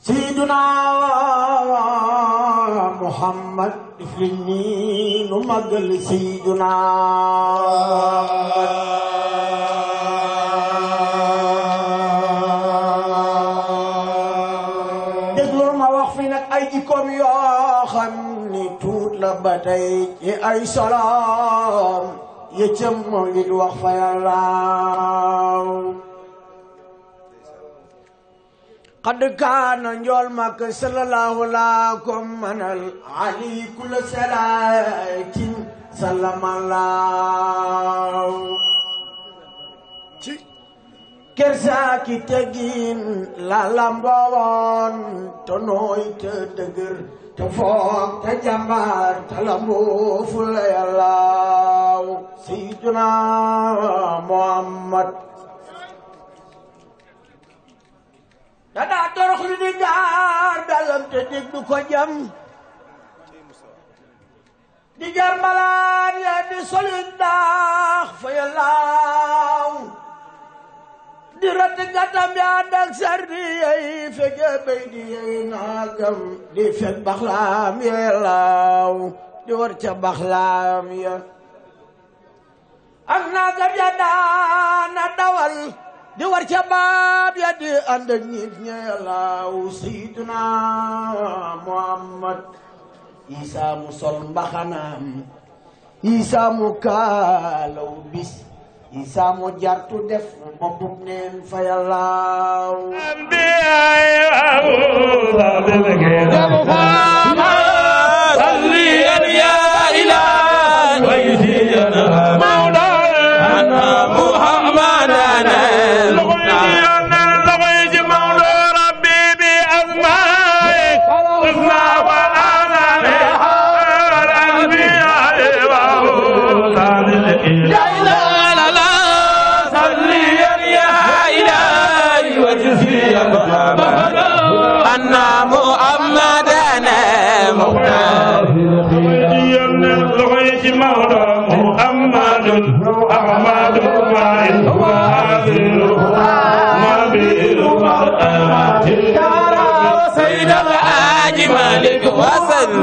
سيدنا محمد فلنين مجل سيدنا déglul ma wax fi nag ay jikkoom yoo xam ni tuut la ba tey ci ay soloom yëccëm moo ngi wax fa yàlla قد كان نجول مك صلى الله لكم من العلي كل سلاكين kersa ki tegin la lambawoon te dëgër te te jàmbaar te lamboo Muhammad da daa toroxlu di gaar dalam te dig du ko jam di jar malaan ya di solin daax fa ya laaw di rati gatam ya dak sardi yey fege bay di yey naagam di fek baxlaam ya laaw di war ca baxlaam ya ak naagam ya daana dawal di war ca baab ya di ànd ak nit ña laaw sayyiduna Muhammad Isa mu sol mbaxanaam Isa mu kaalaw bis Isa mu jartu def boppum neen fa yàllaaw Mawlana Muhammad وسلم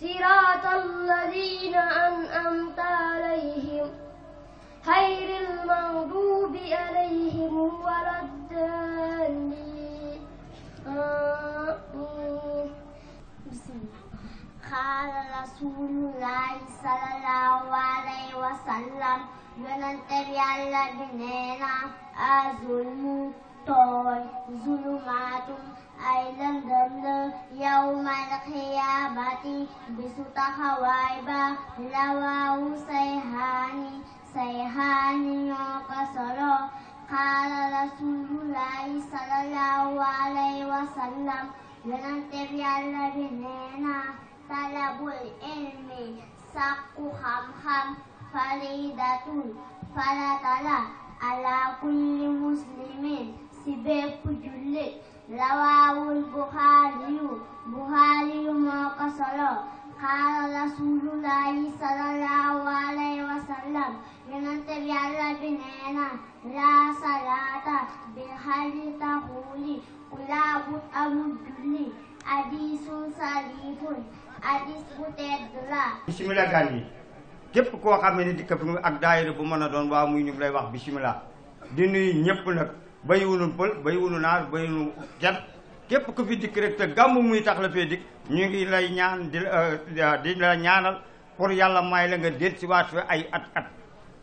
صراط الذين أنأمت عليهم غير المغضوب عليهم ولا الضالين آمين بسم الله قال رسول الله صلى الله عليه وسلم yonent bi Yàlla bi nee na azul tooy zulumatum أيضا ضمن يوم القيامة بسط خوائب رواه سيهاني سيهاني وقصر قال رسول الله صلى الله عليه وسلم yonente bi Yàlla bi nee na talabul ilmi sàkku xam-xam faridatun faratala ala kulli muslimin si bépp jullit rawaawul buxaariyu buxaariyu moo ko solo xaala rasulullahi sallallahu alayhi wa sallam yonente bi yàlla bi nee na laa salaata bi xayri taxuuli ku laabut amul julli hadiisun sariifun hadiis bu tedd la bisimila gan yi képp koo xam ne dikk fi ak daayira bu mën a doon waa muy ñu lay wax bisimila di nuyu ñëpp nag bayiwuñu pël bayiwuñu naar bayiwuñu jan képp ku fi dikk rek te gàmmu muy tax la fee dikk ñu ngi lay ñaan di euh, di la ñaanal pour yàlla may la nga del si waat fi ay at at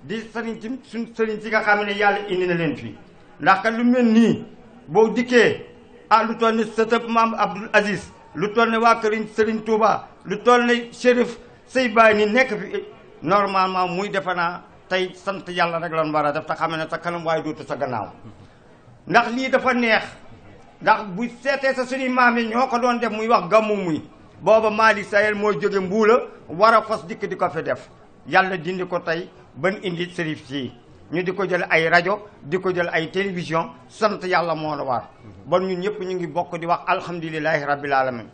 di sëriñ ci suñ sëriñ si nga xam ne yàlla indi na leen fii ndax kat lu mel nii boo dikkee ah lu toll ni sëtëb maam Abdul Aziz lu toll ne waa këriñ sëriñ Touba lu toll ne Chérif sëy baay ni nekk fi normalement muy defe naa tey sant yàlla rek lan war a def te xam ne sa kanam waaye dootu sa gannaaw ndax lii dafa neex ndax bu seetee sa suñuy maam yi ñoo ko doon def muy wax gàmmu muy booba Malick Sayel moo jóge mbuula war a fas dikk di ko fi def yàlla dindi ko tey ban indi sërif sii ñu di ko jël ay rajo di ko jël ay télévision sant yàlla moo la war bon ñun ñëpp ñu ngi bokk di wax alhamdulilahi rabbil alamin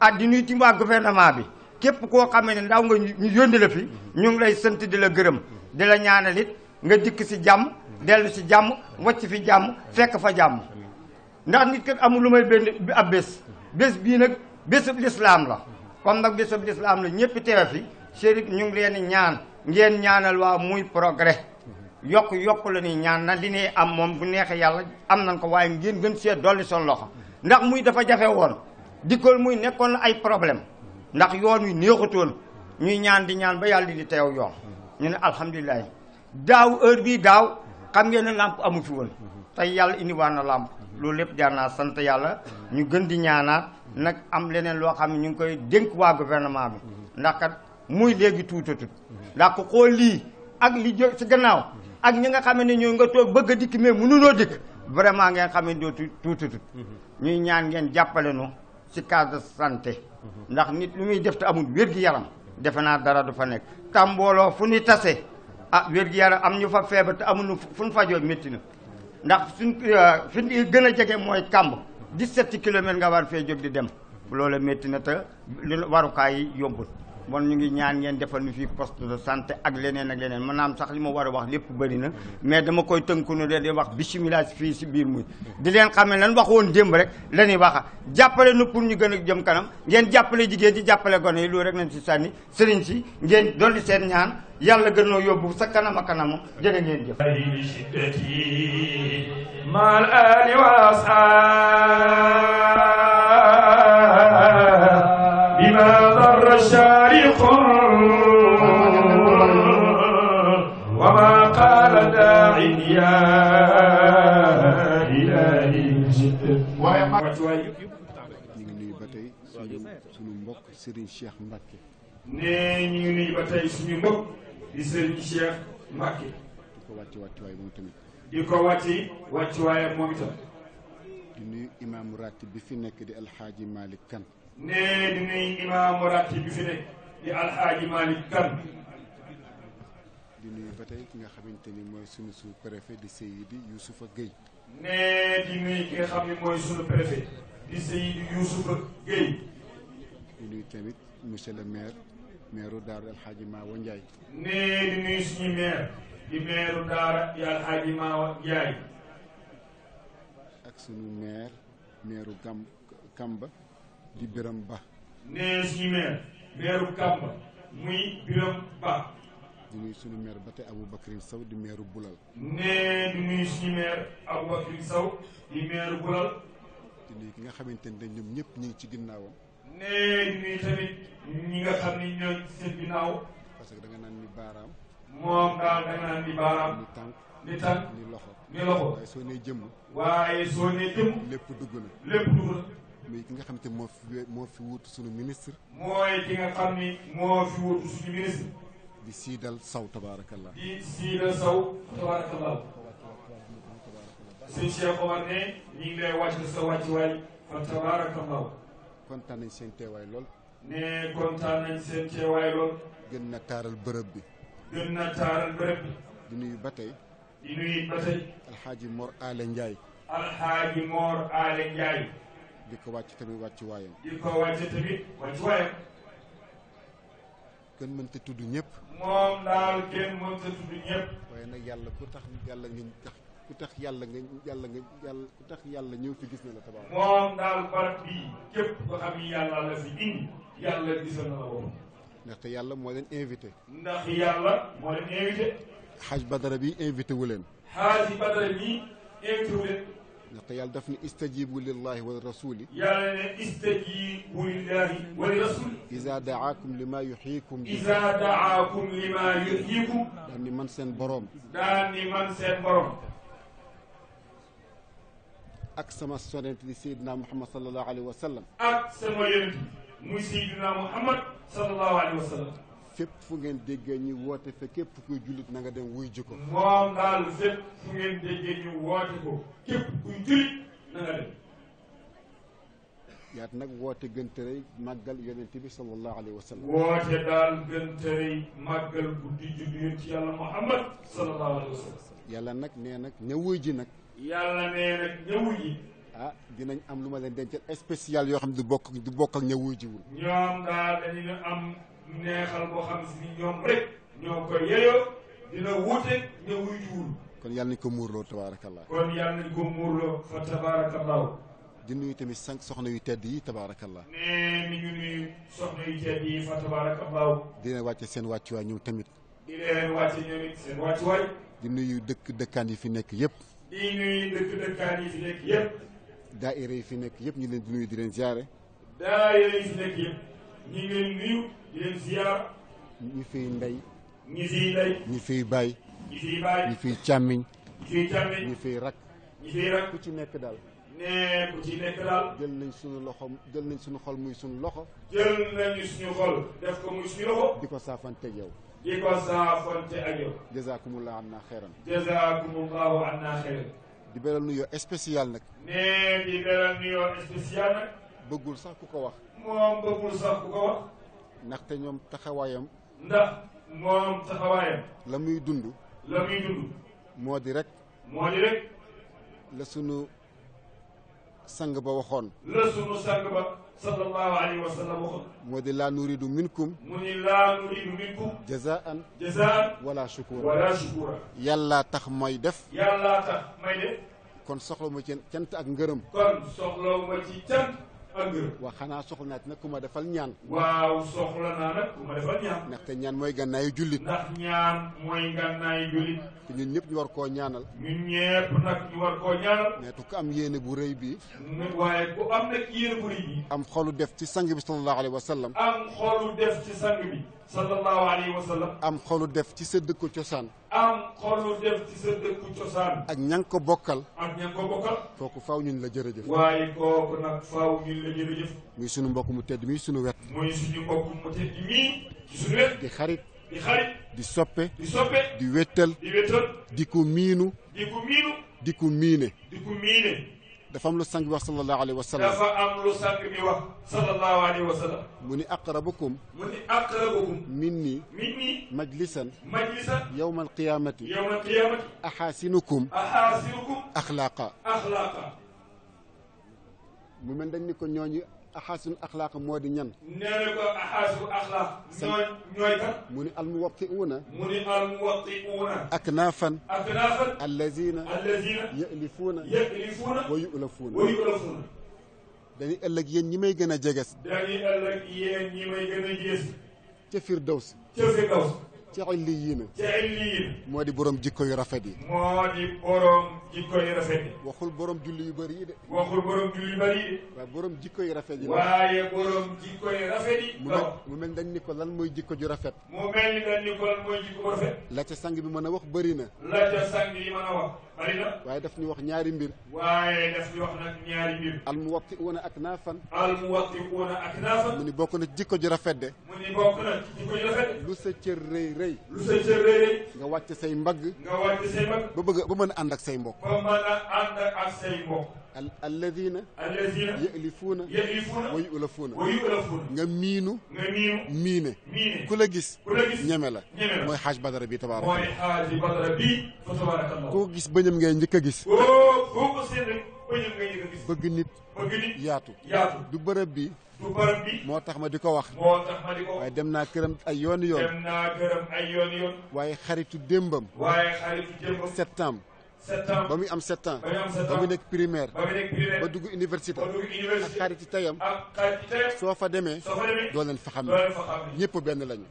ah di nuyu tim waa gouvernement bi képp koo xamee ne ndaw nga ñu yónni la fi ñu ngi lay sant di la gërëm di la ñaanal it nga dikk si jàmm dellu si jàmm wàcc fi jàmm fekk fa jàmm ndax nit kat amul lu may benn ab bés bés bii nag bésub lislaam la comme nag bésub lislaam la ñëpp teew fi chérif ñu ngi leen ñaan ngeen ñaanal waa muy progrès yokk yokk la ni ñaan na li ne am moom bu neexee yàlla am nañ ko waaye ngeen gën see dolli son loxo ndax muy dafa jafe woon dikkool muy nekkoon na ay problème ndax yoon wi neexutoon ñuy ñaan di ñaan ba yàlla di teew yoon ñu ne alhamdulilah daaw heure bii xam ngeen ne làmp amu fi woon tey yàlla indiwaan na làmp loolu lépp jar naa sant yàlla ñu gën di ñaanaat nag am leneen loo xam ne ñu ngi koy dénk waa gouvernement bi ndax kat muy léegi tuutatut ndax ko xool lii ak li jë si gannaaw ak ñi nga xam ne ñoo nga toog bëgg a dikk mais mënunoo dikk vraiment ngeen xam ne doo tuutatut ñuy ñaan ngeen jàppale nu si case de santé ndax nit lu muy def te amul wér-gi-yaram defe naa dara du fa nekk tam mbooloo fu ni tase ah wér-gi-yaram am ñu fa feebar te amuñu fu ñu fajoo métti na ndax suñ fi euh, gën a jege mooy kàmb 17 kilomètres nga war fee jóg di dem loolu métti na te lu warukaay yi yombul bon ñu ngi ñaan ngeen defal ñu fii poste de santé ak leneen ak leneen maanaam sax li ma war a wax lépp bëri na mais dama koy tënku ne de di wax bisimilah fii si biir muy di leen xam ne lan wax woon démb rek la ñuy waxa jàppale nu ñu gën a jëm kanam ngeen jàppale jigéen ci jàppale gone yi loolu rek nañ si sànni sëriñ si ngeen dolli seen ñaan yàlla gën noo yóbbu sa kanam a kanam jërë ngeen jëf mal ali wa ashab bima darra yaa ilaahi jiit waaye wàccuwaay yëpp yëpp ñu ngi nuyu ba tey suñu mbokk Serigne Cheikh Mbacke nee ñu ngi nuyu ba tey suñu mbokk di Serigne Cheikh Mbacke di ko wàcc wàccuwaay moom tamit di ko wàcci wàccuwaayam moom itam di nuyu bi fi nekk di alxaaji imaamu raati bi fi nekk di alxaaji Malick Kane di nuyu ba tey ki nga xamante ni mooy sunu sous préfet di Seydi Youssoufa Guèye. di nuyu ki nga xam ne mooy sunu préfet di Seydi Youssoufa Guèye. le maire maire Daara El nee di nuyu suñu maire di maire Daara El Hadj Mawa Ndiaye. ak sunu maire maire Gam di Biram Ba. nee suñu maire maire Kamba muy Biram Ba. di nuyu suñu maire ba tey Aboubacry Sow di maire Boulal. nee di nuyu suñu maire Aboubacry Sow di maire Boulal. di nuyu ki nga xamante ne ñëpp ñu ngi ci ginnaawam. seen ginnaaw. parce que da naan ni baaraam. moom daal da naan ni baaraam. ni tànk ni tànk ni loxo. ni loxo waaye soo nee jëmm. waaye soo nee jëmm. lépp dugg na lépp dugg na. muy ki nga xam te moo fi moo suñu ministre. mooy ki nga xam ni moo fi wuutu suñu ministre. di siidal saw tabaarakallah di siidal saw tabaarakallah suñ Cheikh Omar ne ñu ngi wàcc sa wàccuwaay fa tabaarakallah kontaan seen teewaay lool ne kontaan seen teewaay lool gën na taaral bërëb bi di nuyu ba tey di nuyu ba tey alxaaji Mor Aale Ndiaye alxaaji Mor Aale Ndiaye di ko wàcc tamit wàccuwaayam di ko wàcc tamit wàccuwaayam kenn mënta tudd ñëpp. moom daal kenn mënta tudd ñëpp. waaye nag yàlla ku tax yàlla nga tax yàlla nga yàlla ku tax yàlla ñëw fi gis na la tabax. moom daal barab bii képp ko xam ni yàlla la fi indi yàlla gisal na la woon. ndaxte yàlla moo leen invité. ndax yàlla moo leen invité. xaaj badara bi invité leen. xaaj badara bi invité wu leen. ndax yàlla daf ni istajibu lillahi wal rasuli yàlla ne istajibu lillahi wal rasuli isa daakum li maa yuxyikum isa daakum li maa yuxyikum daan ni man seen boroom daan ni man seen boroom ak sama sonent di Seydina Muhammad sallallahu alayhi wa sallam ak sama yonent muy Seydina Muhammad sallallahu alayhi wa sallam fépp fu ngeen déggee ñu woote fa képp kuy jullit na nga dem wuy ji ko. moom daal fépp fu ngeen déggee ñu woote ko képp kuy jullit na dem. yaat nag woote gën tërëy màggal yonent bi sallallahu alayhi wa woote daal gën tërëy màggal guddi juddu ci yàlla Muhammad sallallahu alayhi wa yàlla nag nee nag ñëwuy ji nag. yàlla nee nag ñëwuy ji. ah dinañ am lu ma leen dencal spécial yoo xam ne du bokk du bokk ak ji jiwul. ñoom daal dañu neexal boo xam si ñoom rek ñoo ko yeyoo dina wuute ne wuy juul kon yàlla nañ ko muurloo tabaarakallah kon yàlla nañ ko muurloo fa tabaarakallah di nuyu tamit cinq soxna yu tedd yi tabaarakallah nee ni ñu nuyu soxna yu tedd yi fa tabaarakallah di leen wàcce seen wàccuwaay ñoom tamit di yu wàcce ñoom seen wàccuwaay di nuyu dëkk dëkkaan yi fi nekk yépp di yu dëkk dëkkaan yi fi nekk yëpp daayira yi fi nekk yëpp ñu leen di nuyu di leen ziare ñi ngi leen nuyu di leen ziyaara ñi ñi fiy ndey ñi fiy baay ñi fiy càmmiñ ñi fiy càmmiñ ñi fiy rak ñi fiy rak ci nekk daal nee ku ci nekk daal jël nañ suñu loxo jël xol muy suñu loxo nañu suñu xol def ko muy suñu loxo di ko saafanteeg yow di ko saafante ak yow jazakumullahu anna xeeran jazakumullahu anna xeeran di beral nuyoo spécial nag nee di beral nuyoo spécial nag bëggul sax ku ko wax moom bëggul sax ku ko wax ndaxte ñoom taxawaayam ndax moom taxawaayam la muy dund la muy dund moo di rek moo di rek la sunu sang ba waxoon la sunu sang ba sallallahu alayhi wa waxoon moo di laa nuridu minkum mu ni laa nuridu minkum jazaan jazaan wala shukura wala shukura yàlla tax may def yàlla tax may def kon soxla ma ci cant ak ngërëm kon soxla ma ci cant ak ngërëm waa xanaa soxla naa nag ku ma defal ñaan waaw soxla naa nag defal ñaan ndaxte ñaan mooy gànnaayu jullit ndax ñaan mooy gànnaayu jullit te ñun ñëpp ñu war koo ñaanal ñun ñëpp nag ñu war koo ñaanal neetu ku am yéene bu rëy bi waaye ku am nag yéene bu rëy bi am xolu def ci sang bi sallallahu alayhi wa am xolu def ci sang bi am xolu def ci sa dëkku cosaan def ci sa dëkku cosaan ak ña ko bokkal ak ña ko bokkal kooku faaw ñun la jërëjëf waaye kooku nag faaw ñun la jërëjëf muy suñu mbokk mu tedd mi suñu wet di xarit di xarit di soppe di soppe di wéttal di wéttal miinu di ko miinu di ko miine di ko miine dafa am lu sang bi wax sallallahu alayhi wa sallam dafa am lu sang bi wax sallallahu alayhi wa sallam mu ni aqrabukum mu ni aqrabukum minni minni majlisan majlisan yawma alqiyamati yawma alqiyamati axaasinukum axaasinukum axlaaqa axlaaqa mu mel dañ ni ko ñooñu axaasun axlaaq moo di ñan. nee na ko axaasu axlaaq. ñooy ñooy kan. mu ni almuwatiuuna. mu ni almuwatiuuna. aknaafan. aknaafan. allazina. allazina. yalifuuna. yalifuuna. wa yulafuuna. wa yulafuuna. dañuy ëllëg yéen ñi may gën a jeges. dañuy ëllëg yéen ñi may gën a jeges. ca Firdaws. ci li ci illiyiina moo di boroom jikko yu rafet yi moo di borom jikko yu rafet yi waxul borom julli yu bëri yi de waxul borom julli yu bëri yi de waaye borom jikko yu rafet yi waaye borom mu mel dañ ni ko lan mooy jikko ju rafet mu mel ni dañ ni ko lan mooy jikko ju rafet la sang bi mën a wax bëri na la sang bi mën a wax waaye daf ñu wax ñaari mbir waaye daf ñu wax nag ñaari mbir al mu ak naafan al mu watti una ak naafan mu ni bokk na jikko ji rafet de mu ni bokk na jikko ji rafet lu lu sa cër rëy rëy nga wàcc say mbagg nga wàcc say mbagg ba bëgg ba a ànd ak say mbokk ba mën a ànd ak say mbokk alladhina alladhina yalifuuna yalifuuna wa yulafuuna nga miinu nga miine ku la gis ku la ñeme la mooy xaaj badara bi tabaaraka koo gis bëñam ngay njëkk a gis koo ko seen bëgg nit yaatu du bërëb bi du bërëb bi moo tax ma di ko wax waaye dem naa këram ay yoon yoon dem waaye xaritu démbam waaye xaritu démbam septembre ba muy am sept ans ba muy nekk primaire ba dugg université ak ci tayam soo fa demee doo leen fa xam ñëpp benn lañu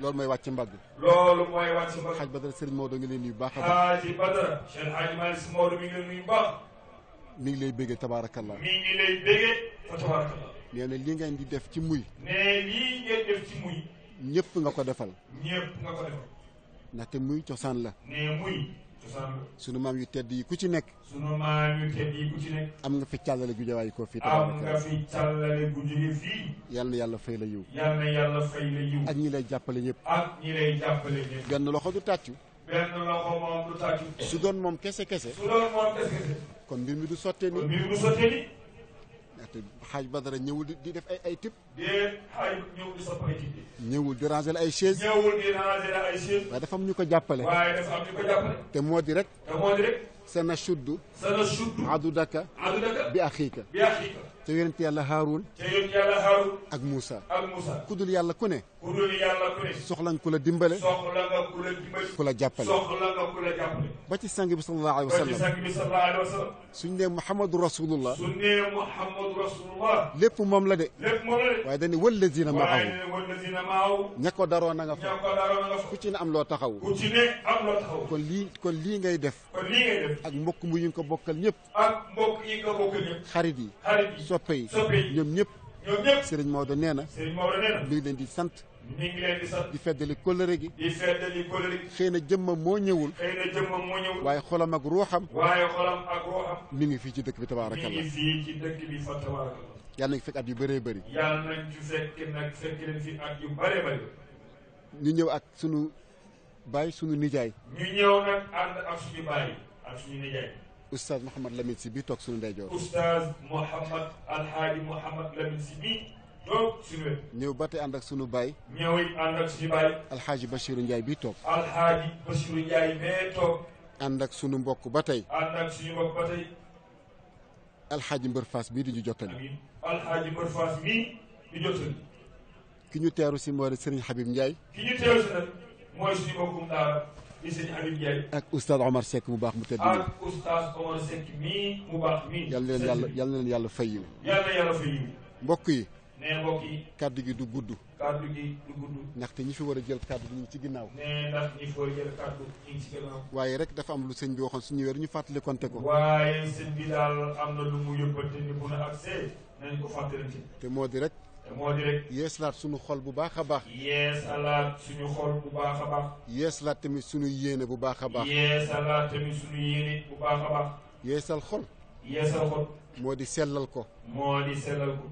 loolu mooy wàcc mbagg loolu mooy wàcc mbagg xaaj Badara Serigne Maodo ngi leen nuyu baax a baax xaaj Badara Cheikh Hadj Malick Maodo mi ngi baax mi lay béggee tabaarakallah mi ngi nee na li ngeen di def ci muy ne lii ngeen def ci muy ñëpp nga ko defal ñëpp nga ko defal ndaxte muy cosaan la sunu maam yu tedd yi ku ci nekk. sunu maam yu tedd yi ku ci nekk. am nga fi càllale gu jawaay fii. fi càllale yal na yàlla fay la yiw. yal na yàlla fay la yiw. jàppale ñëpp. ak benn loxo du tàccu. benn loxo moom du tàccu. su doon moom kese kese. kon mbir mi du sottee nii. ndaxte xaaj Badara ñëwul di def ay ay tip. déet ay tip. ñu ko jàppale. waaye dafa am ñu te moo di te moo di sana shudd. sana shudd. bi axiika. bi axiika. te yonent yàlla Haarun. yàlla Haarun. ak Moussa. ak yàlla ku ne. ku dul yàlla ku ne. soxla nga ku la dimbale. soxla ku la jàppale. ba ci sang bi sallallahu alayhi wa sallam. ba suñ nee Muhammadu Rasulullah. suñ Muhammadu Rasulullah. lépp moom la de. waaye dañuy wallazina maahu. waaye dañuy wallazina maahu. ña fa. ku ci ne am loo taxaw. ku ci kon lii kon lii ngay def. ak mbokk mu yi nga bokkal ñëpp. xarit yi. xarit yi soppe yi ñoom ñëpp ñoom ñëpp sëriñ Maodo nee na li leen di sant mi ngi leen di feddali kóllëre gi di feddali kóllëre gi xëy na jëmmam moo ñëwul xëy na jëmmam moo ñëwul waaye xolam ak ruuxam waaye ngi fii ci dëkk bi tabaarakalla mi ngi fii ci fekk at yu bëree bëri yàlla nañ ci fekk nag fekk leen fi at yu bëree bëri ñu ñëw ak suñu baay ak suñu nijaay oustaz Mouhamad Lamine si bii toog suñu ndeyjoor. oustaz Mouhamad alxaaji Mouhamad Lamine si bii toog suñu wet. ñëw ba tey ànd ak suñu baay. ñëw it ànd ak suñu baay. alxaaji Bachirou Ndiaye bii toog. alxaaji ak suñu mbokk ba tey. ànd ak alxaaji Mbër Faas bii di ñu jottali. amiin alxaaji ki ñu teeru si mooy Serigne Habib Ndiaye. di sëñ Habib Ndiaye. ak oustaz Omar Seck mu baax mu tëdd. ak yal na leen yàlla yal na yàlla yàlla fay yiw. mbokk yi. nee mbokk yi. gi du gudd. kaddu gi ñi fi war a jël kaddu ñu ngi ci ginnaaw. nee ñu ci ginnaaw. waaye rek dafa am lu sëñ bi waxoon suñu weer ñu fàttali ko. waaye sëñ bi daal am na lu mu yóbbante ni bu na accès nañ ko fàttalante. te moo di rek. moo di rek. yeeslaat suñu xol bu baax a baax. yeesalaat suñu xol bu baax a baax. tamit suñu yéene bu baax a baax. yeesalaat tamit suñu yéene bu baax a baax. yeesal xol. yeesal xol. moo di sellal ko. moo di sellal ko.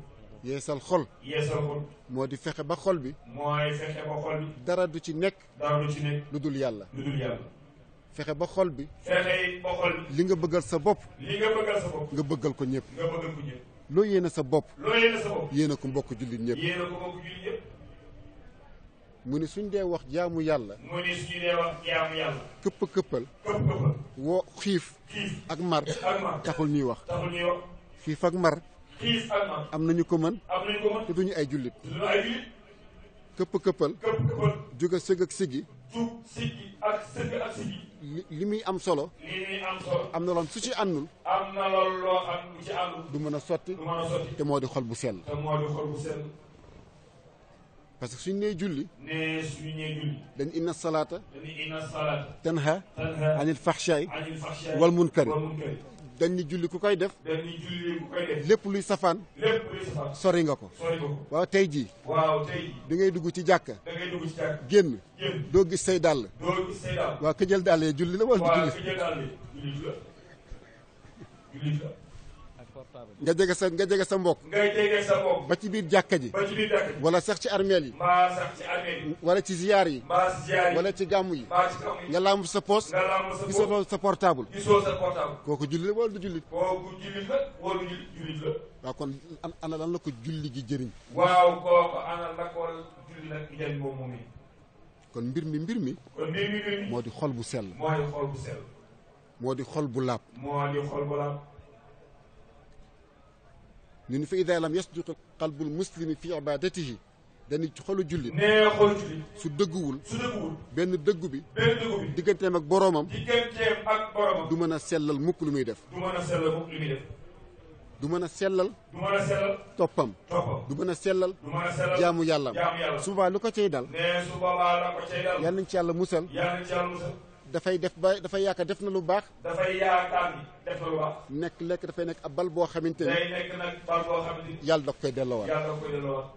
yeesal xol. yeesal xol. moo di fexe ba xol bi. mooy fexe ba xol bi. dara du ci nekk. dara du ci nekk. lu dul yàlla. lu dul yàlla. fexe ba xol bi. fexe ba xol bi. li nga bëggal sa bopp. li nga bëggal sa bopp. nga bëggal ko ñépp loo yéene sa bopp. loo yéene sa mbokk jullit ñëpp. mu ni suñ dee wax jaamu yàlla. mu ni dee wax jaamu yàlla. këpp këppal. xiif. ak mar. taxul ñuy wax. taxul ñuy xiif ak mar. am nañu ko mën. ko mën te duñu ay jullit. duñu këpp këppal. këpp sëg ak sigi. jug sigi ak sëg ak sigi. li muy am solo. li am na loon su ci àndul. am na loolu loo xam bu ci àndul. du mën a sotti te moo di xol bu sell. parce que suñ nee julli. nee suñ nee julli. dañ inna salaata. dañ inna salaata. tanha. tanha anil faxshaay. wal munkari. wal dañ ni julli ku koy def. lépp luy safaan. sori nga ko. waaw tey jii. waaw tey ngay dugg ci jàkka. génn. doo gis say dàll. doo gis waaw ka dàll yee julli la wala. julli nga jege sa nga sa mbokk ngay sa mbokk ba ci biir jàkka ji ba ci wala sax ci armeel yi mbaa sax ci armeel yi wala ci ziyaar yi mbaa ci gàmm yi nga làmb sa poos nga làmb sa poos gisoo kooku jullit la wala kooku jullit la waaw kon ana lan ko julli la ko julli moom kon mi mbir mi kon mbir mi mbir mi moo di xol bu sell moo di xol bu laab ñu ni fa ida lam yasduqu qalbul muslimi fi ibadatihi dañuy xolu xolu jullit su dëgguwul benn dëggu bi benn dëggu bi digganteem ak boroomam digganteem ak boroomam du mën a sellal mukk lu muy def du mën a sellal mukk lu toppam toppam du mën a sellal jaamu yàllam jaamu lu ko cay dal yàlla musal yal nañ ci yàlla musal dafay def ba dafay yaakaar def na lu baax. dafay yaakaar def na lu baax. nekk lekk dafay nekk ab bal boo xamante ni. day nekk nag bal boo xamante ni. yàlla da koy delloowaat yàlla da koy delloowaat.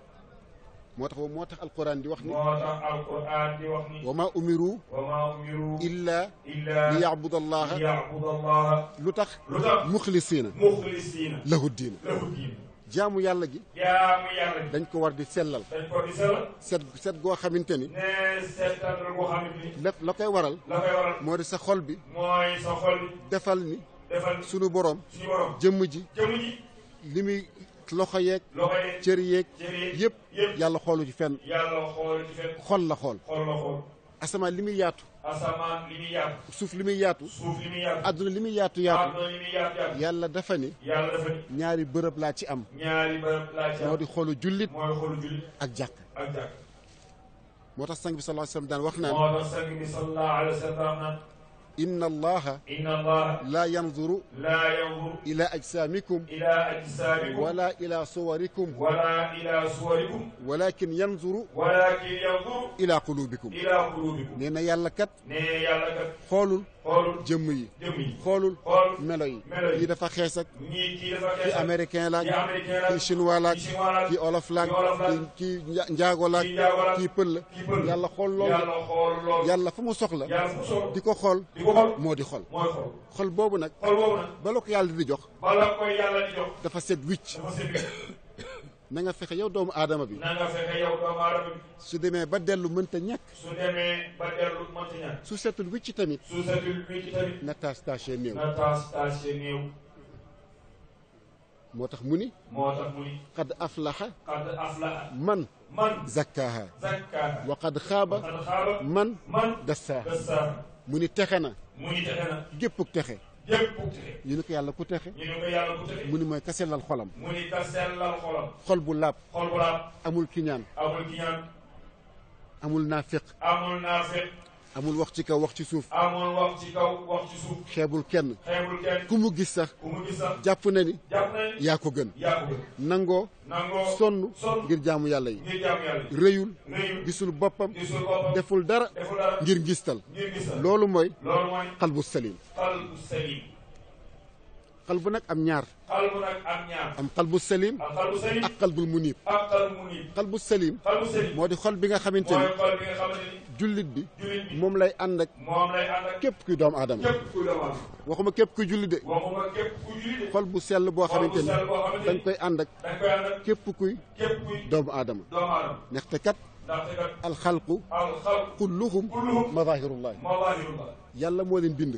moo tax moo tax alquran di wax ni. moo tax alquran di wax ni. wa maa umiru. wa maa umiru. illaa. illaa li yaabuda allaha. li yaabuda allaha. lu tax. lu tax muxlisiina. muxlisiina. lahu diina. lahu diina. jaamu yàlla gi. dañ ko war di sellal. set goo xamante ni. la koy waral. moo di sa xol bi. mooy sa defal ni. sunu borom. sunu jëmm ji. jëmm muy. loxo yeeg cër yeeg yëpp yàlla yàlla xoolu ci fenn. xol la xool. xol la yaatu. asamaan li muy yaatu. suuf li muy yaatu. suuf li muy yaatu. adduna yaatu yàlla dafa ni. ñaari bërëb laa ci am. ñaari bërëb laa ci am. moo di xoolu jullit. mooy ak jàkk. ak jàkk. moo tax sang bi sallallahu alayhi wa daan wax naan. moo inna allaha laa yanzuru ila ajsaamikum wala ila suwarikum walakin yanzuru ila quluubikum nee na yàlla kat xoolul jëmm yi xoolul melo yi kii dafa xees ak kii américain laaj kii chinois laaj kii olof laaj kii njaago laaj kii pël la yàlla xool loolu yàlla fu mu soxla di ko xool moo di xol xol boobu nag xol boobu ko yàlla di jox bala koy yàlla di jox dafa set wicc dafa set wicc fexe yow doomu aadama bi su demee ba dellu mënta ñàkk su setul wicc tamit su na taas taas taasee néew moo tax mu ni moo tax mu ni qad aflaxa qad aflaxa man man zakkaaha wa qad xaaba man man dassaaha mu ni texe na. mu ni texe na. géppuk texe. ñu ne ko yàlla ku texe. ñu ne ko yàlla ku mu ni mooy kaselal xolam. mu ni kaselal xolam. xol bu laab. xol bu laab. amul kiñaan. amul kiñaan. amul amul naafiq. amul wax ci kaw wax ci suuf. amul wax ci kaw wax xeebul kenn. ku mu gis sax. jàpp na ni. yaa ko gën. nangoo. sonn ngir jaamu yàlla yi. rëyul. gisul boppam. deful dara. ngir ngistal. loolu mooy. loolu mooy xalbu xalbu nag am ñaar. xalbu nag am ñaar. am xalbu salim. am ak xalbul bu ak xalbu munib. xalbu salim. moo di xol bi nga xamante ni. jullit bi. moom lay ànd ak. moom képp kuy doomu aadama. képp kuy waxuma képp kuy jullit de. xol bu sell boo xamante ni. dañ koy ànd ak. dañ képp kuy. doomu aadama. doomu aadama ndaxte kat. kulluhum mazaahirullahi yàlla moo leen bind.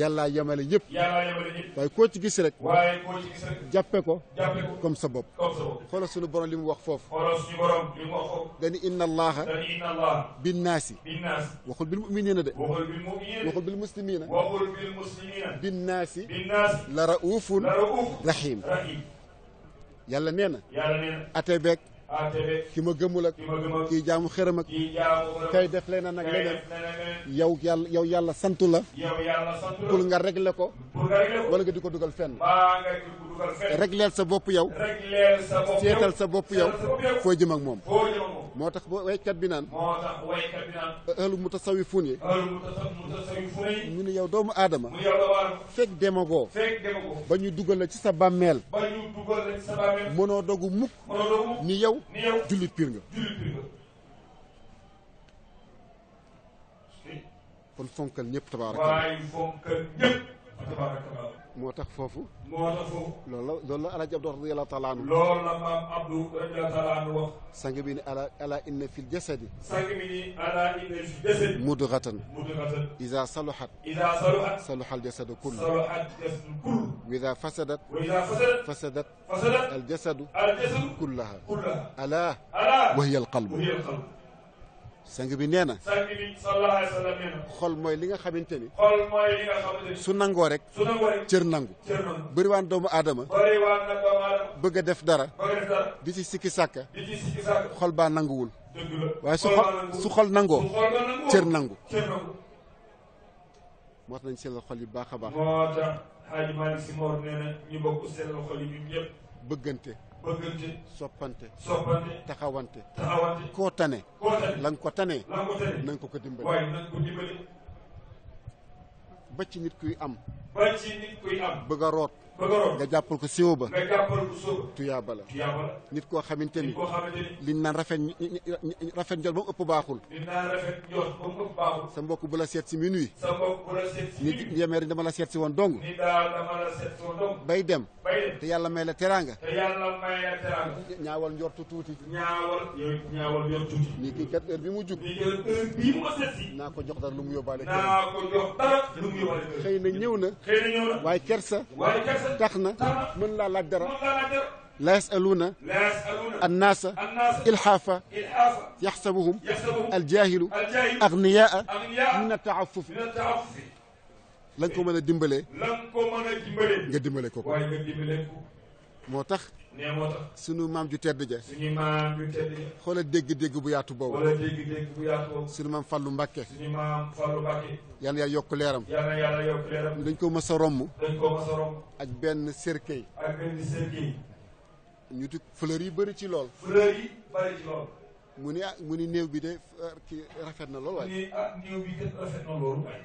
yàllaa yemale ñëpp. yàllaa yemale ñëpp. waaye koo ci gis rek. waaye koo ci gis rek. jàppe ko. jàppe ko comme sa bopp. comme sa bopp xoolal suñu borom li mu wax foofu. xoolal suñu borom li mu wax foofu. dañu inna allaha. dañu inna allaha. binnaasi. binnaasi. waxul bil muminina de. waxul bil muminina. waxul bil muslimina. waxul bil muslimina. binnaasi. binnaasi. la raufun. la raufun. rahim. rahim. yàlla nee na. yàlla nee na. ate beeg. ki ma gëmul ak kii jaamu xërëm ak kay def leneen nag leneen yow yàlla yow yàlla santu la pour nga régler ko wala nga di ko dugal fenn régleel sa bopp yow seetal sa bopp yow foo jëm ak moom moo tax ba waykat bi naan ëlu mutasawifuun yi mu ne yow doomu aadama fekk demagoo ba ñu dugal la ci sa bàmmeel mënoo dogu mukk ni yow yow. ni yow jullit piir fonkal ñëpp tabaaraka moo tax foofu. moo tax foofu. loolu la loolu la El Hadj Abdou radiyallaahu taala anhu. loolu la maam Abdou radiyallaahu taala anhu wax. sang bi ni ala ala inna fil jasadi. sang bi ni ala inna fil jasadi. mudghatan. mudghatan. iza saluhat. iza saluhat. saluhal jasadu kullu. saluhal jasadu kullu. wa iza fasadat. wa iza fasadat. fasadat. fasadat. al jasadu. al jasadu. kullaha. kullaha. ala. ala. wa hiya al qalbu. wa hiya al qalbu. sang bi nee na. sang xol mooy li nga xamante ni. su nangoo rek. cër nangu. cër doomu aadama. bëgg a def dara. bëgg di ci sikki sàkka. xol baa nanguwul. waaye su xol su xol nangoo. su cër nangu. cër moo tax nañ sellal xol yi baax a baax. moo tax Hadj Malick Sy Mor ñu bokk sellal xol yi ñun ñëpp. bëggante. bëggante soppante soppante taxawante koo tane koo ko tane la ko tane na ko ko dimbali ba ci nit kuy am ba ci nit kuy am bëgg a root nga jàppal ko siwo ba nga jàppal ko siwo ba nit koo xamante ni liñ naan rafet rafet njot ba mu ëpp baaxul sa mbokk bu la seet si minuit sa mbokk bu la seet si dama la seet si woon dong bay dem te yàlla may la teraanga te ñaawal njortu tuuti ñaawal yooyu kat heure bi mu jug nii heure seet si naa ko jox dara lu mu yóbbaale ko xëy na ñëw na waaye kersa waaye tax na mën laa laaj dara la yasaluuna annaasa ilxaafa yaxsabuhum aljahilu agniyaa min ataafufi la nga ko mën a dimbalee nga dimbale ko ko moo tax nee moo tax sunu maam ju tedd ja suñu maam ju tedd ja xoola dégg-dégg bu yaatu boobu xoola dégg-dégg bu yaatu boobu suñu maam Fallu Mbàkke suñu maam Fallu Mbàkke yal na yokk leeram yal dañ koo mës a romb ak benn cercueil ak benn ñu tukk fleurs yi bëri ci lool fleurs yi bëri ci lool mu ni ah mu ni néew bi ah, ki rafet na lool ah, bi de rafet na loolu waaye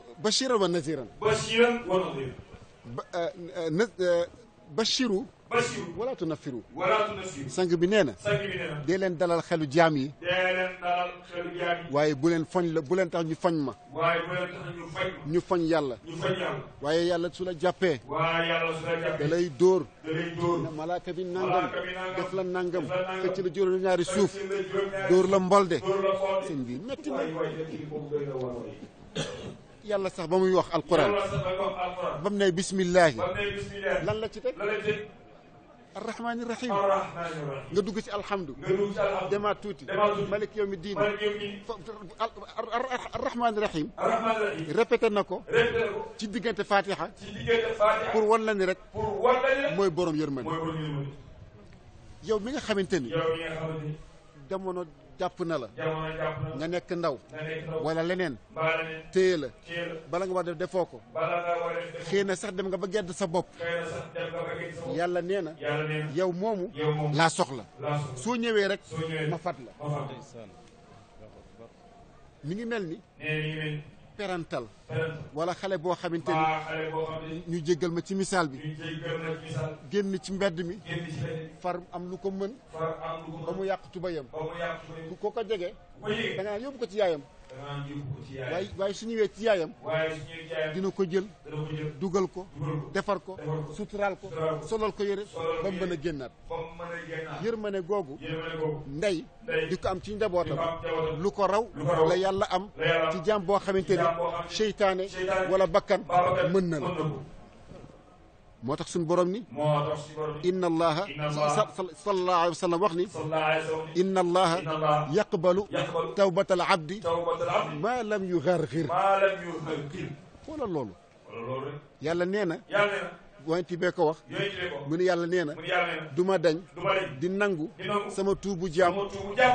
bashiran wa naziran. ba na bashiru. bashiru wala tunafiru. sang bi neena na. dee leen dalal xelu jaam yi. waaye bu leen foñ la bu leen tax ñu foñ ma. ñu foñ. yàlla. waaye yàlla su la jàppee. waaye dóor. malaaka bi nangam. def la nangam. xëcc la juróom ñaari suuf. dóor la mbolde. seen biir métti na. yàlla sax ba muy wax alquran ba mu ne bismillahi lan la ci teg arrahmaani rahiim nga dugg ci alhamdu demaat tuuti malik yawmi diin arrahmaani rahiim répété na ko ci diggante fatiha pour wan rek mooy borom yërmande yow mi nga jàpp na la nga nekk ndaw wala leneen téye la bala nga war def defoo ko xëy na sax dem nga ba gedd sa bopp yàlla nee na yow moomu laa soxla soo ñëwee rek ma fat la mi ngi mel ni parental wala xale boo xamante ni ñu jéggal ma ci misaal bi génn ci mbedd mi far am lu ko mën ba mu yàq tubayam ko ko jege da nga yóbbu ko ci yaayam waaye waaye su ñëwee ci yaayam dina ko jël dugal ko defar ko suturaal ko solal ko yére ba mu mën a génnaat yërmande googu ndey di ko am ci njabootam lu ko raw la yàlla am ci jaam boo xamante ni seytaane wala bakkan mën na la moo tax suñu borom ni inna allaha sallallahu alayhi wa sallam wax ni inna allaha yaqbalu tawbatal abdi maa lam yu xarxir xoolal loolu yàlla nee na yonent bee ko wax mu ne yàlla nee na du ma dañ di nangu sama tuubu jaam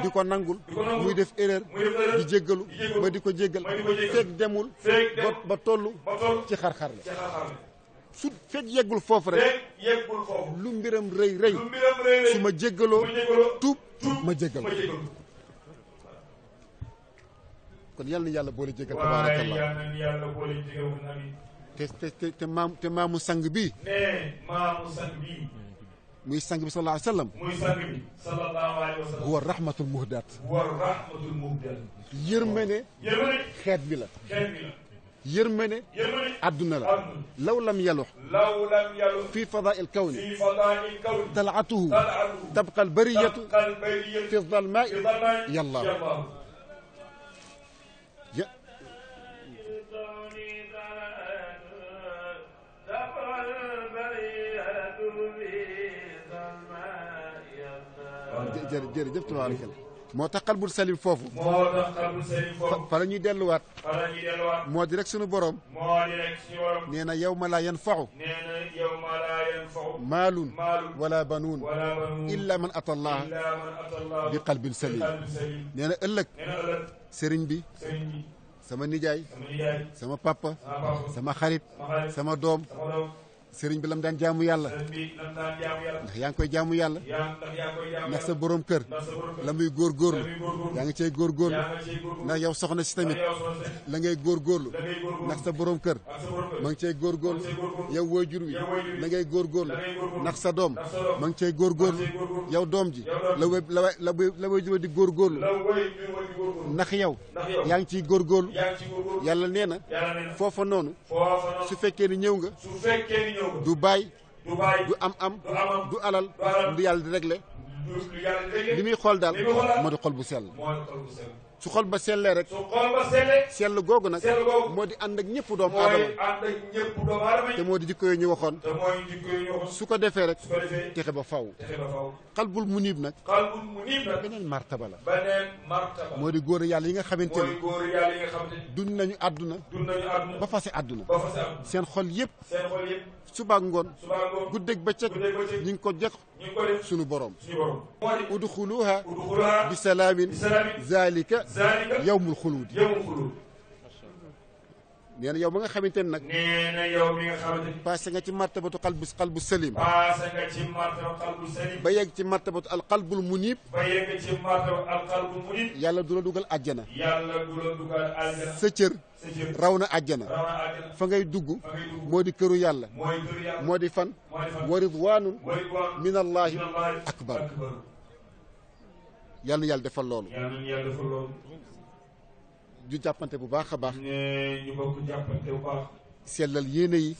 di ko nangul muy def erreur di jéggalu ba di ko jéggal fekk demul ba toll ci xar-xar la su fekk yeggul foofu rek. lu mbiram rëy rëy. su ma jéggaloo. ma jéggaloo tuub ma jéggaloo. kon yal na yàlla boole jéggal. tabaarakallah waaye yal na yàlla boole jéggal nabi. te te te te sang bi. nee maamu sang bi. muy sang bi sallallahu alayhi wa sallam. muy sang bi yërmande adduna la law lam yalux fi fadaa'il kawni tal'atuhu tabqa albariyatu fi zalmaa'i yàlla jërëjëf moo tax xalbul salim foofu. moo tax xalbul salim foofu. fa la ñuy delluwaat. fa la ñuy delluwaat. moo di rek suñu borom. moo di rek suñu borom. nee na yow ma laa yan faxu. nee na yow ma laa yan faxu. maalun. maalun wala banuun. wala banuun. illa man ata allah. illa man ata allah. bi xalbin salim. nee na ëllëg. nee na ëllëg. sëriñ bi. sëriñ bi. sama nijaay. sama nijaay. sama papa. sama xarit. sama doom. sëriñ bi lam daan jaamu yàlla ndax yaa ngi koy jaamu yàlla ndax sa borom kër la muy góorgóorlu yaa ngi cay góorgóorlu ndax yow soxna si tamit la ngay góorgóorlu ndax sa boroom kër ma ngi góor góorgóorlu yow waajur wi la ngay góorgóorlu ndax sa doom ma ngi cay góorgóorlu yow doom ji la way la way la waajur wa di góorgóorlu ndax yow yaa ngi ciy góorgóorlu yàlla nee na foofa noonu su fekkee ni ñëw nga du baay du am am du alal du yàlla di réglé li muy xool daal moo di xol bu sell su xol ba sellee rek su xol ba sell googu nag moo di ànd ak ñëpp doomu aadama te moo di jikko yi ñu waxoon su ko defee rek texe ba faw xalbul munib nag beneen martaba la moo di góor yàlla yi nga xamante ni dund nañu àdduna ba fase àdduna seen xol yëpp suba ngoon guddeeg bëccëg ñu ko jox suñu borom udxuluha bi zalika yawmul xuluudi nee na yow mi nga xamante ni nag. nee nga ci martabatu xal bu xal bu salim. nga ci martabatu xal bu ba yegg ci martabatu al qalbul munib. ba yàlla du la dugal àjjana. yàlla sa cër. raw na àjjana fa ngay dugg moo di këru yàlla moo di fan wa ridwaanun min allaahi akbar yàlla na yàlla defal loolu ñu jàppante bu baax a baax. ñu bokk jàppante sellal yéene yi.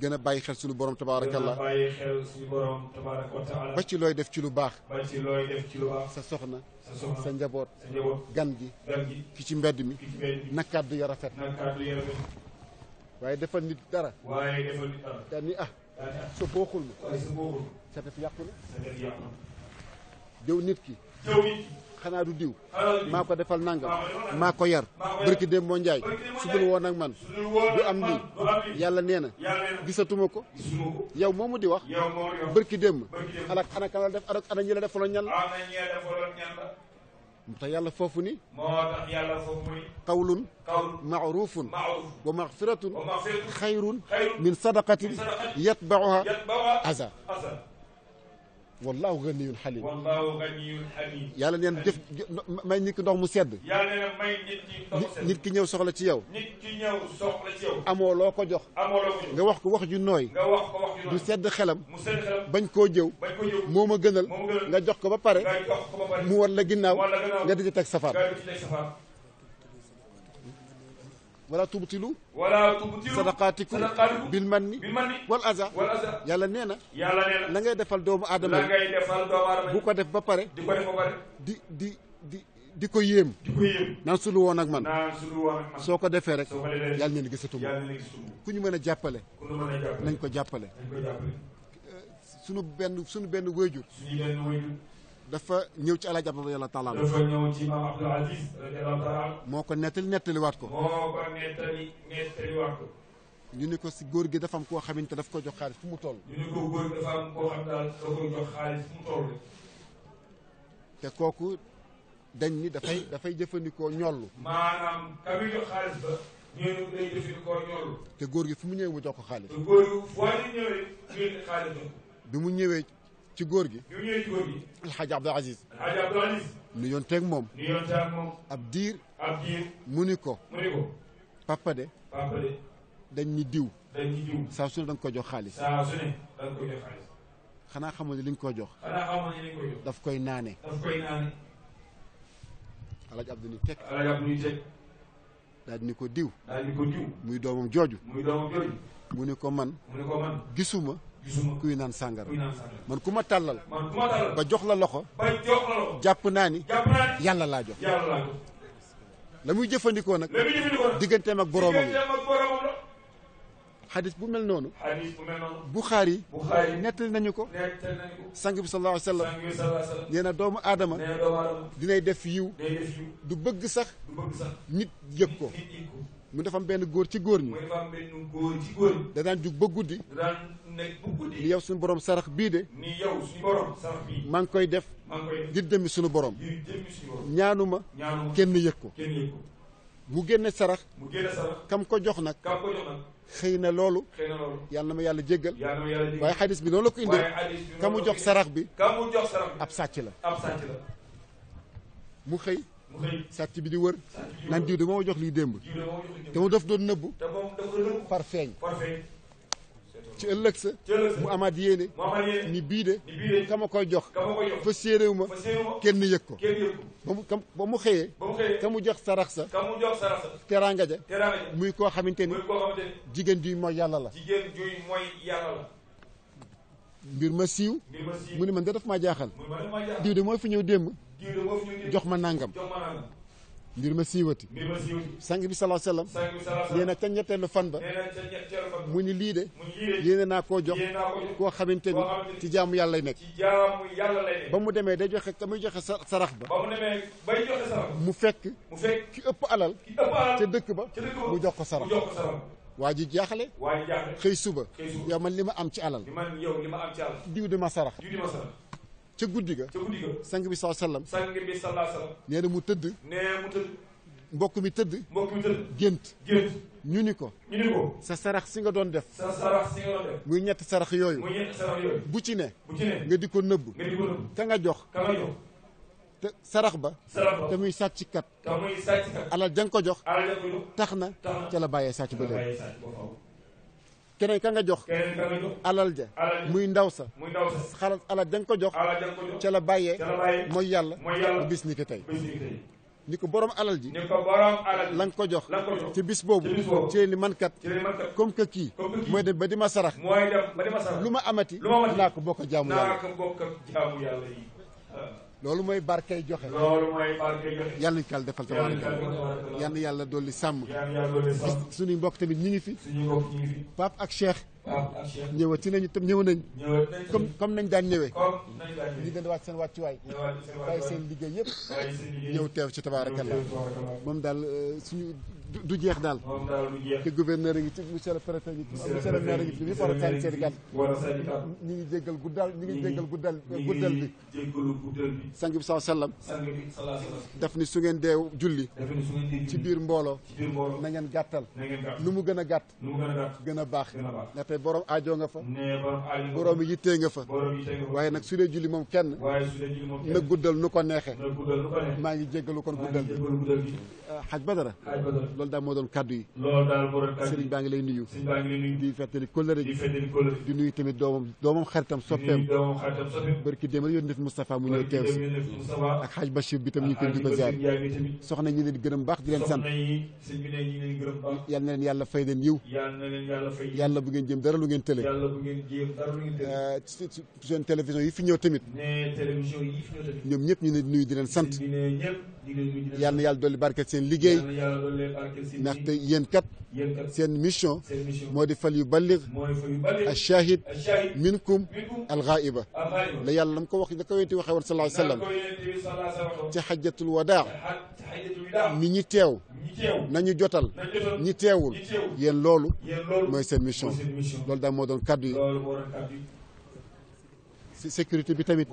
gën a bàyyi xel suñu borom tabaarakallah gën a borom tabaaraka ba ci looy def ci lu baax. ba ci ci lu sa soxna. sa njaboot. gan gi. ki ci mbedd mi. ki ci mbedd mi na kàddu ya rafet. waaye defal nit dara. waaye ni ah. daan ah. sa booxul ma. sa def yàqu na. jëw nit ki. xanaa du diw maa ko defal nangam maa ko yar barki dem moo njaay su dul woon man du am lii yàlla nee na gisatuma ko yow moomu di wax barki dem ana kan def adak ana ñi la yàlla foofu ni moo tax wa maxfiratun xayrun min sadaqatin yatbauha aza wallaahu ganiyun xalim wallaahu ganiyun xalim neen may nit ki ndox mu sedd yàlla nit ki ñëw soxla ci yow amoo loo ko jox nga wax ko wax ju nooy sedd xelam mu sedd xelam bañ koo jëw bañ moo ma gënal nga jox ko ba pare mu war la ginnaaw nga di safar wala tubtilu wala tubtilu sadaqaatikum bil manni wal aza yàlla nee na yàlla nee na la defal doomu aadama la ngay defal doomu aadama bu ko def ba pare di ko di di di ko yéem di ko sulu woon ak man naan soo ko defee rek yàlla nee na gisatuma ku ñu mën a jàppale nañ ko jàppale sunu benn suñu benn wéyjur dafa ñëw ci alaaji Abdoulaye Taala. dafa ñëw ci maam Abdul Aziz radiyallaahu taala. moo ko nettali nettaliwaat ko. moo ko nettali nettaliwaat ko. ñu ni ko si góor gi dafa am koo xamante daf ko jox xaalis fu mu toll. ñu ni ko góor gi dafa am koo xam daal da ko jox xaalis fu mu toll. te kooku dañ ni dafay dafay jëfandikoo ñollu. maanaam ka muy jox xaalis ba. ñooñu day jëfandikoo ñollu. te góor gi fu mu ñëwee mu jox ko xaalis. te góor gi foo ñu ñëwee ñu xaalis bi mu ñëwee. ci góor gi. bi Abdul Aziz. Alxaaji Abdul Aziz. nuyoon teeg moom. nuyoon teeg moom. ab mu ni ko. mu ni ko. papa de. dañ ñu diw. saa su ne da nga ko jox xaalis. saa su ne da nga ko jox xanaa xamoon ne li jox. xanaa koy naane. daf koy Abdul ni teg. Alxaaji ni ko diw. daal muy doomam jooju. muy doomam jooju. mu ni ko man gisuma. gisuma kuy naan sàngara man ku ma tàllal ba jox la loxo jàpp naa ni yàlla laa jox la muy jëfandikoo nag digganteem ak boroomam xadis bu mel noonu Buxaari nettali nañu ko sang bi sallallahu alayhi wa sallam nee na doomu aadama dinay def yiw du bëgg sax nit yëg ko mu dafa benn góor ci góor ñi. da daan jug ba guddi. da daan yow suñu borom sarax bii de. ni ngi koy def. maa ngi suñu borom. di ma. ñaanu ma kenn yëg ko. kenn mu génne sarax. kam ko jox nag. xëy na loolu. xëy na yàlla na ma yàlla jéggal. waaye xadis bi noonu la ko indee. waaye jox sarax bi. ka jox sarax bi. sàcc la. ab sàcc la. mu xëy sàcc bi di wër naan diw de moo jox lii démb te mu daf doon nëbbu par feeñ ci ëllëg sa mu amaat yéene ni bii de kama koy jox fa séeréew ma kenn yëg ko ba mu ba mu xëyee ka mu jox sarax sa teraanga ja muy koo xamante ni jigéen juy mooy yàlla la mbir ma siiw mu ni man de daf maa jaaxal diw de mooy fi ñëw démb jox ma nangam. mbir ma siiwati. sang bi salaa sallam. nee na ca ñetteelu fan ba. mu ni lii de. yéene naa koo jox. koo xamante ci jaamu yàlla lay nekk. ba mu demee day joxe ka muy joxe sarax ba. mu fekk. ki ëpp alal. ca dëkk ba. mu jox ko sarax. waa ji jaaxle. xëy suba. yow li ma am ci alal. diw di ma sarax. ca guddi ga. ca guddi ga sang bi sallallahu alayhi sang bi sallallahu alayhi wasallam. mu tëdd. nee mbokk mi tëdd. gént. gént ñu ni ko. ñu ni ko. sa sarax si nga doon def. muy ñett sarax yooyu. bu ci ne. nga di ko nëbb. ka nga jox. sarax ba. sarax ba te muy sàcc kat. alal ja ko jox. tax na. tax na ca la bàyyee sàcc ba léegi. keneen ka nga jox alal ja muy ndaw sax xalal alal ja nga ko jox ca la bàyyee mooy yàlla bu bis ni ki tey ni ko borom alal ji la nga ko jox ci bis boobu ci leen ni man kat comme que kii mooy dem ba di ma sarax lu ma amati naa ko bokk jaamu yàlla yi loolu mooy barkay joxe. loolu mooy yàlla nañu ko dolli sàmm. yàlla yàlla suñuy mbokk tamit ñi ngi fi. suñuy ak Cheikh. waaw ah, ak ah, Cheikh ñëwati nañu tam ñëw nañ. comme comme nañ daan ñëwee. comme nañ daan ñu gën a wàcc seen wàccuwaay. bàyyi seen liggéey yëpp. ñëw teew ci tabaarakalla moom daal euh, suñu du jeex daal. moom daal du jeex. te a ngi ci monsieur le préfet a ngi ci monsieur a ngi ci ñëpp war ñu ngi jéggal guddal ñu ngi jéggal guddal guddal bi. jéggalu guddal bi. sang bi saa sallam. daf ni su ngeen dee julli. ci biir mbooloo. na ngeen gàttal. na mu gën a gàtt. mu gën a gàtt. gën a baax te borom aajo nga fa. borom yittee nga fa. waaye nag su dee julli moom kenn. na guddal nu ko neexee. maa ngi jéggalu kon guddal bi. xaj ah, badara. loolu daal moo doon kaddu yi. sëriñ baa ngi lay nuyu. di fàttali kóllëre gi. di nuyu tamit doomam doomam xaritam soppeem. barki démb yónni na fi Moustapha mu ñëw teew si. ak xaj Bachir bi tam ñu koy di ko ziar. soxna ñi leen gërëm baax di leen sant. yal na leen yàlla fay leen yiw. yàlla bu ngeen dara lu ngeen télé. yàlla bu euh, seen télévision yi fi ñëw tamit. ñoom ñëpp ñu ne nuyu di leen sant. di leen ñëpp di dolli barkeel seen liggéey. yal na yàlla seen kat. seen mission. moo di fal yu ballig. mooy fal yu al shahid. minkum. al ghaiba. la yàlla na ko wax da ko yonent waxee woon sallallahu alayhi wa sallam. wadaa. mi ñi teew na nañu jotal ñu teewul yéen loolu mooy seen mission loolu daal moo doon kàddu yi sécurité bi tamit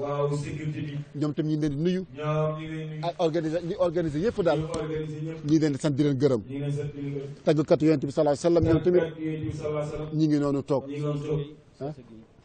ñoom tam ñu leen di nuyu ak ah, organiser ñi organiser yëpp daal ñu leen di sant di leen gërëm tàggkat yonent bi sallallahu alayhi wa sallam ñoom tamit ñi ngi noonu toog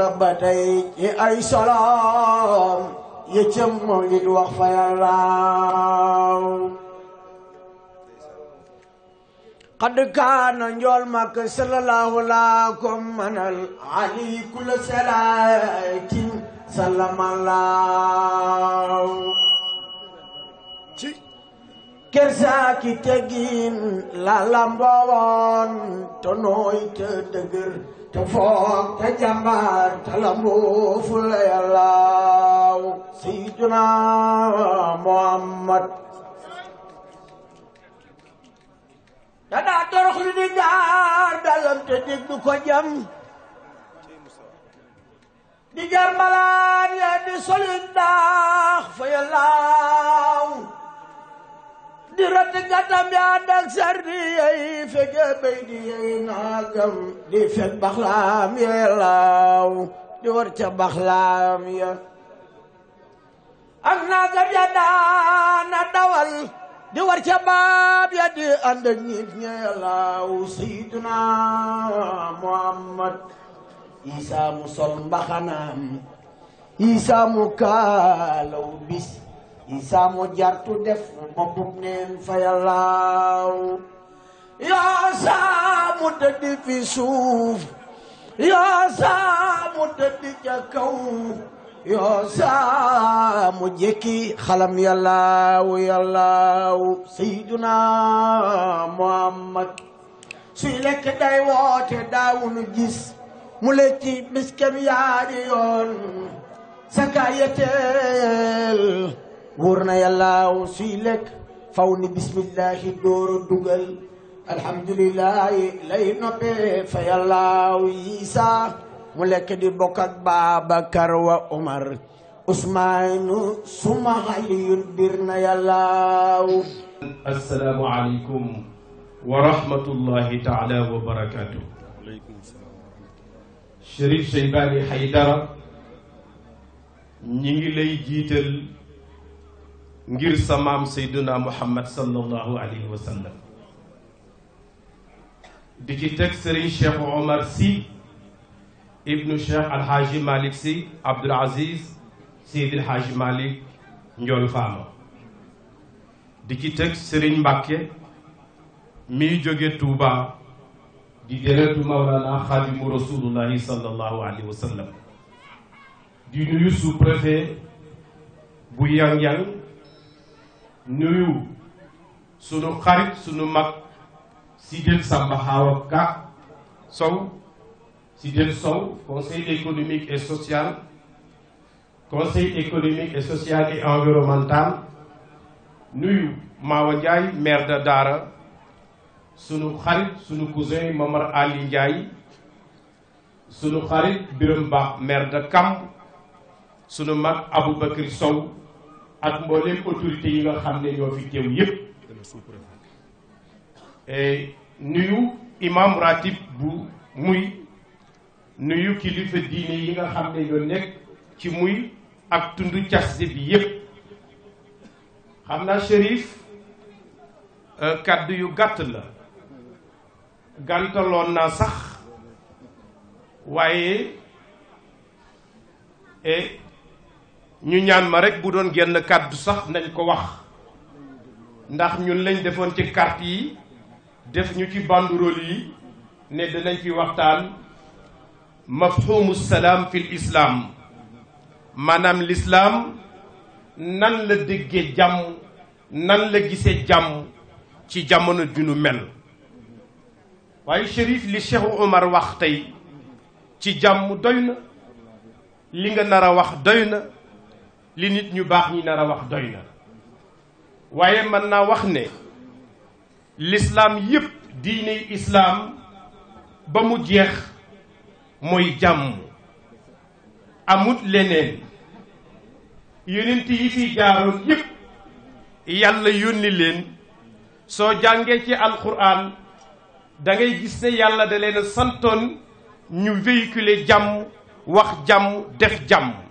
na ba tey ci ay solom yëccëm moo ngi wax fa yàllaaw xad kaana njool makk sallallahu laakum manal ali kula salaatin salamalaaw ki teggin la lamboon to te foog te jàmbaar te lambu fula yàllaaw sayyiduna Muhammad dana torox li di jaar dalam te déglu ko jam di jar malaan ya di solin daax fa yàllaaw dirat gàttam yaa dag sardi yey fege bay di yey naagam di fekk baxlaam yey laaw di war ca baxlaam ya ak naagam ya daana dawal di war ca baab ya di ànd ak nit laaw sayyiduna muhammad isa mu sol mbaxanaam isa mu kaalaw bis isa mu jartu def boppam neen fa yàllaaw yaa saamu tëdd fi suuf yaa saamu tëdd ca kaw yaa saamu jekki xalam yàllaaw yàllaaw sayyiduna muhammad suy lekk day woote daawunu gis mu lekki biskam yaari sa kaayeteel wóor na yàllaaw suy lekk faw ni bismillahi dóora dugal alhamdulilahi lay noppee fa yàllaaw yi saa mu lekk di bokk ak Babacar wa Omar Ousmaanu suma Aliyun bir na yàllaaw assalaamu aleykum wa rahmatullahi taala wa barakaatu Chérif Seybani Haydara ñi ngi lay jiital ngir sa maam sayduna muhammad sallallahu alayhi wa di ci teg sëriñ cheikh omar si ibnu cheikh alhaaji malik si abdul aziz seydi alhaaji malik njool faama di ci teg sëriñ mbàkke miy jóge tuuba di deretu mawlana xaadimu rasulullahi sallallahu alayhi wa di nuyu sous-préfet bu nuyu sunu xarit sunu mag Sidel Samba Hawa Ka Sow Sidel Sow conseil économique et social conseil économique et social et environnemental nuyu Mawa Ndiaye maire Daara sunu xarit sunu cousin Mamar Ali Ndiaye sunu xarit Birame Ba maire de sunu mag Aboubacry Sow ak mboolem autorité yi nga xam ne ñoo fi teew yépp e, nuyu imam ratib bu muy nuyu kilifa diine yi nga xam ne ñoo nekk ci muy ak tund cassi bi yépp xam naa shérif e, kàddu yu gàtt la gàntaloon naa sax waaye e, ñu ñaan ma rek bu doon génn kàddu sax nañ ko wax ndax ñun lañ defoon ci carte yi def ñu ci banderole yi ne danañ ci waxtaan mafhumu salaam fil islaam maanaam l'islaam nan la déggee jàmm nan la gisee jàmm ci jamono junu mel waaye shérif li Cheikhu Omar wax tey ci jàmm doy na li nga nar a wax doy na li nit ñu baax ñi wax doy na waaye mën naa wax ne lislaam yépp diiney islaam ba mu jeex mooy jàmm amut leneen yonent yi fi jaaroon yépp yàlla yónni leen soo jàngee ci alxuraan dangay gis ne yàlla da leen santoon ñu véhiculer jàmm wax jàmm def jàmm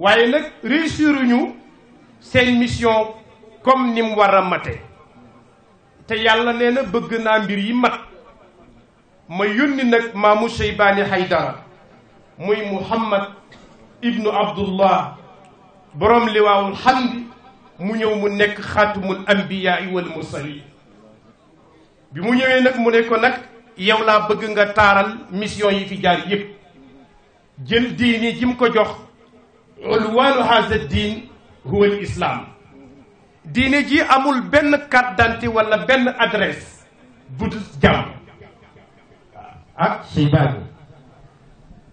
waaye nag réussiruñu seen mission comme ni mu war a mate te yàlla nee na bëgg naa mbir yi mat ma yónni nag maamu Seybaani Haydara muy Muhammad ibnu Abdullah borom liwaawul xamdi mu ñëw mu nekk xaatumul anbiyaa wal mursalin bi mu ñëwee nag mu ne ko nag yow laa bëgg nga taaral mission yi fi jaar yépp jël diini ji mu ko jox ulwaanu haza diin huwa al islam diine ji amul benn carte d'identité wala benn adresse bu dul jàmm ak xibaar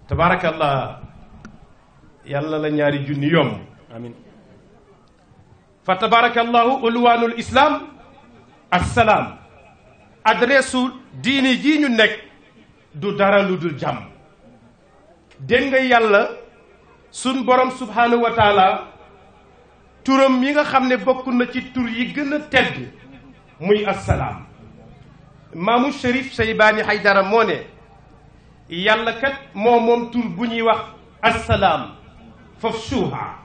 tabaarakallah yàlla la ñaari junni yomb amin fa tabaarakallahu ulwaanul islam assalaam adresse su diine ji ñu nekk du dara lu dul jàmm dégg nga yàlla sun borom subhaanahu wa taala turam yi nga xam ne bokk na ci tur yi gën a tedd muy assalaam maamu Cherif Seybaani Haydara moo ne yàlla kat moo moom tur bu ñuy wax assalaam foofu suuha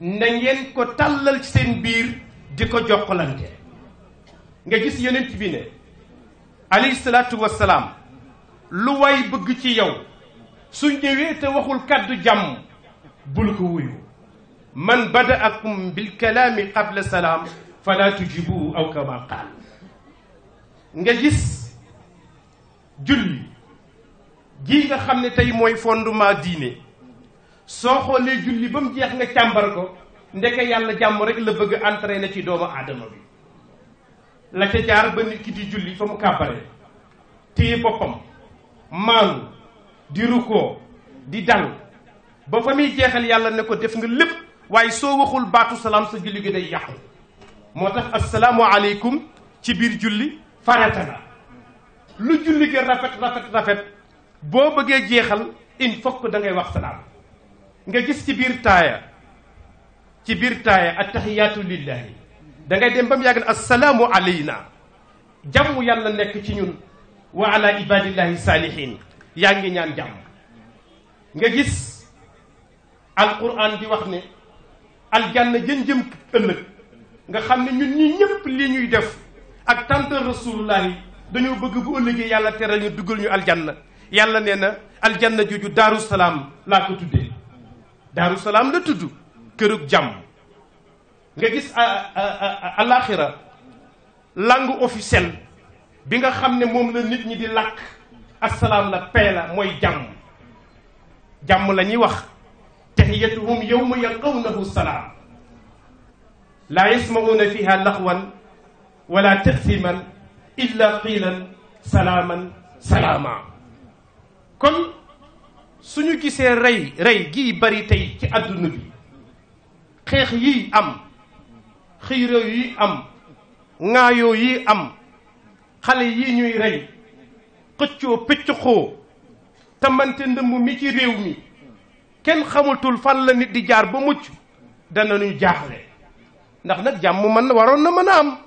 na ngeen ko tàllal ci seen biir di ko jokkalante nga gis yonent bi ne alayhi salaatu lu waay bëgg ci yow su ñëwee te waxul kàddu jàmm bul ko wuyu man badaakum bilkalaami qabla salaam fala tujibuhu aw kama qaal nga gis julli ji nga xam ne tey mooy fondement diine soo xoolee julli ba mu jeex nga càmbar ko ndeke yàlla jàmm rek la bëgg entraîné ci doomu aadama bi la ca jaar ba nit ki di julli fa mu kàbbare téye boppam maanu di rukkoo di dalu ba fa muy jeexal yàlla ne ko def nga lépp waaye soo waxul baatu salaam sa julli gi day yàqu moo tax asalaamu aleykum ci biir julli farata la lu julli gi rafet rafet rafet boo bëggee jeexal il faut que da ngay wax salaam nga gis ci biir taaya ci biir taaya attahiyaatu lillahi da ngay dem ba mu yàgg ne asalaamu aleyna jàmm yàlla nekk ci ñun wa ala ibadillahi saalihin yaa ngi ñaan jàmm nga gis alquran di wax ne aljanna jën-jëm ëllëg nga xam ne ñun ñi ñëpp li ñuy def ak tantal rasulullahi dañoo bëgg bu ëllëgee yàlla teral ñu duggal ñu aljanna yàlla nee na aljanna jooju daaru salaam laa ko tuddee daaru salaam la tudd kërug jàmm nga gis alaxira langue officielle bi nga xam ne moom la nit ñi di làkk assalaam la paix la mooy jàmm jàmm la wax taxiyatuhum yowma yalqawnahu salaam laa yasma'uuna fiha laxwan wala taximan illa qiilan salaaman salaama kon suñu gisee rey rey gii bari ci àdduna bi xeex yi am xiiroo yi am ŋaayoo yi am xale yi ñuy rey xëccoo pëcc xoo tamante ndëmm mi ci réew mi kenn xamatul fan la nit di jaar ba mucc danañu jaaxle ndax nag jàmm mën waroon na mën a am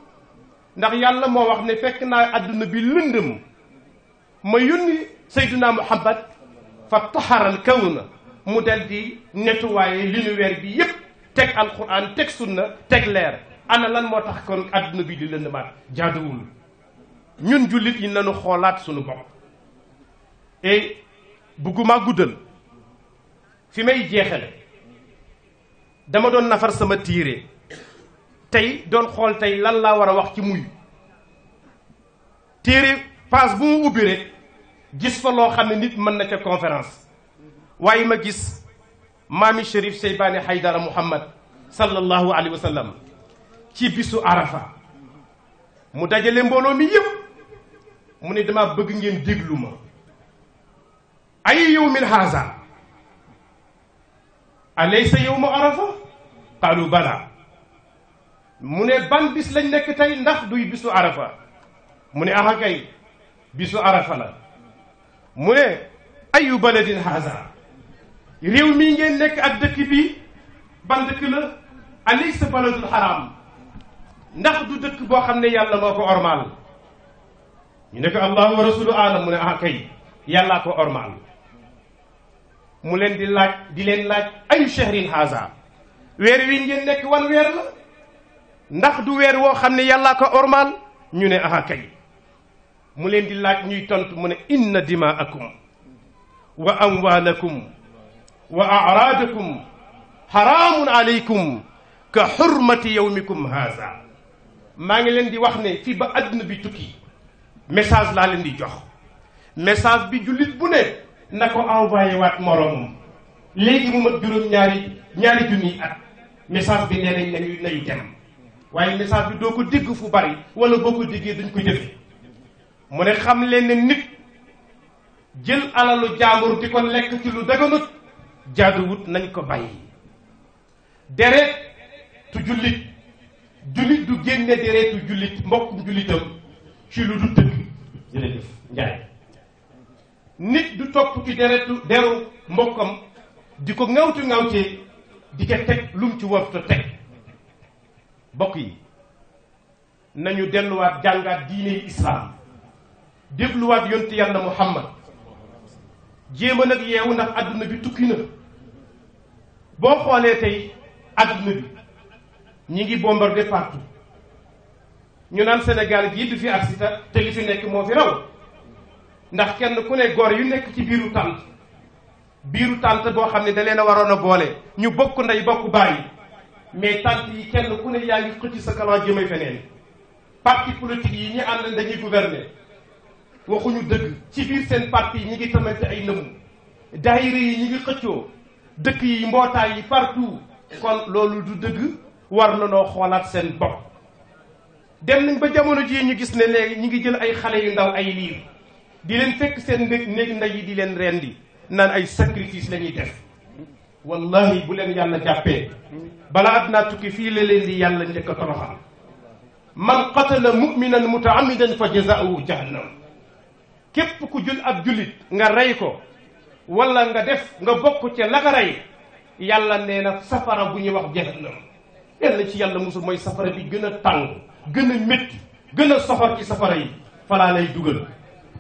ndax yàlla moo wax ne fekk naa àdduna bi lëndëm ma yónni sayduna muhammad fa taxaral kaw na mu del di nettuwaaye l'univers bi yépp teg alquran teg sunna teg leer ana lan moo tax kon àdduna bi di lëndëmaat jaaduwul ñun jullit yi nañu xoolaat suñu bopp et bëgguma guddal fi may jeexale dama doon nafar sama tiire tey doon xool tey lan laa war a wax ci muy téere paas bu mu ubbi gis fa loo xam ne nit mën na ca conférence waaye ma gis maami Chérif Seybani Haydara Muhammad sallallahu alayhi wa sallam ci bisu arafa mu dajale mbooloo mi yëpp mu ne dama bëgg ngeen déglu ma ay yowmin haasa alaysa yowmu arafa qaalu bala mu ne ban bis lañ nekk tey ndax duy bisu arafa mu ne aha kay bisu arafa la mu ne ayu baladin haasa réew mii ngeen nekk ak dëkk bi ban dëkk la alaysa baladul haram ndax du dëkk boo xam ne yàlla moo ko ormaal ñu nekk ko allahu wa rasulu alam mu ne ah kay yàllaa ko ormaal mu leen di laaj di leen laaj ayu shahrin haza weer wi ngeen nekk wan weer la ndax du weer woo xam ne yàllaa ko ormaal ñu ne ah mu leen di laaj ñuy tont mu ne inna dimaakum wa amwaalakum wa araadakum xaraamun aleykum ka xurmati yawmikum haza maa ngi leen di wax ne fii ba àdduna tukki message laa leen di jox message bi jullit bu ne na ko envoyé waat moroomam léegi mu mat juróom ñaari ñaari junniy at message bi nee nañu nañu dem waaye message bi doo ko dégg fu bari wala boo ko déggee duñ ko jëfe mu ne xam leen ne nit jël alalu jaambur di ko lekk ci lu daganut jaaduwut nañ ko bàyyi dereetu jullit jullit du génne dereetu jullit mbokkum jullitam ci lu du dëgg jërëjëf Njaay nit du topp ci deretu deru mbokkam di ko ŋawti ŋawtee di ca teg lu mu ci warta teg bokk yi nañu delluwaat jàngaat diine islaam dégluwaat yonte yàlla muhammad jéema nag yeewu ndax àdduna bi tukki na boo xoolee tey àdduna bi ñi ngi bombardé partout ñu naan Sénégal gii du fi agsi te li fi nekk moo fi raw ndax kenn ku ne góor yu nekk ci biiru tànt biiru tànt boo xam ne da leen a waroon a boole ñu bokk ndey bokk bàyyi mais tànt yi kenn ku ne yaa ngi xëcc sa kalan jëmay feneen parti politique yi ñu ànd dañuy gouverner waxuñu dëgg ci biir seen parti ñu ngi tamante ay nëmu daayira yi ñi ngi xëccoo dëkk yi mbootaay yi partout kon loolu du dëgg war na noo xoolaat seen bopp dem nañ ba jamono jii ñu gis ne léegi ñu ngi jël ay xale yu ndaw ay liir di leen fekk seen ndé néeg ndey yi di leen rendi naan ay sacrifice la ñuy def wallahi bu leen yàlla jàppee balaa at naa tukki fii la leen di yàlla njëkk a toroxal man qatala muminan mutaamidan fa jazaa'uhu jahannam képp ku jul ab jullit nga rey ko wala nga def nga bokk ca la yi yàlla nee na safara bu ñuy wax jahannam yàlla ci yàlla musul mooy safara bi gën a tàng gën a métti gën a ci safara yi falaa lay dugal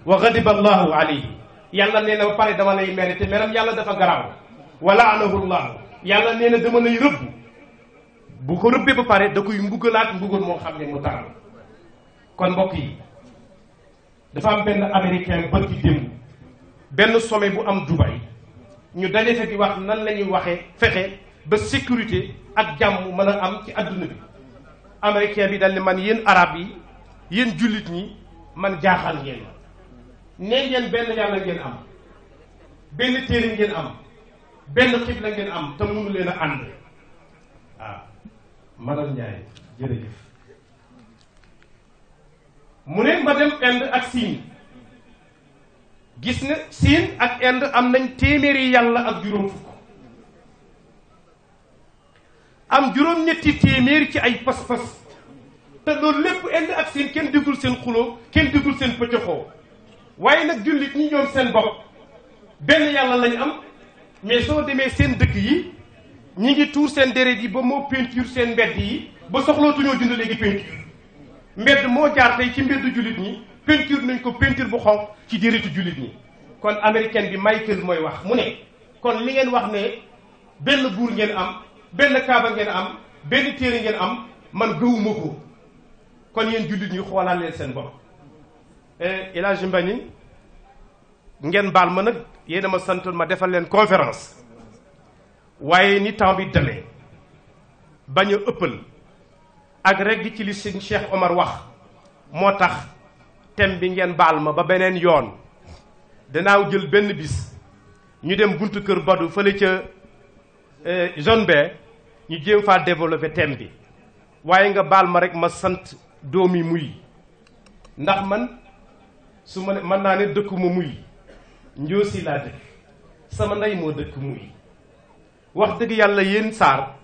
wa gadiba allahu alayhi yàlla nee na ba pare dama lay mere te meram yàlla dafa garaaw wa laanahu llahu yàlla nee na dama lay rëbb bu ko rëbbee ba pare da koy mbugalaat mbugal moo xam ne mu taral kon mbokk yi dafa am benn américain ba ci démb benn sommet bu am Dubaï ñu daje di wax nan la ñuy waxee fexe ba sécurité ak jàmm mën a am ci adduna bi américain bi dal ni man yéen arab yi yéen jullit ñi man jaaxal ngeen ne ngeen benn yàlla ngeen am benn téere ngeen am benn xibla ngeen am te mënu leen a ànd waaw ah, madame Ndiaye jërëjëf mu ne ma dem Inde ak Siin gis na Siin ak Inde am nañ téeméeri yàlla ak juróom fukk am juróom-ñetti téeméer ci ay pas-pas te loolu lépp ànd ak seen kenn déggul seen xuloo kenn déggul seen pëccoxoo waaye nag jullit ñi ñoom seen bopp benn yàlla lañu am mais soo demee seen dëkk yi ñu ngi tuur seen deret yi ba moo peinture seen mbedd yi ba soxlootuñoo jënd léegi peinture mbedd moo jaar tey ci mbedd jullit ñi peinture nañ ko peinture bu xonq ci déretu jullit ñi kon américaine bi Michael mooy wax mu ne kon li ngeen wax ne benn buur ngeen am benn kaaba ngeen am benn téere ngeen am man gëwuma ko kon yéen jullit ñi xoolaat leen seen bopp eh, El Hadj Mbagnick ngeen baal ma nag yéen a ma santoon ma defal leen conférence waaye ni temps bi demee bañ a ëppal ak rek di ci li sëñ Cheikh Omar wax moo tax thème bi ngeen baal ma ba beneen yoon danaaw jël benn bis ñu dem buntu kër Badou fële ca Euh, zone B ñu jéem faa développé thème bi waaye nga baal ma rek ma sant doomi muy ndax man su ma ne mën naa ne dëkkuma ma muy njoosi laa dëkk sama ndey moo dëkk muy wax dëgg yàlla yéen saar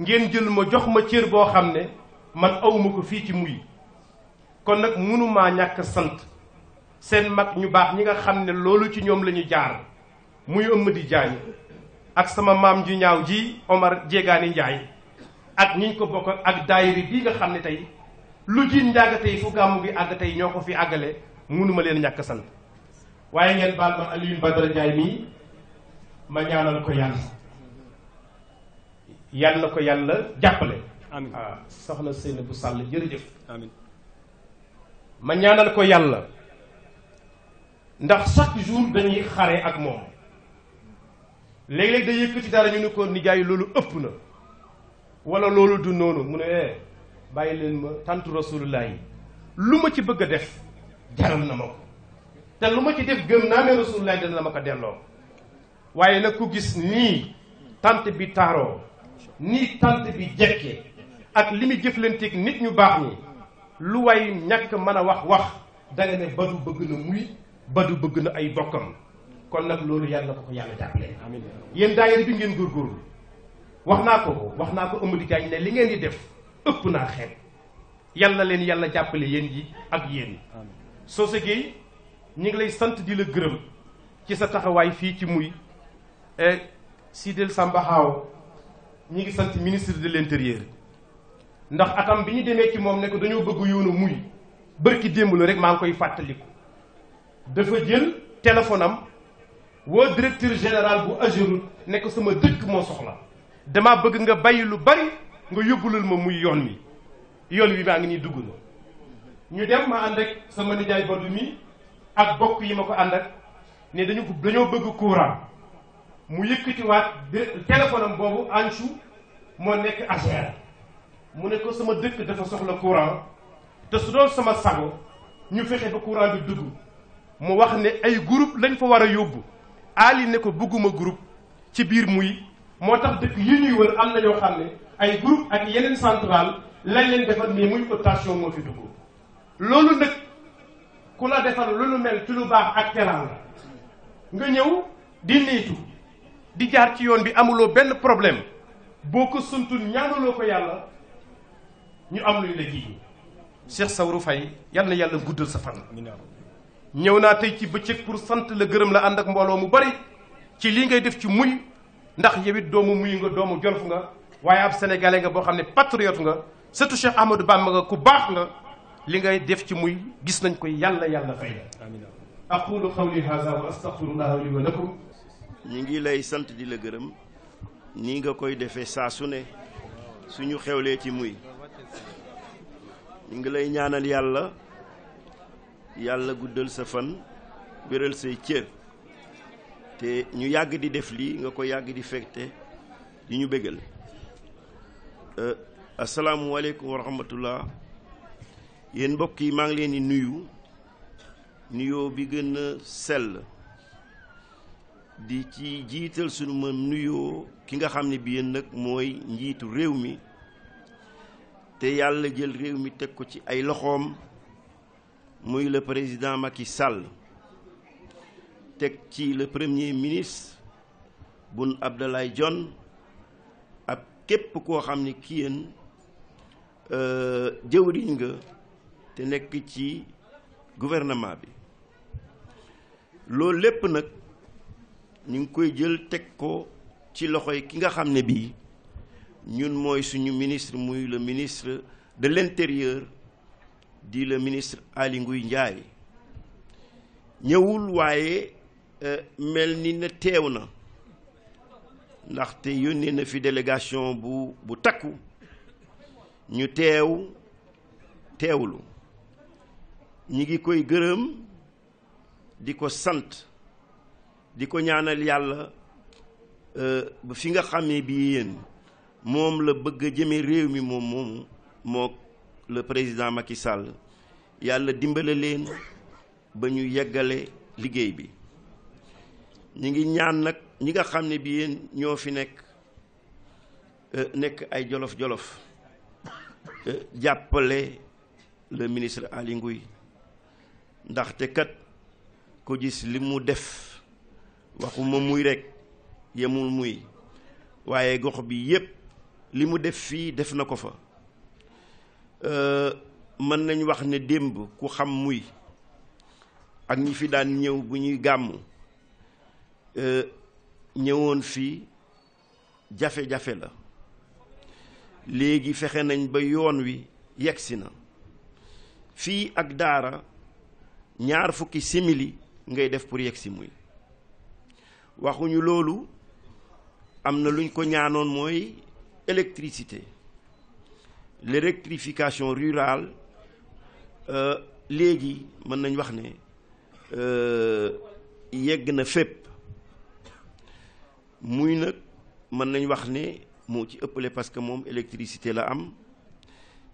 ngeen jël ma jox ma cër boo xam ne man awuma ko fii ci muy kon nag mënumaa ñàkk sant seen mag ñu baax ñi nga xam ne loolu ci ñoom lañuy ñu jaar muy ëmm di jaañ ak sama maam ju ñaaw ji Omar Jéegaani Njaay ak ñiñ ko bokk ak daayiri bii nga xam ne tey lu jiit njàgg tey fu gàmmu gi àgg tey ñoo ko fi àggale mënuma leen ñàkk sant waaye ngeen baal ma Alioune Badara Njaay mii ma ñaanal ko yàlla yàlla ko yàlla jàppale amiin ah, soxna Seyna bu Sàll jërëjëf ma ñaanal ko yàlla ndax chaque jour dañuy xare ak moom léeg-léeg day yëkkati dara ñu ne ko nijaay loolu ëpp na wala loolu du noonu mu ne eh bàyyi leen ma tantu rasulullah lu ma ci bëgg def jaral na ma ko te lu ma ci def gën naa ne rasulullah dina la ma ko delloo waaye nag ku gis nii tànt bi taaroo nii tant bi jekke ak li muy jëflanteeg nit ñu baax ñi lu way ñàkk mën a wax wax danga ne badu bëgg na muy badu bëgg na ay bokkam kon nag loolu yàlla ko ko yàlla jàppale yéen daayira bi ngeen góorgóorlu wax naa ko wax naa ko Amady Diagne ne li ngeen di def ëpp naa xeet yàlla leen yàlla jàppale yéen ji ak yéen Socé Gueye ñu ngi lay sant di la gërëm ci sa taxawaay fii ci muy eh, Sidel Samba Xaaw ñi ngi sant ministre de l'intérieur ndax atam bi ñu demee ci moom ne ko dañoo bëgg yoonu muy bërki démb la rek maa ngi koy fàttaliku dafa jël téléphone am woo directeur général bu Ageroute ne ko sama dëkk moo soxla dama bëgg nga bàyyi lu bari nga yóbbulal ma muy yoon wi yoon wi maa ngi nii dugg na ñu dem ma ànd ak sama nijaay bandu mi ak bokk yi ma ko ànd ak ne dañu ko dañoo bëgg courant mu yëkkatiwaat téléphone am boobu Anchou moo nekk AGER mu ne ko sama dëkk dafa soxla courant te su doon sama sago ñu fexe ba courant bi dugg mu wax ne ay groupe lañ fa war a yóbbu aali ne ko bëgguma groupe ci biir muy moo tax dëkk yi ñuy wër am na ñoo xam ne ay groupe ak yeneen central lañ leen defar mais muy optation moo fi dugg loolu nag ku la defar lu mel ci lu baax ak teraanga nga ñëw di di jaar ci yoon bi amuloo benn problème boo ko suntun ñaanaloo ko yàlla ñu am luñ la jiiñ Cheikh Saourou Faye yal na yàlla guddal sa fan ñëw naa tey ci bëccëg pour sant la gërëm la ànd ak mbooloo mu bari ci lii ngay def ci muy ndax yow doomu muy nga doomu jolof nga waaye ab sénégalais nga boo xam ne patriote nga surtout Cheikh Ahmadou Bamba nga ku baax nga li ngay def ci muy gis nañ koy yàlla yàlla fay aqulu qawli hadha ngi lay sant di la gërëm nii nga koy defee saa su ne suñu xewlee ci muy ñi ngi lay ñaanal yàlla yàlla guddal sa fan wéral say cër te ñu yàgg di def lii nga ko yàgg di fekte di ñu bégal euh, asalaamualeykum wa rahmatullah yéen mbokk yi maa ngi leen di nuyu nuyoo bi gën a sell di ci jiital sunu ma nuyoo ki nga xam ne bi yéen nag mooy njiitu réew mi te yàlla jël réew mi teg ko ci ay loxoom muy le président Macky Sall teg ci le premier ministre Boun Abdallah Dionne ak képp koo xam ne ki yéen euh, jëwriñ nga te nekk ci gouvernement bi loolu lépp nag ñu ngi koy jël teg ko ci loxoy ki nga xam ne bii ñun mooy suñu ministre muy le ministre de l'intérieur di le ministre Aly Ngouille Ndiaye ñëwul waaye euh, mel ni na teew na ndaxte yónnee na fi délégation bu bu takku ñu teew teewlu ñi ngi koy gërëm di ko sant di ko ñaanal yàlla euh, ba fi nga xamee bi yéen moom la bëgg a jëme réew mi moom moomu moo le président Macky sàll yàlla dimbale leen ba ñu yeggale liggéey bi ñi ngi ñaan nag ñi nga xam ne bi yéen ñoo fi nekk euh, nekk ay jolof-jolof euh, jàppale le ministre Aly Ngouille ndaxte kat ko gis li mu def waxuma muy rekk yemul muy waaye gox bi yépp li mu def fii def na ko fa Euh, mën nañ wax ne démb ku xam muy ak ñi fi daan ñëw bu ñuy gàmmu euh, ñëwoon fii jafe-jafe la léegi fexe nañ ba yoon wi yegsi na fii ak daara ñaar fukki simili ngay def pour yegsi muy waxuñu loolu am na luñ ko ñaanoon mooy électricité l'électrification rurale euh, léegi mën nañ wax ne euh, yegg na fépp muy nag mën nañ wax ne moo ci ëppale parce que moom électricité la am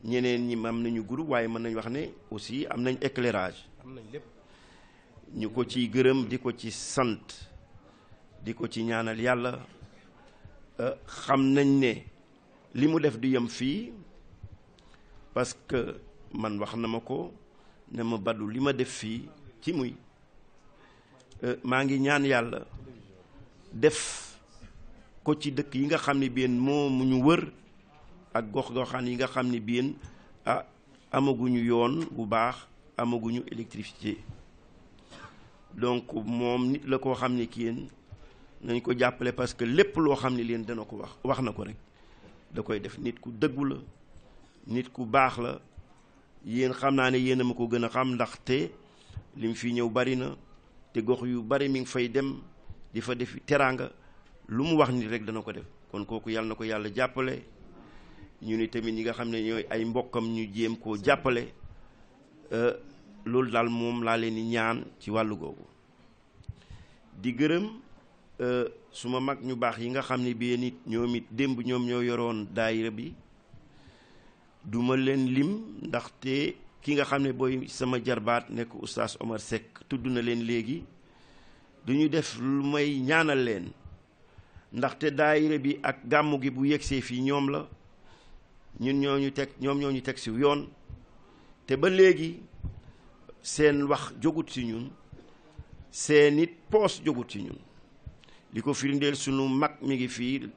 ñeneen ñi am nañu groupe waaye mën nañ wax ne aussi am nañ éclairage am nañ lépp ñu ko ci gërëm di ko ci sant di ko ci ñaanal yàlla euh, xam nañ ne li mu def du yem fii parce que man wax na ma ko ne ma baddu li ma def fii ci muy euh, maa ngi ñaan yàlla def ko ci dëkk yi nga xam ni bien moo mu ñu wër ak gox-goxaan yi nga xam ni bien ah amaguñu yoon bu baax amaguñu électricité donc moom nit la koo xam ne kii nañ ko jàppale parce que lépp loo xam ne leen dana ko wax wax na ko rek da koy def nit ku dëggu la nit ku baax la yéen xam naa ne yéen ma ko gën a xam ndaxte lim fi ñëw bari na te gox yu bari mi ngi fay dem di fa def teraanga lu mu wax nit rek dana ko def kon kooku yàlla na ko yàlla jàppale ñu ni tamit ñi nga xam ne ñooy ay mbokkam ñu jéem koo jàppale euh, loolu daal moom laa leen di ñaan ci wàllu googu di gërëm euh, suma mag ñu baax yi nga xam ne bii nit ñoom it démb ñoom ñoo yoroon daayira bi duma leen lim ndaxte ki nga xam ne booy sama jarbaat nekk oustaz Omar Seck tudd na leen léegi duñu def lu may ñaanal leen ndaxte daayira bi ak gàmmu gi bu yegsee fii ñoom la ñun ñoo ñu teg ñoom ñoo ñu teg si yoon te ba léegi seen wax jogut ci ñun seen it poos jogut ci ñun li ko firndeel sunu mag mi ngi fii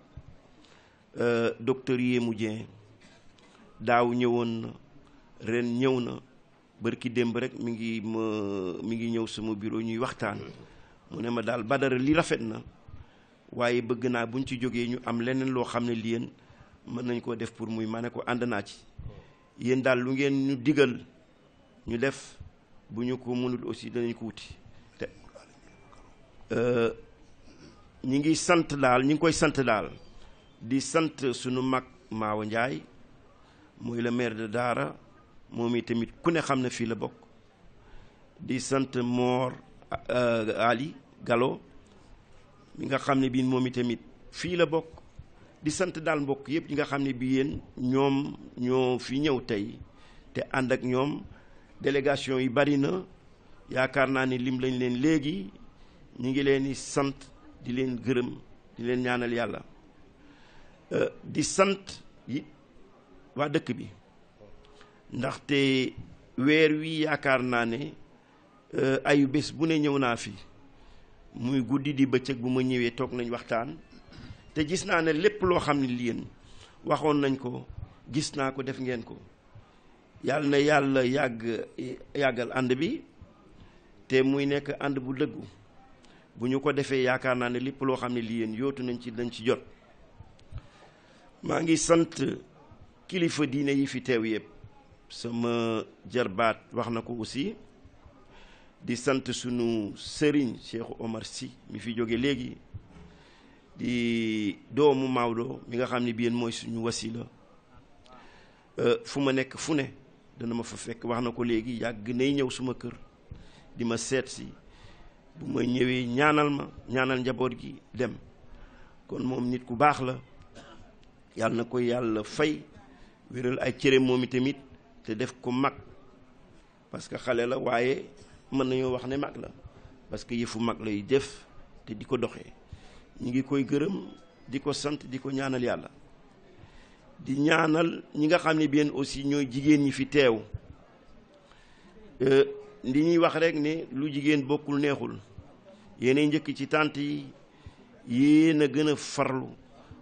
euh, docteur Yéemu Dieng daaw ñëwoon na ren ñëw na bër ki démb rek mu ngi ma mi ngi ñëw suma bureau ñuy waxtaan mu ne ma daal Badara li rafet na waaye bëgg naa buñ ci jógee ñu am leneen loo xam ne li yéen mën nañ koo def pour muy ma ne ko ànd ci yéen daal lu ngeen ñu digal ñu def bu ñu ko mënul aussi danañ ko wuti te euh, ñi ngi sant daal ñu ngi koy sant daal di sant sunu mag Maawa Njaay muy le maire de Daara moom i tamit ku ne xam na fii la bokk di sant Mor euh, Ali Gallo mi nga xam ne bii moom i tamit fii la bokk di sant daal mbokk yëpp ñi nga xam ne bii yéen ñoom ñoo fi ñëw tey te ànd ak ñoom délégation yi bari na yaakaar naa ne lim lañ leen léegi ñu ngi leen di sant di leen gërëm di leen ñaanal yàlla euh, di sant yi waa dëkk bi ndaxte weer wi yaakaar naa ne euh, ayu bés bu ne ñëw naa fi muy guddi di bëccëg bu ma ñëwee toog nañ waxtaan te gis naa ne lépp loo xam ne liyeen waxoon nañ ko gis naa ko def ngeen ko yàlla na yàlla yàgg yàggal ànd bi te muy nekk ànd bu dëggu bu ñu ko defee yaakaar naa ne lépp loo xam ne liyeen yootu nañ ci dañ ci jot maa ngi sant kilifa diine yi fi teew yëpp sama jarbaat wax na ko aussi di sant sunu sëriñ Cheikh Omar Sy mi fi jóge léegi di doomu Maodo mi nga xam ni bii mooy suñu wasila euh, fu ma nekk fu ne dana ma fa fekk wax na ko léegi yàgg nay ñëw suma kër di ma seet si bu ma ñëwee ñaanal ma ñaanal njaboot gi dem kon moom nit ku baax la yàlla na ko yàlla fay wéral ay cëre moom i tamit te def ko mag parce que xale la waaye mën nañoo wax ne mag la parce que yëfu mag lay def te di ko doxee ñu ngi koy gërëm di ko sant di ko ñaanal yàlla di ñaanal ñi nga xam ne bien aussi ñooy jigéen ñi fi teew li euh, ñuy wax rek ne lu jigéen bokkul neexul yéenay njëkk ci tànt yi yéen a gën a farlu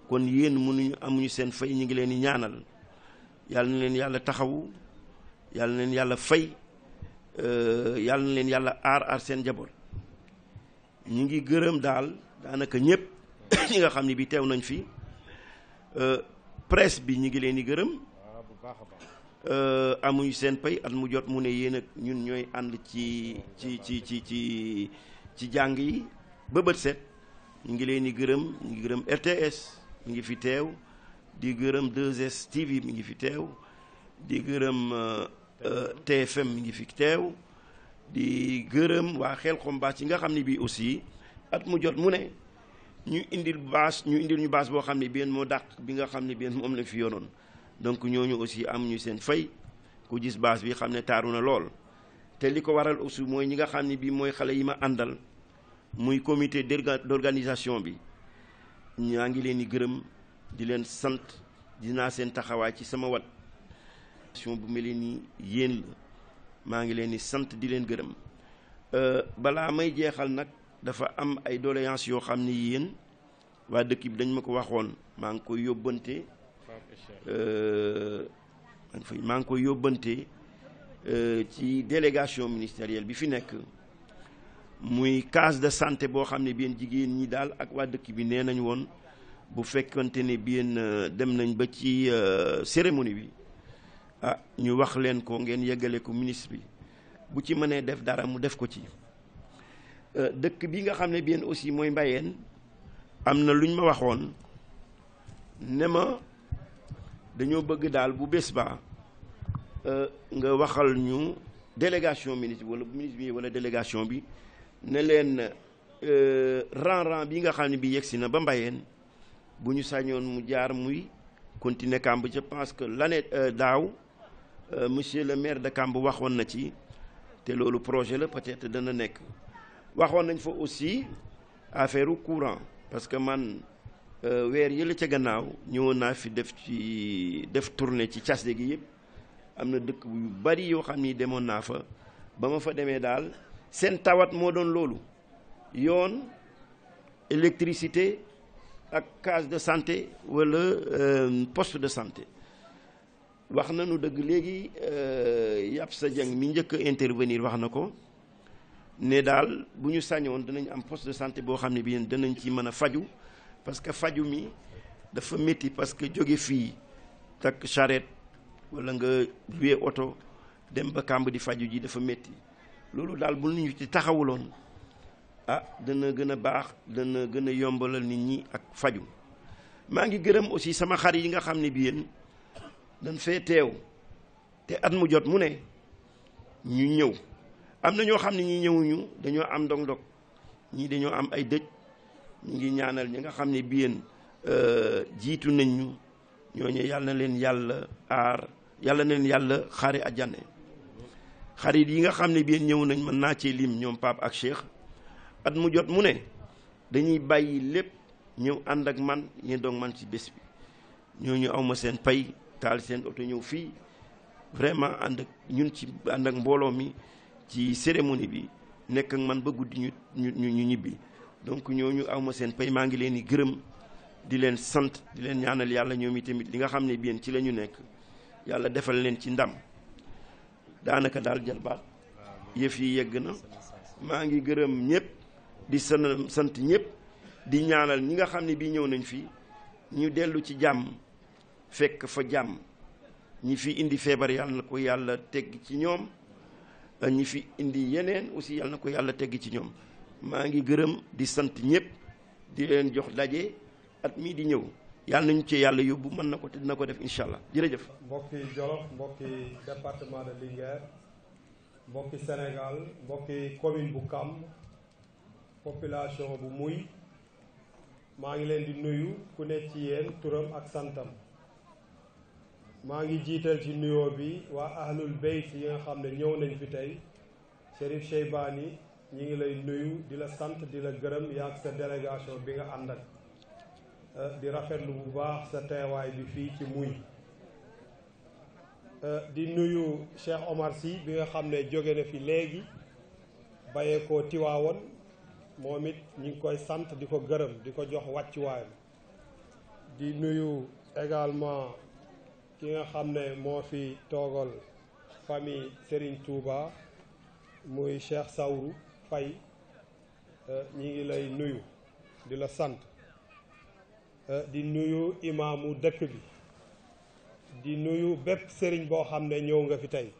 kon yéen mënuñu amuñu seen fay ñu ngi leen di ñaanal yàlla na leen yàlla taxawu yàlla na leen yàlla fay euh, yàlla na leen yàlla aar aar seen njaboot ñu ngi gërëm daal daanaka ñëpp ñi nga xam ne bi teew nañ fi euh, presse bi ñu ngi leen di gërëm euh, amuñu seen pay at mu jot mu ne yéen ak ñun ñooy ànd ci ci ci ci ci ci jàng yi ba bët set ñu ngi leen di gërëm ñu ngi gërëm RTS ñu ngi fi teew di gërëm 2S TV mi ngi fi teew di gërëm euh, euh, TFM mi ngi fi teew di gërëm waa Xelcom bâche yi nga xam ne bii aussi at mu jot mu ne ñu indil bâche ñu indil ñu baas boo xam ne benn moo dàq bi nga xam ne benn moom la fi yoonoon donc ñooñu aussi am ñu seen fay ku gis bâche bi xam ne taaru na lool te li ko waral aussi mooy ñi nga xam ni bii mooy xale yi ma àndal muy comité d'organisation bi ñaa ngi leen di gërëm di leen sant dinaa seen taxawaay ci sama wat bu mel ni yéen la maa ngi leen di sant di leen gërëm euh, balaa may jeexal nag dafa am ay doléance yoo xam ne yéen waa dëkk bi dañ ma ko waxoon maa ngi koy yóbbante euh, maa ngi koy yóbbante euh, ci délégation ministérielle bi fi nekk muy case de santé boo xam ne benn jigéen ñi daal ak waa dëkk bi nee nañ woon bu fekkante ne bien euh, dem nañ ba ci euh, cérémonie bi ah ñu wax leen ko ngeen yëgale ko ministre bi bu ci mënee def dara mu def ko ci euh, dëkk bi nga xam ne bien aussi mooy Mbayeen am na lu luñ ma waxoon ne ma dañoo bëgg daal bu bés ba nga waxal ñu délégation ministre bi wala ministre bi wala délégation bi ne leen ran ran bi nga xam ne bi yegsi na ba Mbayeen bu ñu sañoon mu jaar muy continuer Kamb je pense que l'année euh, daaw euh, monsieur le maire de Kamb waxoon na ci te loolu projet la peut dana nekk waxoon nañ fa aussi affaire courant parce que man euh, weer yële ca gannaaw ñëwoon naa fi def ci def tournée ci casde gi yëpp am na dëkk yu bari yoo xam ni demoon naa fa ba ma fa demee daal seen tawat moo doon loolu yoon électricité ak case de santé wala euh, poste de santé wax nañu dëgg léegi euh, yàpp sa jëng mi njëkk a intervenir wax na ko ne daal bu ñu sañoon danañ am post de santé boo xam ne bi danañ ci mën a faju parce que faju mi dafa métti parce que jóge fii takk charrette walla nga luwe oto dem ba kàmb di faju ji dafa métti loolu daal bu ñu ci taxawuloon ah dana gën a baax dana gën a yombalal nit ñi ak faju maa ngi gërëm aussi sama xar yi nga xam ne bi yéen dañ fee teew te at mu jot mu ne ñu ñëw am na ñoo xam ne ñu ñëwuñu dañoo am ndog ñii dañoo am ay dëj ñu ngi ñaanal ñi nga xam ne bi yéen euh, jiitu nañ ñu ñooñu yàlla na leen yàlla aar yàlla na leen yàlla xaari àjjana xarit yi nga xam ne bi yéen ñëw nañ mën naa cee lim ñoom Pape ak Cheikh at mu jot mu ne dañuy bàyyi lépp ñëw ànd ak man ñeen doog man ci bés bi ñu awma seen pay taal seen oto ñëw fii vraiment ànd ak ñun ci ànd ak mbooloo mi ci cérémonie bi nekk ak man ba guddi ñu ñibbi donc ñooñu awma seen pay maa ngi leen di gërëm di leen sant di leen ñaanal yàlla ñoom tamit li nga xam ne bien ci la ñu nekk yàlla defal leen ci ndam daanaka daal jarbaat yëf yi yegg na maa ngi gërëm ñëpp di sën sant ñëpp di ñaanal ñi nga xam ne bi ñëw nañ fii ñu dellu ci jàmm fekk fa jàmm ñi fi indi feebar yàlla na ko yàlla teg ci ñoom ñi fi indi yeneen aussi yàlla na ko yàlla tegg ci ñoom maa ngi gërëm di sant ñëpp di leen jox daje at mii di ñëw yàlla nañu ci yàlla yóbbu mën na ko te dina ko def incha allah jërëjëf. mbokki Jolof mbokki département de Linguère mbokki Sénégal mbokki commune bu Kam. population bu muy maa ngi leen di nuyu ku nekk ci yéen turam ak santam maa ngi jiital ci nuyoo bi waa ahlul beyt yi nga xam ne ñëw nañu fi tey Chérif yi ñu ngi lay nuyu di la sant di la gërëm yaa sa délégation bi nga ànd ak euh, di rafetlu bu baax sa teewaay bi fii ci muy euh, di nuyu Cheikh Omar Sy bi nga xam ne jóge na fi léegi bàyyeekoo tiwaawan moom it ñu ngi koy sant di ko gërëm di ko jox wàccuwaay di nuyu également ki nga xam ne moo fi toogal famille Serigne Touba muy Cheikh Sawru fay euh, ñi ngi lay nuyu di la sant euh, di nuyu imaamu dëkk bi di nuyu bépp sëriñ boo xam ne ñëw nga fi tey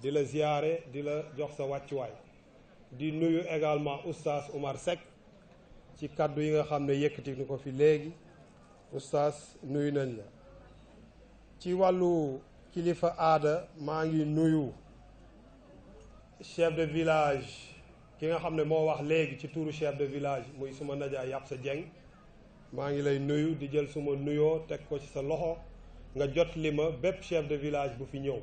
di la ziyaare di la jox sa wàccuwaay di nuyu également oustaz Oumar Seck ci kàddu yi nga xam ne yëkkati ni ko fi léegi oustaz nuyu nañ la ci wàllu kilifa aada maa ngi nuyu chef de village ki nga xam ne moo wax léegi ci tuuru chef de village muy suma najaa yàpp sa jeng maa ngi lay nuyu di jël suma nuyoo teg ko ci sa loxo nga jot li ma bépp chef de village bu fi ñëw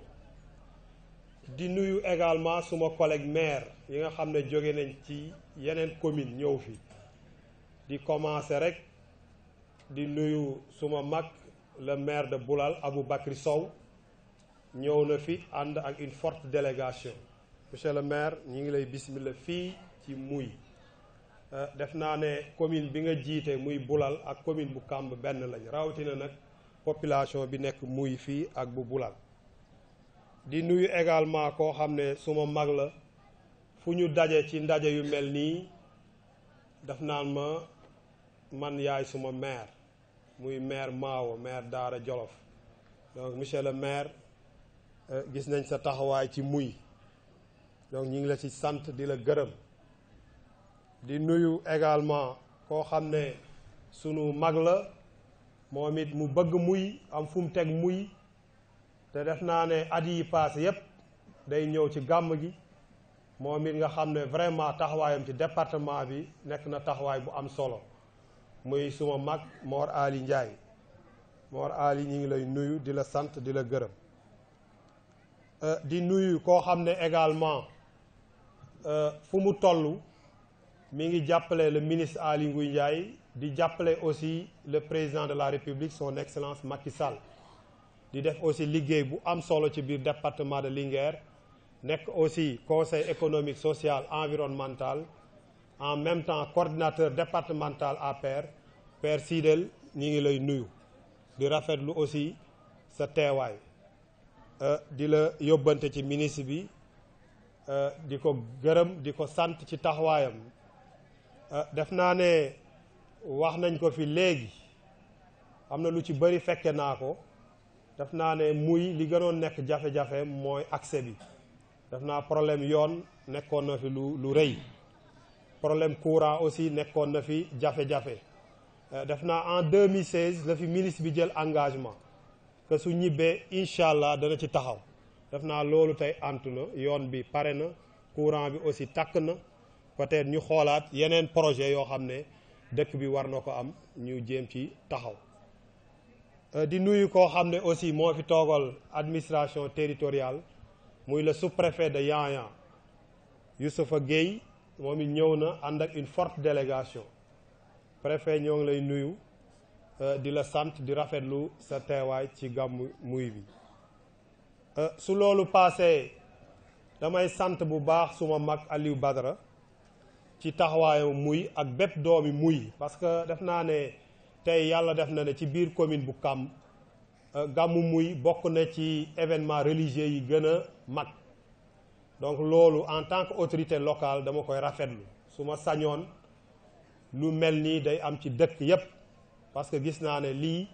di nuyu également suma collègue maire yi nga xam ne jóge nañ ci yeneen commune ñëw fii di commencé rek di nuyu suma mag le maire de Boulal Aboubacry Sow ñëw na fi ànd ak une forte délégation monsieur le maire ñu ngi lay bismillah fii ci muy euh, def naa ne commune bi nga jiite muy bulal ak commune bu Kamb benn lañ rawatina nag population bi nekk muy fii ak bu bulal di nuyu également koo xam ne suma mag la fu ñu daje ci ndaje yu mel nii daf naan ma man yaay suma maire muy maire Maawo maire Daara Jolof donc monsieur le maire euh, gis nañ sa taxawaay ci muy donc ñu ngi la ci sant di la gërëm di nuyu également koo xam ne sunu mag la moom it mu bëgg muy am fu mu teg muy te def naa ne at yi passé yëpp day ñëw ci gàmm gi moo it nga xam ne vraiment taxawaayam ci département bi nekk na taxawaay bu am solo muy suma mag Mor Ali Ndiaye Mor Ali ñu ngi lay nuyu di la sant di la gërëm euh, di nuyu koo xam ne également euh, fu mu toll mi ngi jàppale le ministre Aly Ngouille Ndiaye di jàppale aussi le président de la République son excellence Macky Sall di def aussi liggéey bu am solo ci biir département de Linguère nekk aussi conseil économique social environnemental en même temps coordinateur départemental APR per Sidel ñi ngi lay nuyu di rafetlu aussi sa teewaay euh, di la yóbbante ci ministre bi euh, di ko gërëm di ko sant ci taxawaayam euh, def naa ne wax nañ ko fi léegi am na lu ci bëri fekke naa ko daf naa ne muy li gënoon nekk jafe-jafe mooy accès bi daf naa problème yoon nekkoon na fi lu lu rëy problème courant aussi nekkoon na fi jafe-jafe euh, def naa en 2016 la fi ministre bi jël engagement que su ñibbee incha allah dana ci taxaw def naa loolu tey antu na yoon bi pare na courant bi aussi takk na peut ñu xoolaat yeneen projet yoo xam ne dëkk bi war na ko am ñu jéem ci taxaw Euh, di nuyu koo xam ne aussi moo fi toogal administration territoriale muy la sous-préfet de Yaya Youssoufa Gueye moom it ñëw na ànd ak une forte délégation préfet ñoo ngi lay nuyu euh, di la sant di rafetlu sa teewaay ci gàmmu muy bi euh, su loolu paasee damay sant bu baax suma mag Aliou Badara ci taxawaayam muy ak bépp doomi muy parce def naa ne tey yàlla def na ne ci biir commune bu Kam euh, gàmmu muy bokk na ci événement religieux yi gën a mag donc loolu en tant que autorité locale dama koy rafetlu su ma sañoon lu mel nii day am ci dëkk yépp parce que gis naa ne lii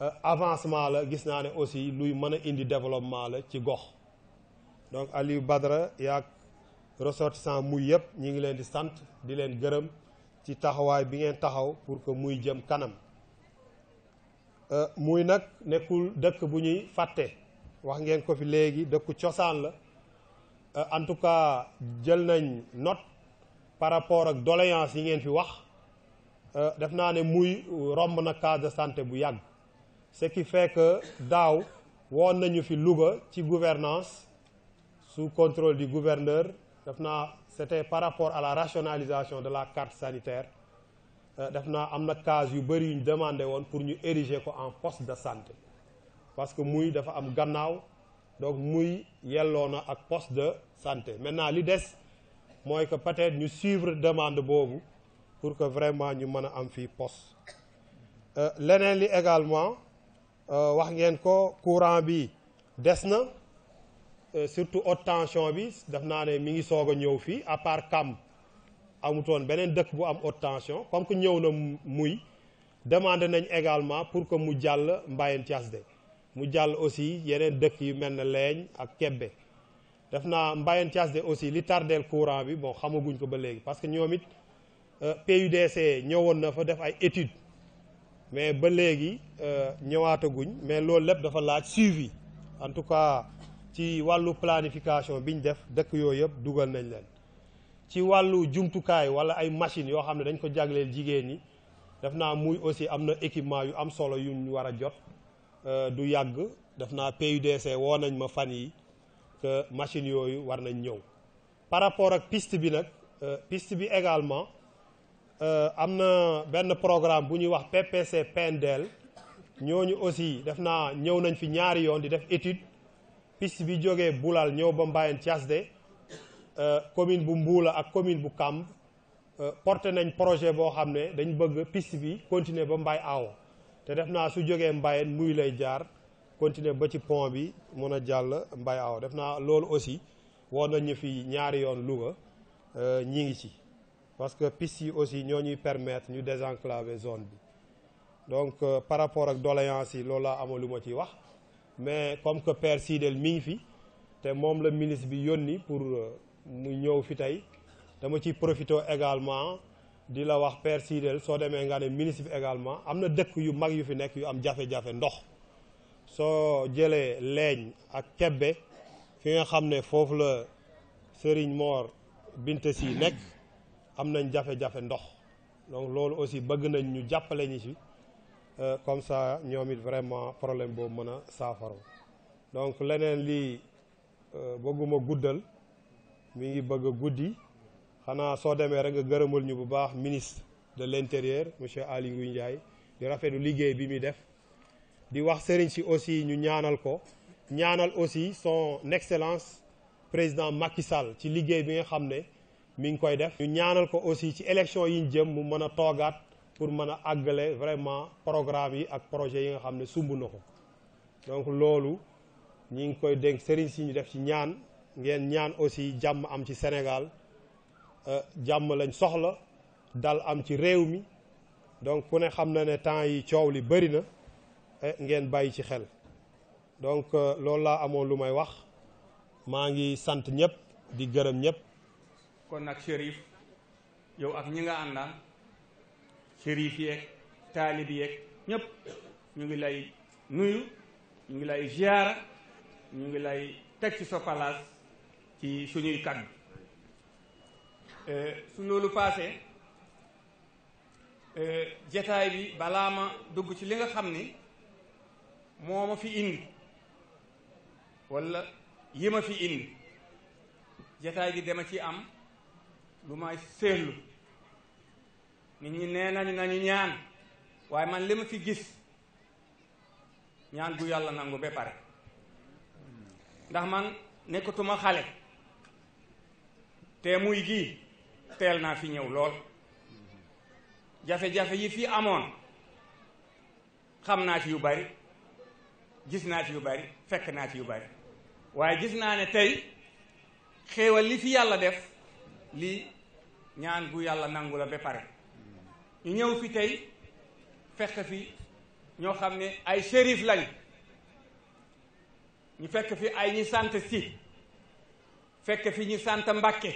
euh, avancement la gis naa ne aussi luy mën a indi développement la ci gox donc Aliou Badara yaag ressortissant muy yépp ñu ngi leen di sant di leen gërëm ci taxawaay bi ngeen taxaw pour que muy jëm kanam euh, muy nag nekkul dëkk bu ñuy fàtte wax ngeen ko fi léegi dëkku cosaan la euh, en tout cas jël nañ note par rapport ak doléance yi ngeen fi wax euh, def naa ne muy romb na case de santé bu yàgg ce qui fait daaw woon nañu fi Louga ci gouvernance su contrôle di gouverneur def naa c'était par rapport à la rationalisation de la carte sanitaire euh, def naa am na case yu bëri yu ñu demande woon pour ñu ériger ko en poste de santé parce que muy dafa am gannaaw donc muy yelloo na ak poste de santé maintenant li des mooy que peut-être ñu suivre demande boobu pour que vraiment ñu mën a am fii poste euh, leneen li également euh, wax ngeen ko courant bi des na Euh, surtout haute tension bi daf naa ne mi ngi soog a ñëw fii à part Kamb amutoon beneen dëkk bu am haute tension comme que ñëw na muy demandé nañ également pour que mu jàll Mbayeen Thiasde mu jàll aussi yeneen dëkk yu mel na Leeñ ak Kebbe def naa Mbayeen Thiasde aussi li tardeel courant bi bon xamaguñ ko ba léegi parce que ñoom it euh, PUDC ñëwoon na fa def ay études mais ba léegi euh, ñëwaataguñ mais loolu lépp dafa laaj suivi en tout cas. ci wàllu planification bi ñu def dëkk yooyu yëpp dugal nañ leen ci wàllu jumtukaay wala ay machines yoo xam ne dañ ko jagleel jigéen ñi def naa muy aussi am na équipement yu am solo yu ñu war a jot euh, du yàgg def naa PUDC woo nañ ma fan yi que machine yooyu war nañ ñëw par rapport ak piste bi nag euh, piste bi également euh, am na benn programme bu ñuy wax PPC PNDL ñooñu aussi def naa ñëw nañ fi ñaari yoon di def étude piste bi jóge Boulal ñëw ba Mbayeen Thiasde euh, commune bu Mbuula ak commune bu Kamb euh, porté nañ projet boo xam ne dañ bëgg piste bi continuer ba Mbay Awo te def naa su jógee Mbayeen muy lay jaar continuer ba ci pont bi mun a jàll Mbay Awo def naa loolu aussi woon nañ ñu fi ñaari yoon Louga euh, ñi ngi ci parce que piste yi aussi ñoo ñuy permettre ñu désenclaver zone bi donc par rapport ak doléance yi loolu laa amoon lu ma ciy wax. mais comme que per Sidel mi ngi fi te moom la ministre bi yónni pour euh, mu ñëw fi tey dama ciy profité également di la wax Père Sidel soo demee nga ne ministre bi également am na dëkk yu mag yu fi nekk yu am jafe-jafe ndox soo jëlee leeñ ak kebbe fi nga xam ne foofu la Serigne moor Binta yi nekk am nañ jafe-jafe ndox donc loolu aussi bëgg nañ ñu jàppale ñi si Euh, comme ça ñoom it vraiment problème boobu mën a saafara donc leneen lii euh, bëgguma guddal mu ngi bëgg guddi xanaa soo demee rek nga gërëmal ñu bu baax ministre de l'intérieur monsieur Aly Ngouille Ndiaye di rafetlu liggéey bi muy def di wax sëriñ si aussi ñu ñaanal ko ñaanal aussi son excellence président Macky ci liggéey bi nga xam ne mu ngi koy def. ñu ñaanal ko aussi ci élection yi ñu jëm mu mën a toogaat. pour mën a àggale vraiment programme yi ak projet yi nga xam ne sumb na ko donc loolu ñi ngi koy dénk sëriñ si ñu def ci ñaan ngeen ñaan aussi jàmm am ci Sénégal euh, jàmm lañ soxla dal am ci réew mi donc ku ne xam na ne temps yi coow li bëri na eh, ngeen bàyyi ci xel donc euh, loolu laa amoon lu may wax maa ngi sant ñëpp di gërëm ñëpp kon nag Chérif yow ak ñi nga àndaan sérif yeeg taalib yeeg ñëpp ñu ngi lay nuyu ñu ngi lay ziara ñu ngi lay teg ci sa palaas ci suñuy kàddu euh, su loolu paasee euh, jataay bi balaa ma dugg ci li nga xam ni moo ma fi indi walla yi ma fi indi jataay bi a ci am lu may seetlu nit ñi nee nañu nañu ñaan waaye man li ma fi gis ñaan gu yàlla nangu ba pare ndax man nekkatuma xale te muy gii teel naa fi ñëw lool jafe-jafe yi fi amoon xam naa ci yu bari gis naa ci yu bari fekk naa ci yu bari waaye gis naa ne tey xéewal li fi yàlla def li ñaan bu yàlla nangu la ba pare ñu ñëw fi tey fekk fi ñoo xam ne ay shérif lañ ñu fekk fi ay ñu sant si fekk fi ñu sant mbakke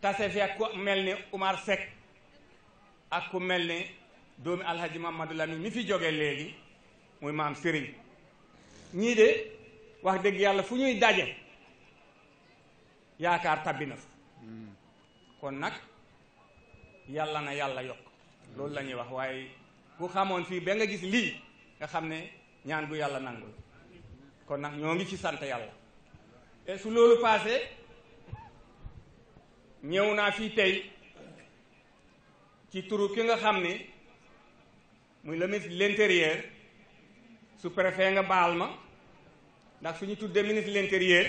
tase fi ak ku mel ni Umar Seck ak ku mel ne doomi alhaji Mamadou Lamine mi fi joge léegi muy maam Sëriñ ñii de wax dëgg yàlla fu ñuy daje yaakaar tabbi na fa hmm. kon nag yàlla na yàlla yokk loolu la ñuy wax waaye ku xamoon fii ba nga gis lii nga xam ne ñaan gu yàlla nangul kon nag ñoo ngi ci sant yàlla et su loolu passé ñëw naa fii tey ci turu ki nga xam ne muy la ministre l'intérieur su préfet nga baal ma ndax su ñu tuddee ministre de l'intérieur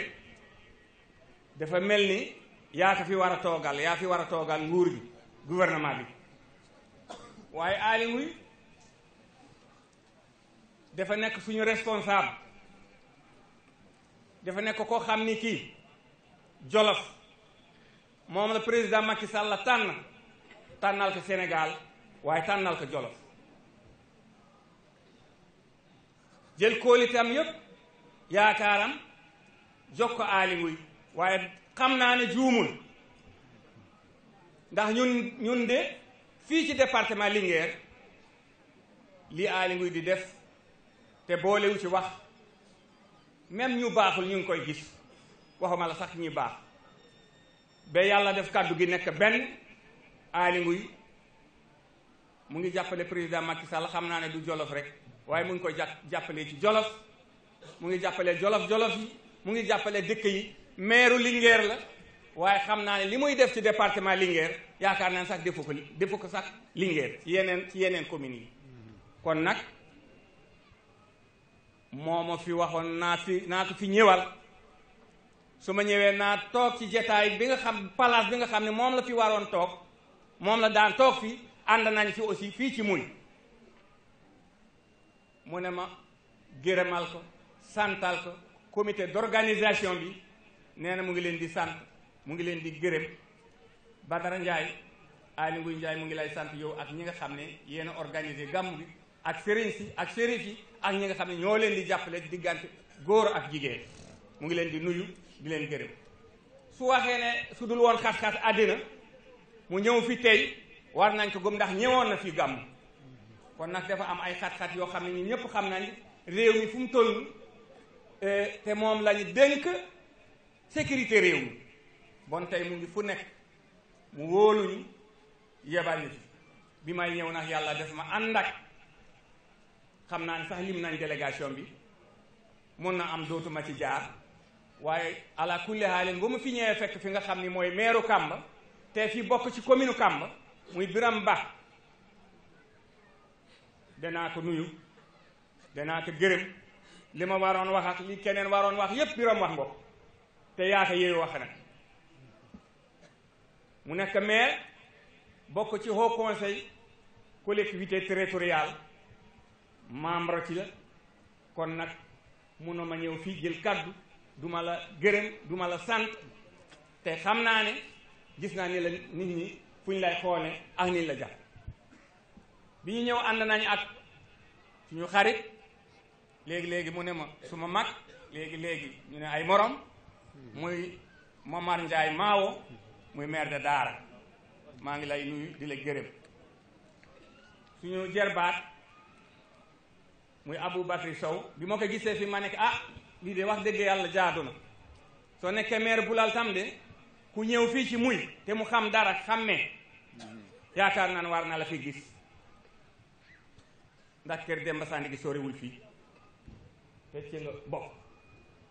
dafa mel ni yaa ko fi war a toogal yaa fi war a toogal nguur yi gouvernement bi waaye aalimu yi dafa nekk suñu responsable dafa nekk koo xam ni ki Jolof moom la président Macky Sall tànn tànnal ko Sénégal waaye tànnal ko Jolof jël kóolitam yëpp yaakaaram jox ko aalimu yi waaye xam naa ne juumul ndax ñun ñun de fii ci departement Linguère lii Aly Ngouille di def te boolewu ci wax même ñu baaxul ñu ngi koy gis waxuma la sax ñi baax ba yàlla def kàddu gi nekk benn Aly Ngouille mu ngi jàppale président Macky Sall xam naa ne du jolof rek waaye mu ngi koy jàppale ci jolof mu ngi jàppale jolof jolof yi mu ngi jàppale dëkk yi maire Linguère la waaye xam naa ne li muy def ci département Linguère yaakaar naa sax defu ko defu ko sax Linguère ci yeneen ci yeneen communes yi kon nag mooma fi waxoon naat fi naa ko fi ñëwal su ma ñëwee naat toog ci jataay bi nga xam place bi nga xam ne moom la fi waroon toog moom la daan toog fi ànd nañ fi aussi fii ci muy mu ne ma gërëmal ko santal ko comité d'organisation bi nee na mu ngi leen di sant mu ngi leen di gërëm Badara Ndiaye Aly Ngouille Ndiaye mu ngi lay sant yow ak ñi nga xam ne yéen a organisé gàmm bi ak sëriñ si ak sérif yi ak ñi nga xam ne ñoo leen di jàppale diggante góor ak jigéen mu ngi leen di nuyu di leen gërëm su waxee ne su dul woon xas-xas àddina mu ñëw fi tey war nañ ko gëm ndax ñëwoon na fi gàmm kon nag dafa am ay xat-xat yoo xam ne ñu ñëpp xam nañ réew mi fu mu toll eh, te moom la ñu sécurité réew mi bon tey mu ngi fu nekk mu wóoluñu yebal ñu bi may ñëw nag yàlla def ma ànd xam naa ne sax lim nañ délégation bi mun na am dootuma ci jaar waaye ala kulli haalin mu fi ñëwee fekk fi nga xam ni mooy meeru Kamba te fi bokk ci commune Kamba muy Biram Ba danaa ko nuyu danaa ko gërëm li ma waroon wax ak li keneen waroon wax yépp Biram wax nga te yaa ko wax nag mu nekk maire bokk ci haut conseil collectivité territoriale membre ci la kon nag munoo ma ñëw fii jël kàddu du ma la gërëm du la sant te xam naa ne gis naa ni la nit ñi fu ñu lay xoole ak ni la jàpp bi ñu ñëw ànd nañu ak ñu xarit léegi-léegi mu ne ma suma mag léegi-léegi ñu ne ay morom muy Momar Ndiaye Maawo muy maire de Daara maa ngi lay nuyu di la gërëm suñu jerbaat muy Abou Bakri Sow bi ma ko gisee fi ma nekk ah lii de wax dëgg yàlla jaadu na soo nekkee maire Boulal tam de ku ñëw fii ci muy te mu xam dara xàmmee yaakaar naan war na la fi gis ndax kër Demba Sandi gi soriwul fii te ci nga bokk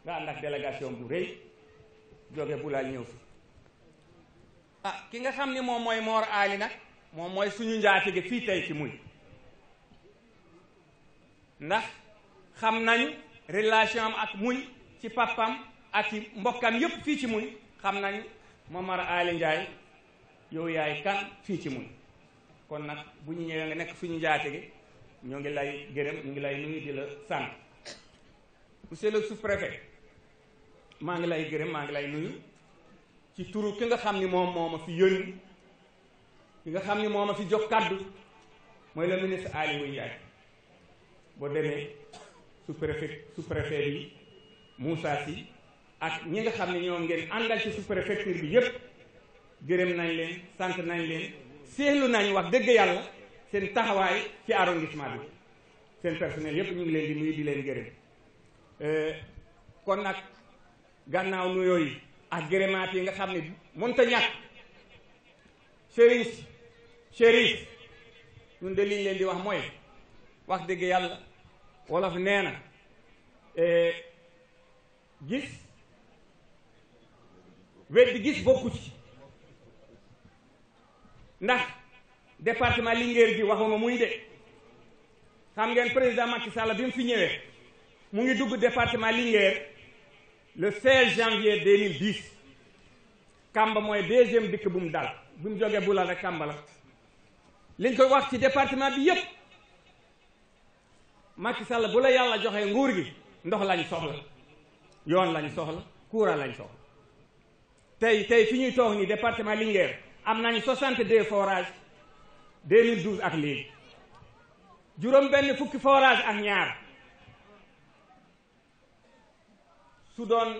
nga ànd ak délégation bu rëy jóge Boulal ñëw fi ah ki nga xam ni moom mooy moor ali nag moom mooy suñu njaatige fii tey ci muy ndax xam nañu relation am ak muy ci pappam ak ci mbokkam yépp fii ci muy xam nañu Momar Aali Njaay yow yaay kan fii ci muy kon nag bu ñu ñëwee nga nekk suñu njaatige ñoo ngi lay gërëm ñu ngi lay nuyu di la sant monsieur la sous-préfet maa ngi lay gërëm maa ngi lay nuyu ci turu ki nga xam ni moom moo ma fi yónni ki nga xam ni moo ma fi jox kàddu mooy le ministre Aly Ngouille boo demee sous préfet sous préfet bi Moussa Sy ak ñi nga xam ne ñoom ngeen àndal ci sous préfecture bi yépp gërëm nañ leen sant nañ leen seetlu nañ wax dëgg yàlla seen taxawaay ci arrondissement bi seen personnel yëpp ñu ngi leen di nuyu di leen gërëm euh, kon nag gannaaw nuyoo yi ak gërëmaat yi nga xam ne mënta ñàkk sëriñ si sëriñ ñun de liñ leen di wax mooy wax dëgg yàlla wolof nee na eh, gis weddi gis bokku ci ndax département Linguère gi waxuma muy de xam ngeen président Macky Sall bi mu fi ñëwee mu ngi dugg département Linguère le 16 janvier 2010 Kamba mooy deuxième dikk bu mu dal bu mu jógee Boulal rek Kamba la liñ ko wax ci département bi yépp Macky Sall bu la yàlla joxee nguur gi ndox lañ soxla yoon lañ soxla courant lañ soxla tey tey fi ñuy toog nii département Linguère am nañ 62 forages 2012 ak léegi juróom benn fukki forage ak ñaar su doon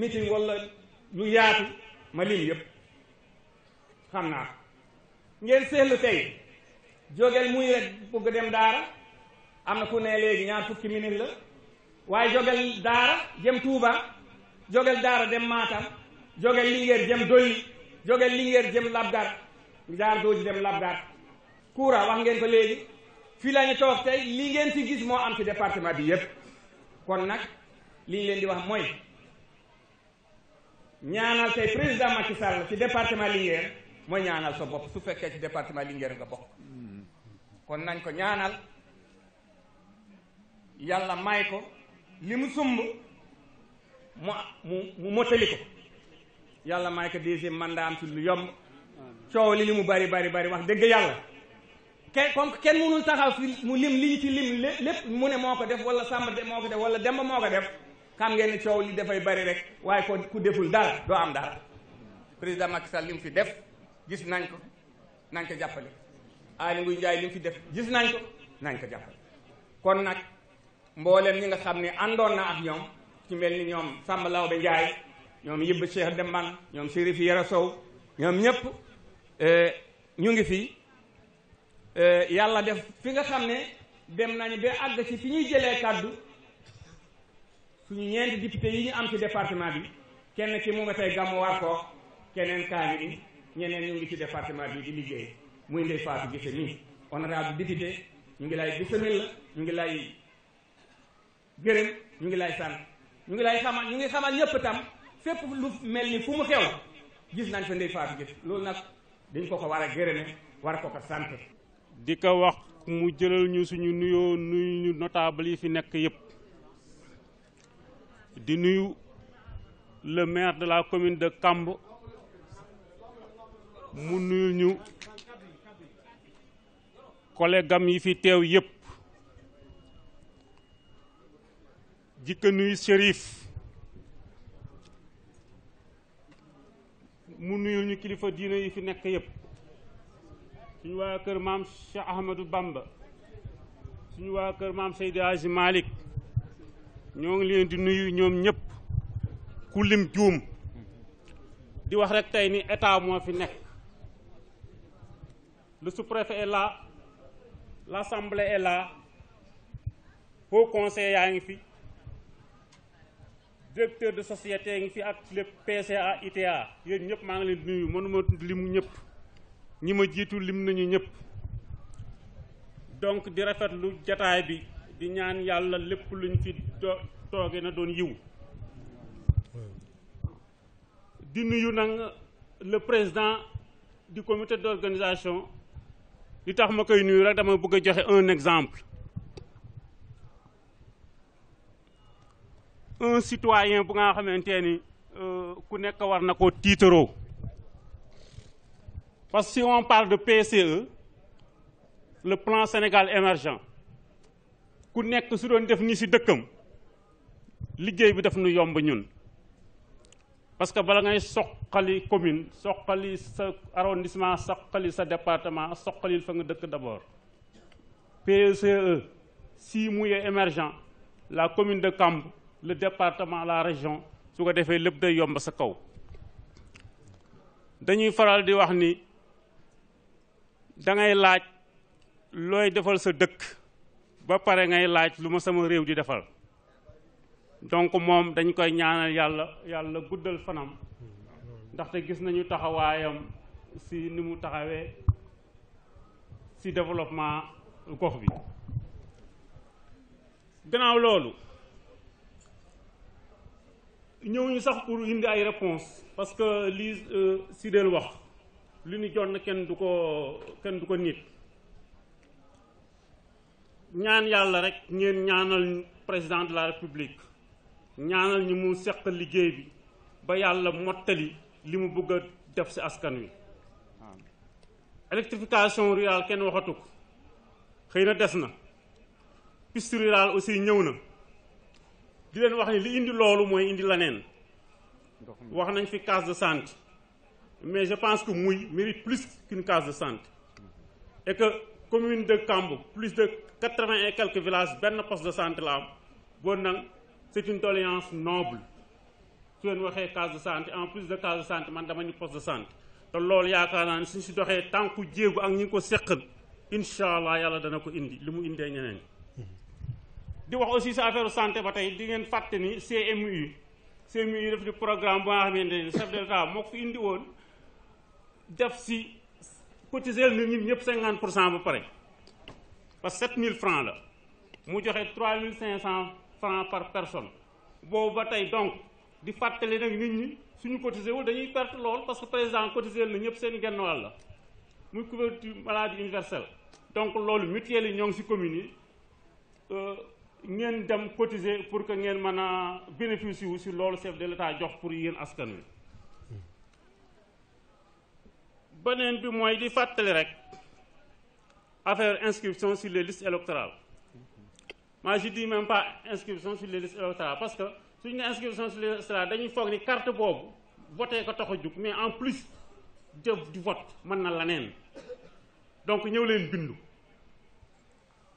meeting walla lu yaatu ma lim yëpp xam naa ngeen seetlu tey jógeel muy rek bëgg dem daara am na ku ne léegi ñaar fukki minute la waaye jógeel daara jëm Touba jógeel daara dem Matam jógeel Linguère jëm Dolli jógeel Linguère jëm Labgar jaar dooji dem Labgar Koura wax ngeen ko léegi fii la ñu toog tey li ngeen ci gis moo am ci département bi yëpp kon nag li leen di wax mooy ñaanal tey président Macky Sall ci département Linguère mooy ñaanal sa bopp su fekkee ci département Linguère nga bokk kon nañ ko ñaanal yàlla may ko li mu sumb mu mu motali ko yàlla may ko deuxième mandat am ci lu yomb coow li li mu bari bari bari wax dëgg yàlla kenn comme kenn mënul taxaw fi mu lim lii ñu ci lim lépp mu ne moo ko def wala sàmm moo ko def wala demba moo ko def xam ngeen ne coow li dafay bari rek waaye ko ku deful dara doo am dara président Macky Sall li mu fi def gis nañ ko nañ ko jàppale Aly Ngouille Ndiaye li mu fi def gis nañ ko nañ ko jàppale kon nag mboolem ñi nga xam ne àndoon na ak ñoom ci mel ni ñoom Samba Lawbe Ndiaye ñoom Yibba dem Demban ñoom si Chérif Yara Sow ñoom ñëpp e, ñu ngi fi e, yàlla def fi nga xam ne dem nañu ba àgg ci fi ñuy jëlee kàddu suñu ñeenti député yi ñu am ci département bi kenn ki mu nga tey gàmmu war ko keneen kaa ngi ñeneen ñu ngi ci département bi di liggéey muy Ndeye Fatou Guissé nii bi député ñu ngi lay la ñu ngi lay gërëm ñu ngi lay sant ñu ngi lay xamal ñu ngi xamal ñëpp tam fépp lu mel ni fu mu xew gis nañ fa Ndeye Fatou Guissé loolu nag dañ ko ko war a gërëme war ko ko sant di ko wax mu jëlal ñu suñu nuyoo nuyu ñu notable yi fi nekk yëpp di nuyu le maire de la commune de Kamb mu nuyu ñu collègue yi fi teew yépp jikko nuyu Chérif mu nuyu ñu kilifa diina yi fi nekk yépp suñu waa kër maam Cheikh Ahmadou Bamba suñu waa kër maam Seydi Hadji ñoo ngi leen di nuyu ñoom ñëpp ku lim juum di wax rek tey ni état moo fi nekk le sous-préfet est là l'assemblée est là conseil yaa ngi fi directeur de société ngi fi ak lépp PCA ITA yéen ñëpp maa ngi leen di nuyu mënuma limu ñëpp ñi ma jiitu lim nañu ñëpp donc di rafetlu jataay bi di ñaan yàlla lépp lu luñ fi tooge na doon yiw di nuyu nag le président du comité d'organisation li tax ma koy nuyu rek dama bëgg a joxe un exemple un citoyen bu nga xamante ni euh, ku nekk war na ko tiitaroo parce si on parle de PCE le plan Sénégal émergent ku nekk su doon def ni si dëkkam liggéey bi daf nu yomb ñun parce que bala ngay soqali commune soqali sa arrondissement soqali sa département soqalil fa nga dëkk d'abord PSE e, si muy émergent la commune de Kamb le département la région su ko defee lépp day yomb sa kaw dañuy faral di wax ni da ngay laaj looy defal sa dëkk ba pare ngay laaj lu ma sama réew di defal donc moom dañ koy ñaanal yàlla yàlla guddal fanam ndaxte gis nañu taxawaayam si ni mu taxawee si développement gox bi gannaaw loolu ñëw sax pour indi ay réponse parce que lii euh, si del wax lu ñu jonn kenn du ko kenn du ko nit ñaan yàlla rek ngeen ñaanal président de la république ñaanal ñu mu seq liggéey bi ba yàlla mottali li mu bëgg a def ci askan wi waaw électrification kenn waxatu ko xëy na des na piste rurale aussi ñëw na di leen wax ni li indi loolu mooy indi leneen wax nañ fi case de santé mais je pense que muy mérite plus qu'une case de santé et que commune de Cambou plus de quatre-vingt et quelques villages benn poste de santé la am bon nag c'est une noble su leen waxee case de santé en plus de case de santé man dama ñu poste de santé te lool yaakaar naa ne suñ si doxee tànku jéegu ak ñi ko séqal incha yàlla dana ko indi li mu indee ñeneen di wax aussi sa affaire santé ba tey di ngeen fàtte ni CMU CMU def di programme ba nga xamante ne chef de l'État moo ko fi indi woon def si cotiser nit ñi ñëpp cinquante pour cent ba pare parce que 7000 francs la mu joxe cent francs par personne boobu ba tey donc di fàttali nag nit ñi suñu cotisé wul dañuy perte lool parce que président cotisé na ñëpp seen genn wàll la muy couverture maladie universelle donc loolu mutuelle yi ñoo ngi si commune yi euh, ngeen dem cotiser pour que ngeen mën a bénéficier wu si loolu chef de l'État jox pour yéen askan wi beneen bi mooy di fàttali rek affaire inscription sur les listes électorales moi je dis même pas inscription sur les listes parce que suñu ne inscription sur les listes électorales dañuy foog ni carte boobu voté ko tax a jug mais en plus de du vote mën na la neen donc ñëw leen bindu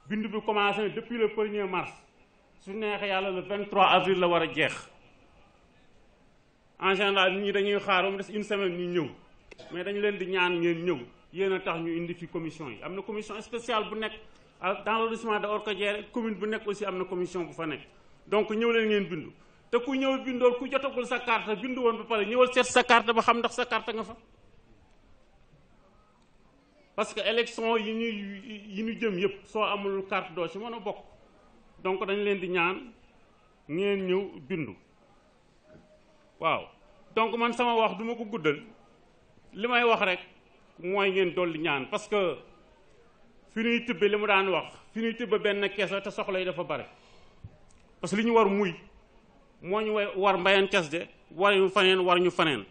bindu bi commencé depuis le premier mars su neex yàlla le 23 avril la war a jeex en général nit ñi dañuy xaar ba une semaine ñu ñëw mais dañu leen di ñaan ngeen ñëw yéen a tax ñu indi fi commission yi am na commission spéciale bu nekk dans l'arrondissement de Orkadiéré commune bu nekk aussi am na commission bu fa nekk donc ñëw leen ngeen bindu te ku ñëw bindool ku jotagul sa carte bindu woon ba pare ñëwal seet sa carte ba xam ndax sa carte nga fa parce que élection yi ñuy yi ñu jëm yëpp soo amul carte doo ci mën a bokk donc dañ leen di ñaan ngeen ñëw bindu waaw donc man sama wax duma ko guddal li may wax rek mooy ngeen dolli ñaan parce que fi ñuy tibbe li mu daan wax fi ñuy tibbe benn kes la te soxla yi dafa bare parce que li ñu war muy moo ñu war mbayeen kees de war ñu faneen war ñu faneen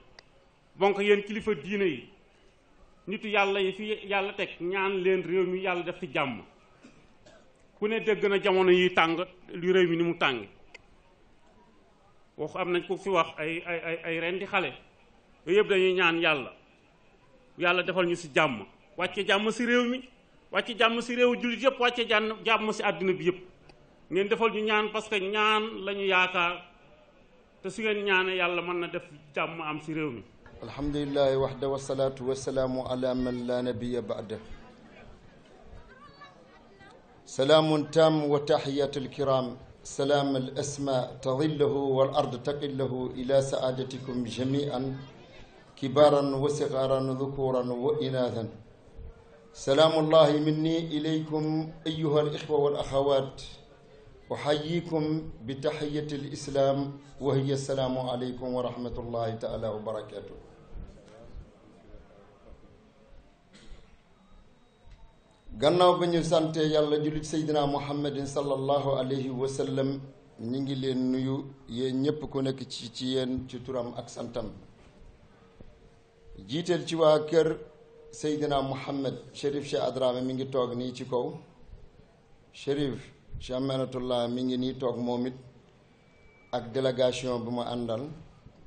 donc yéen kilifa diine yi nitu yàlla yi fi yàlla teg ñaan leen réew mi yàlla def fi jàmm ku ne dégg na jamono yi tàng lu réew mi ni mu tàng wax am nañ ko fi wax ay ay ay ren di xale yooyu dañuy ñaan yàlla yàlla defal ñu si jàmm wàcce jàmm si réew mi wàcce jàmm si réew jullit yëpp wàcce jàmm jàmm si àddina bi yëpp ngeen defal ñu ñaan parce que ñaan lañu yaakaar te su ngeen ñaanee yàlla mën na def jàmm am si réew mi alhamdulilahi waxda wasalaatu wasalaamu ala man la nabiya baada salaamun tam wa taxiyat alkiram salaam al asma tadillahu wal ard taqillahu ila saadatikum jamian كبارا وصغارا ذكورا وإناثا سلام الله مني إليكم أيها الإخوة والأخوات أحييكم بتحية الإسلام وهي السلام عليكم ورحمة الله تعالى وبركاته gannaaw ba ñu sante yàlla jullit seydina muhammadin sallallahu alayhi wa sallam ñi ngi leen nuyu yéen ñépp ku nekk ci ci ci turam ak santam jiiteel ci waa kër Seydina Mouhamed Chérif Cheikh Adrame mi ngi toog nii ci kaw Chérif Cheikh Manatullah mi ngi nii toog moom it ak délégation bu ma àndal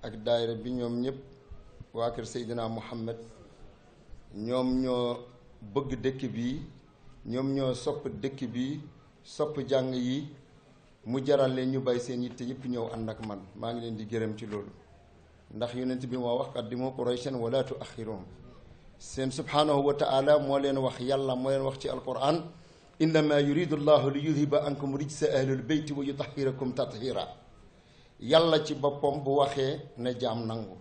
ak daayira bi ñoom ñëpp waa kër Seydina Mouhamed ñoom ñoo bëgg dëkk bi ñoom ñoo sopp dëkk bi sopp jàng yi mu leen ñu bay seen te yëpp ñëw ànd ak man maa ngi leen di gërëm ci loolu ndax yonent bi moo wax qaddimu quraysan wala tuaxiruhum seen subhanahu wa taala moo leen wax yàlla moo leen wax ci alquran innama yuridu llahu li yudhiba ankum rijsa ahlul beyti wa yutahirakum tathira yàlla ci boppam bu waxee ne jaam nangu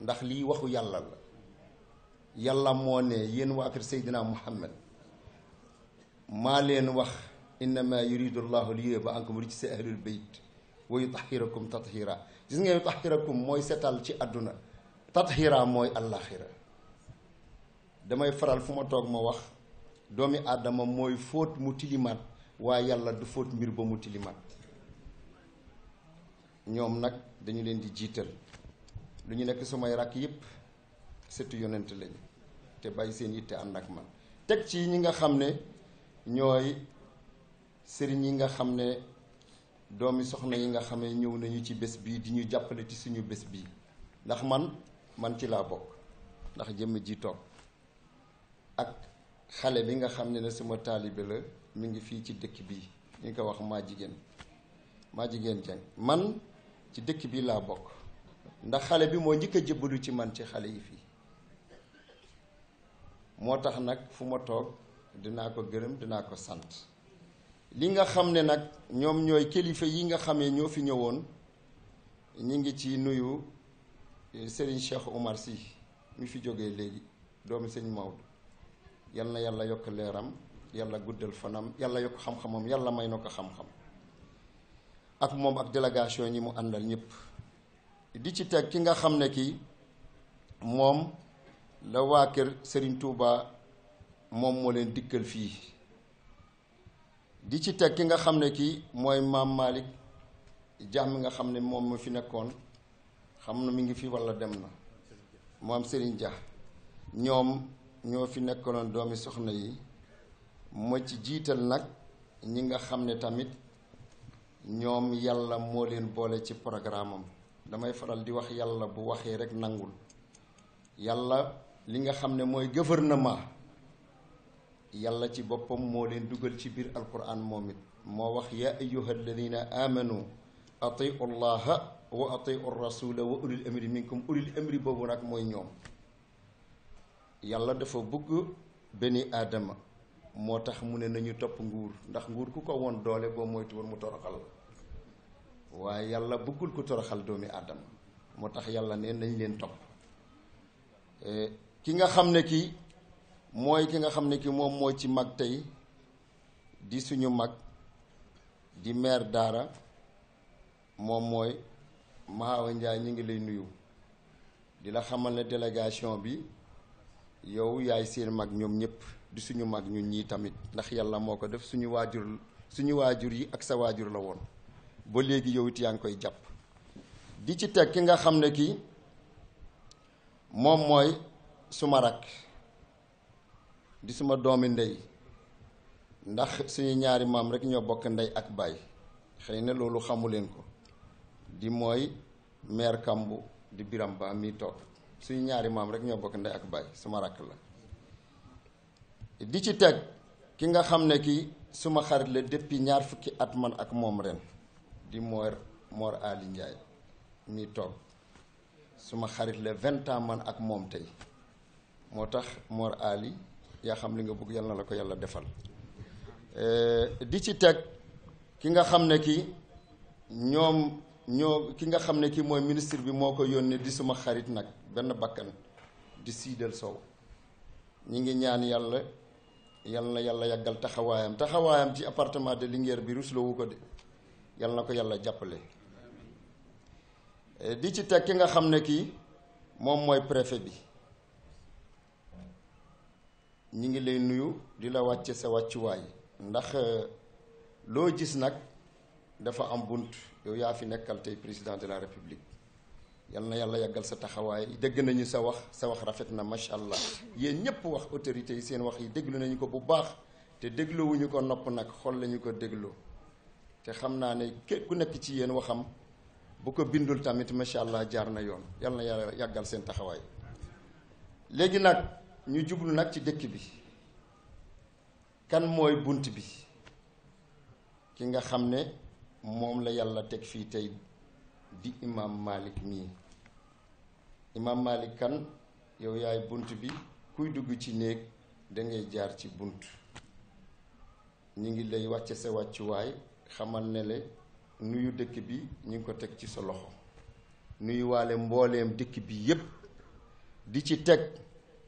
ndax lii waxu yàlla la yàlla moo ne yéen waa kër Seydina Muhammad maa leen wax innama yuridu llahu li yudhiba ankum rijsa ahlul beyt wa yutahirakum tathira gis ngeen taxirakum mooy setal ci àdduna tatxira mooy àllaxira damay faral fu ma toog ma wax doomi aadama mooy fóot mu tilimaat waaye yàlla du fóot mbir ba mu tilimaat ñoom nag dañu leen di jiital lu ñu nekk sumay rakk yépp setu yonent lañu te bàyyi seen yitte ànd ak man teg ci ñi nga xam ne ñooy sëriñ yi nga xam ne doomi soxna yi nga xam xamee ñëw nañu ci bés bii di ñu jàppale ci suñu bés bii ndax man man ci laa bokk ndax jëmm ji toog ak xale bi nga xam ne ne sama taalibe la mu ngi fii ci dëkk bii ñu ngi ko wax maa jigéen maa jigéen jàng man ci dëkk bii laa bokk ndax xale bi moo njëkk a jëbbalu ci man ci xale yi fii moo tax nag fu ma toog dinaa ko gërëm dinaa ko sant li nga xam ne nag ñoom ñooy kilifa yi nga xamee ñoo fi ñëwoon ñu ngi ci nuyu eh, Serigne Cheikh Oumar Sy ñu fi jógee léegi doomi sëñ Maodo yal na yàlla yokk leeram yàlla guddal fanam yàlla yokk xam-xamam yàlla may na ko xam-xam ak moom ak délégation ñi mu àndal ñëpp di ci teg ki nga xam ne kii moom la waa kër Serigne Touba moom moo leen dikkal fii. di ci teg ki nga xam ne kii mooy maam Malick jax nga xam ne moom mu fi nekkoon xam na mi ngi fi walla dem na moom Serigne Dia ñoom ñoo fi nekkoon doomi soxna yi ma ci jiital nag ñi nga xam ne tamit ñoom yàlla moo leen boole ci programme am damay faral di wax yàlla bu waxee rekk nangul yàlla li nga xam ne mooy gouvernement yàlla ci boppam moo leen dugal ci biir alquran moom it moo wax yaa ayuha alladina amanu atiu llaha wa atiu rasula wa ulil amri minkum ulil amri boobu nag mooy ñoom yàlla dafa bëgg beni aadama moo tax mu ne nañu topp nguur ndax nguur ku ko woon doole boo moytuwoon mu toroxal waaye yàlla bëggul ku toroxal doomi aadama moo tax yàlla ne nañ leen topp eh, ki nga xam ne kii mooy ki nga xam ne ki moom moo ci mag tey di suñu mag di maire daara moom mooy Mahawa Ndiaye ñu ngi lay nuyu di la xamal ne délégation bi yow yaay seen mag ñoom ñëpp di suñu mag ñun ñii tamit ndax yàlla moo ko def suñu waajur suñu waajur yi ak sa waajur la woon ba léegi yow it yaa ngi koy jàpp di ci teg ki nga xam ne ki moom mooy suma rak di suma doomi ndey ndax suñu ñaari maam rek ñoo bokk ndey ak baay xëy na loolu xamuleen ko di mooy meer kambu di biram ba mi toog suñu ñaari maam rek ñoo bokk ndey ak baay suma rakk la di ci teg ki nga xam ne ki suma xarit la depuis ñaar fukki at man ak moom ren di moor moor Ali Njaay mi toog suma xarit la vingt ans man ak moom tey moo tax moor Ali yaa xam li nga bëgg yal na la ko yàlla defal eh, di ci teg ki nga xam ne ki ñoom ñoo ki nga xam ne ki mooy ministre bi moo ko yónnee di suma xarit nag benn bakkan di siidal soow ñi ngi ñaan yàlla yal na yàlla yàggal taxawaayam taxawaayam ci appartement de Linguère bi rusloowu ko de yal na ko yàlla jàppale eh, di ci teg ki nga xam ne kii moom mooy préfet bi ñi ngi lay nuyu di la wàcce sa wàccuwaay ndax euh, loo gis nag dafa am bunt yow yaa fi nekkal tey président de la république yal na yàlla yàggal sa taxawaay dégg nañu sa wax sa wax rafet na macha allah yéen ñëpp wax autorités yi seen wax yi déglu nañu ko bu baax te dégloowuñu ko nopp nag xol lañu ko dégloo te xam naa ne képp ku nekk ci yéen waxam bu ko bindul tamit macha allah jaar na yoon yal na yàggal seen taxawaay léegi nag. ñu jublu nag ci dëkk bi kan mooy bunt bi ki nga xam ne moom la yàlla teg fii tey di imam malik mii imam malik kan yow yaay bunt bi kuy dugg ci néeg dangay jaar ci bunt ñu ngi lay wàcce sa wàccuwaay xamal ne le nuyu dëkk bi ñu ngi ko teg ci sa loxo nuyu waale mbooleem dëkk bi yépp di ci teg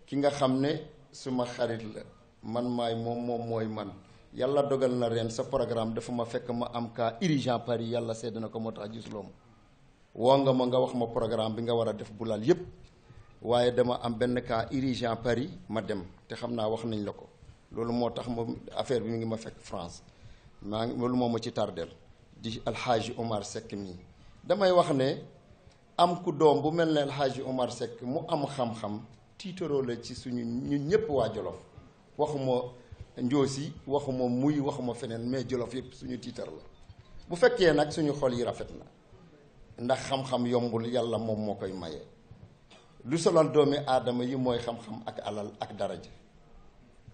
ki nga xam ne suma xarit la man maay moom moom mooy man yàlla dogal na ren sa programme dafa ma fekk ma am cas urgent Paris yàlla sedd na ko moo tax gisuloo ma woo nga ma nga wax ma programme bi nga war a def bulal yépp waaye dama am benn cas urgent Paris ma dem te xam naa wax nañ la ko loolu moo tax ma affaire bi mi ngi ma fekk France maa ngi loolu moo ma ci tardel di alxaaji Omar Seck mii damay wax ne am ku doom bu mel ne alxaaji Omar Seck mu am xam-xam tiitaroo la ci suñu ñun ñëpp waa Jolof waxuma Njoosi waxuma muy waxuma feneen mais Jolof yëpp suñu tiitar la bu fekkee nag suñu xol yi rafet na ndax xam-xam yombul yàlla moom moo koy maye lu solal doomi aadama yi mooy xam-xam ak alal ak daraja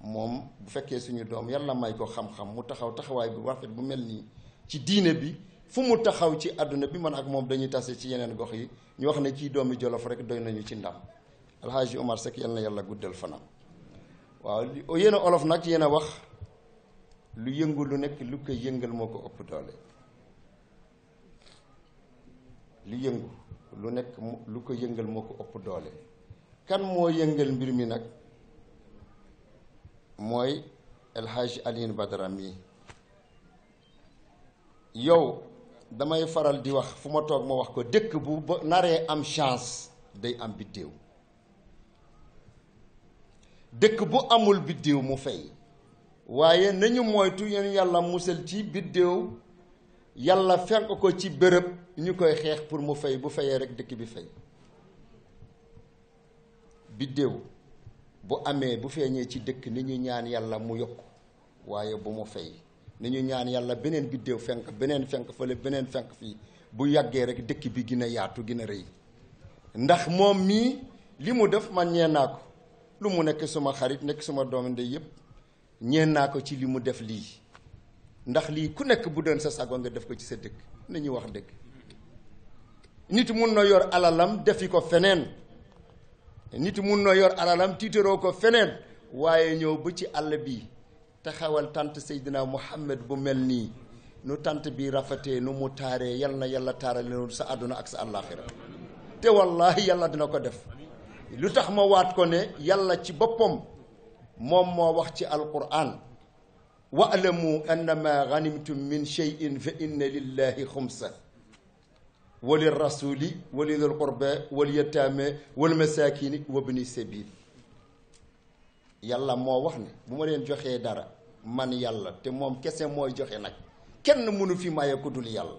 moom bu fekkee suñu doom yàlla may ko xam-xam mu taxaw taxawaay bu rafet bu mel nii ci diine bi fu mu taxaw ci àdduna bi man ak moom dañuy tase ci yeneen gox yi ñu wax ne kii doomi Jolof rek doy nañu ci ndam alxaaji Omar Seck yal na yàlla guddal fanam waaw li oh, olof nag yéen a wax lu yëngu lu nekk lu ko yëngal moo ko ëpp doole lu yëngu lu nekk ko yëngal moo ko ëpp kan moo yëngal mbir mi nag mooy El Hadj Alioune Badara yow damay faral di wax fu ma toog ma wax ko dëkk bu ba naree am chance day am biddéew dëkk bu amul biddéew mu fay waaye nañu moytu yéen yàlla musal ci biddéew yàlla fenk ko ci bërëb ñu koy xeex pour mu fay bu fayee rek dëkk bi fay biddéew bu amee bu feeñee ci dëkk ni ñu ñaan yàlla mu yokk waaye bu mu fay ni ñu ñaan yàlla beneen biddéew fenk beneen fenk fële beneen fenk fii bu yàggee rek dëkk bi gën yaatu gina rëy ndax moom mii li mu def man ñee naa ko lu mu nekk suma xarit nekk suma doomi de yëpp ñeen naa ko ci li mu def lii ndax lii ku nekk bu doon sa sago nga def ko ci sa dëkk nañu wax dëgg nit mun na yor alalam defi ko feneen nit mun na yor alalam tiitaroo ko feneen waaye ñëw ba ci àll bi te taxawal tant Seydina Muhammad bu mel nii nu tant bi rafetee nu mu taaree yal na yàlla taarale nu sa àdduna ak sa àllaaxira te wallaahi yàlla dina ko def lu tax ma waat ko ne yàlla ci boppam moom moo wax ci alquran waalamu annama ganimtum min cheyin fa inna lillahi xumsa wa lirrasuli wa lidil qurba walyatame walmasakini wa bni sabil yàlla moo wax ne bu ma leen joxee dara man yàlla te moom kese mooy joxe nag kenn mënu fi maye ku dul yàlla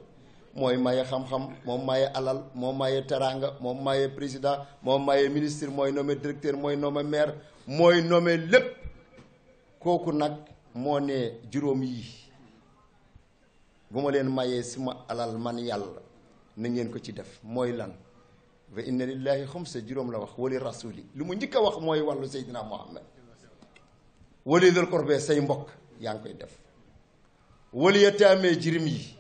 mooy maye xam-xam moom maye alal moo maye teraanga moom maye président moo maye ministre mooy nommé directeur mooy nommé maire mooy nommé lépp kooku nag moo ne juróom yi bu ma leen maye suma alal man yàlla na ngeen ko ci def mooy lan wa inna lillahi xamsa juróom la wax wali rasuli lu mu njëkk a wax mooy wàllu seydina muhammad wali dal korbe say mbokk yaa ngi koy def wali yataamee jirim yi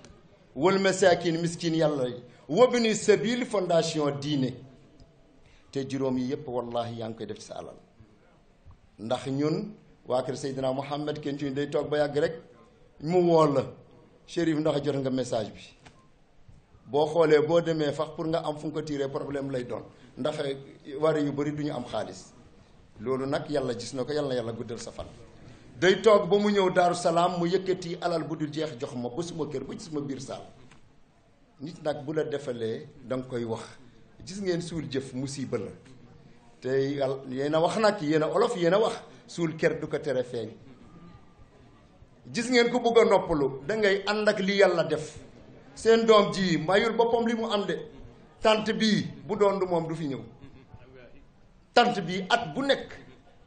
wal kiin miskin yàlla yi wabni sabil fondation diine te juróom yi yépp wallahi yaa ngi koy def ci sa alal ndax ñun waa kër Seydina Muhammad kenn ci ñu day toog ba yàgg rek mu woo la Chérif ndax jot nga message bi boo xoolee boo demee fax pour nga am fu nga ko problème lay doon ndax wari yu bari du ñu am xaalis loolu nag yàlla gis na ko yàlla na yàlla guddal sa fan day toog ba mu ñëw daaru salaam mu yëkkati alal bu dul jeex jox ma ba suma kër ba ci ma biir saal nit nag bu la defalee danga koy wax gis ngeen suul jëf musiba la te yéen a wax nag yéen a olof yéen a wax suul kër du ko tere feeñ gis ngeen ku bëgg a noppalu da ànd ak li yàlla def seen doom ji mayul boppam li mu am de tant bii bu doon du moom du fi ñëw tant bii at bu nekk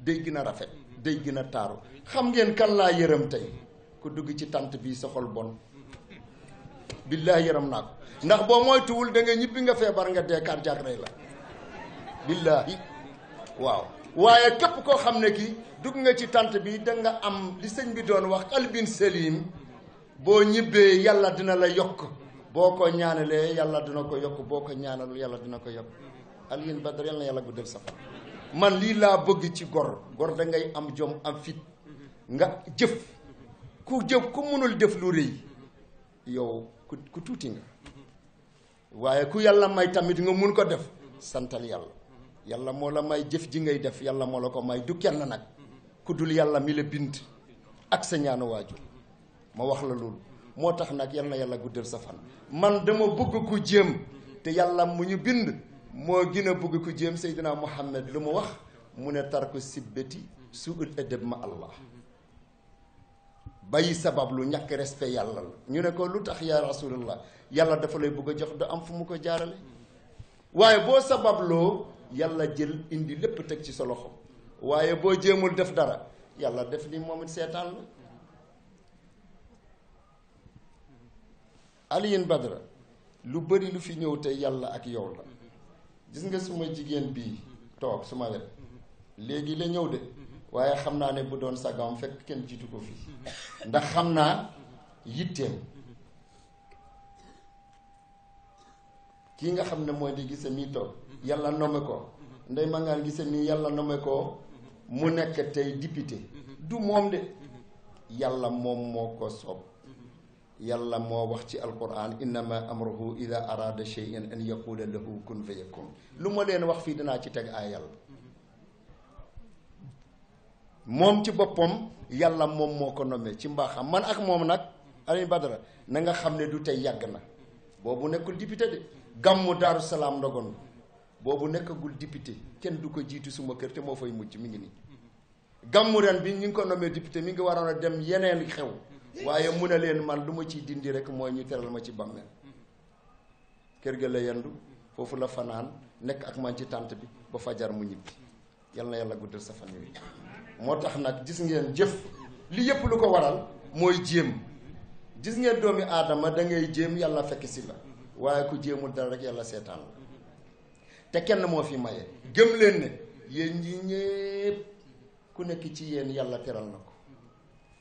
day gën a rafet day gën a taaru xam ngeen kan laa yërëm tey ku dugg ci tànt bi sa bon billahi yërëm naa ko ndax boo moytuwul danga nga ñibbi nga feebar nga deekaat jàkk rey la billahi waaw waaye képp koo xam ne ki dugg nga ci tànt bi da nga am li sëñ bi doon wax albin selim boo ñibbee yàlla dina la yokk boo ko ñaanalee yàlla dina ko yokk boo ko ñaanalul yàlla dina ko yokk Alioune Badara yal na yàlla guddal sa fan man lii laa bëgg ci gor gor dangay am jom am fit nga jëf ku jëf ku mënul def lu rëy yow ku ku tuuti nga waaye ku yàlla may tamit nga mun ko def santal yàlla yàlla moo la may jëf ji ngay def yàlla moo la ko may du kenn nag ku dul yàlla mi la bind ak sa ñaanu waajur ma wax la loolu moo tax nag yal yàlla guddal sa fan man dama bëgg ku jéem te yàlla mu ñu bind moo gin a bëgg ku jéem Seydina Muhammad lu mu wax mu ne tarku sibbati su ul edeb ma allah bàyyi sabab lu ñàkk respect yàlla la ñu ne ko lu tax yaa rasulullah yàlla dafa lay bëgg a jox du am fu mu ko jaarale waaye boo sababloo yàlla jël indi lépp teg ci sa loxo waaye boo jéemul def dara yàlla def ni moom it seetaan la Alioune Badara lu bari lu fi ñëw te yàlla ak yow la gis nga suma jigéen bii toog suma wet léegi la ñëw de waaye xam naa ne bu doon sagam fekk kenn jiitu ko fii ndax xam naa yitteem kii nga xam ne mooy di gise mii toog yàlla nomme ko ndey mangaan gise mii yàlla nomme ko mu nekk tey député du moom de yàlla moom moo ko soob yàlla moo wax ci alquran innama amruhu ida arada shay'an an yaqula lahu kun fayakun lu ma leen wax fii dinaa ci teg ay yàlla moom ci boppam yàlla moom moo ko nommé ci mbaaxam man ak moom nag Alioune Badara na nga xam ne du tey yàgg na boobu nekkul député de gàmmu Daaru Salaam ndogoon boobu nekkagul député kenn du ko jiitu suma kër te moo fay mujj mi ngi nii gàmmu ren bi ñu ngi ko nommé député mi ngi waroon a dem yeneen xew waaye mu ne leen man lu ma ciy dindi rek mooy ñu teral ma ci bàmmeel kër ga la yendu foofu la fanaan nekk ak man ci tànt bi ba fajar mu ñibbi yal na yàlla guddal sa fan yooyu moo tax nag gis ngeen jëf li yëpp lu ko waral mooy jéem gis ngeen doomi aadama dangay ngay jéem yàlla fekk si la waaye ku jéemul dara rek yàlla seetaan la te kenn moo fi maye gëm leen ne yéen ñi ñëpp ku nekk ci yéen yàlla teral na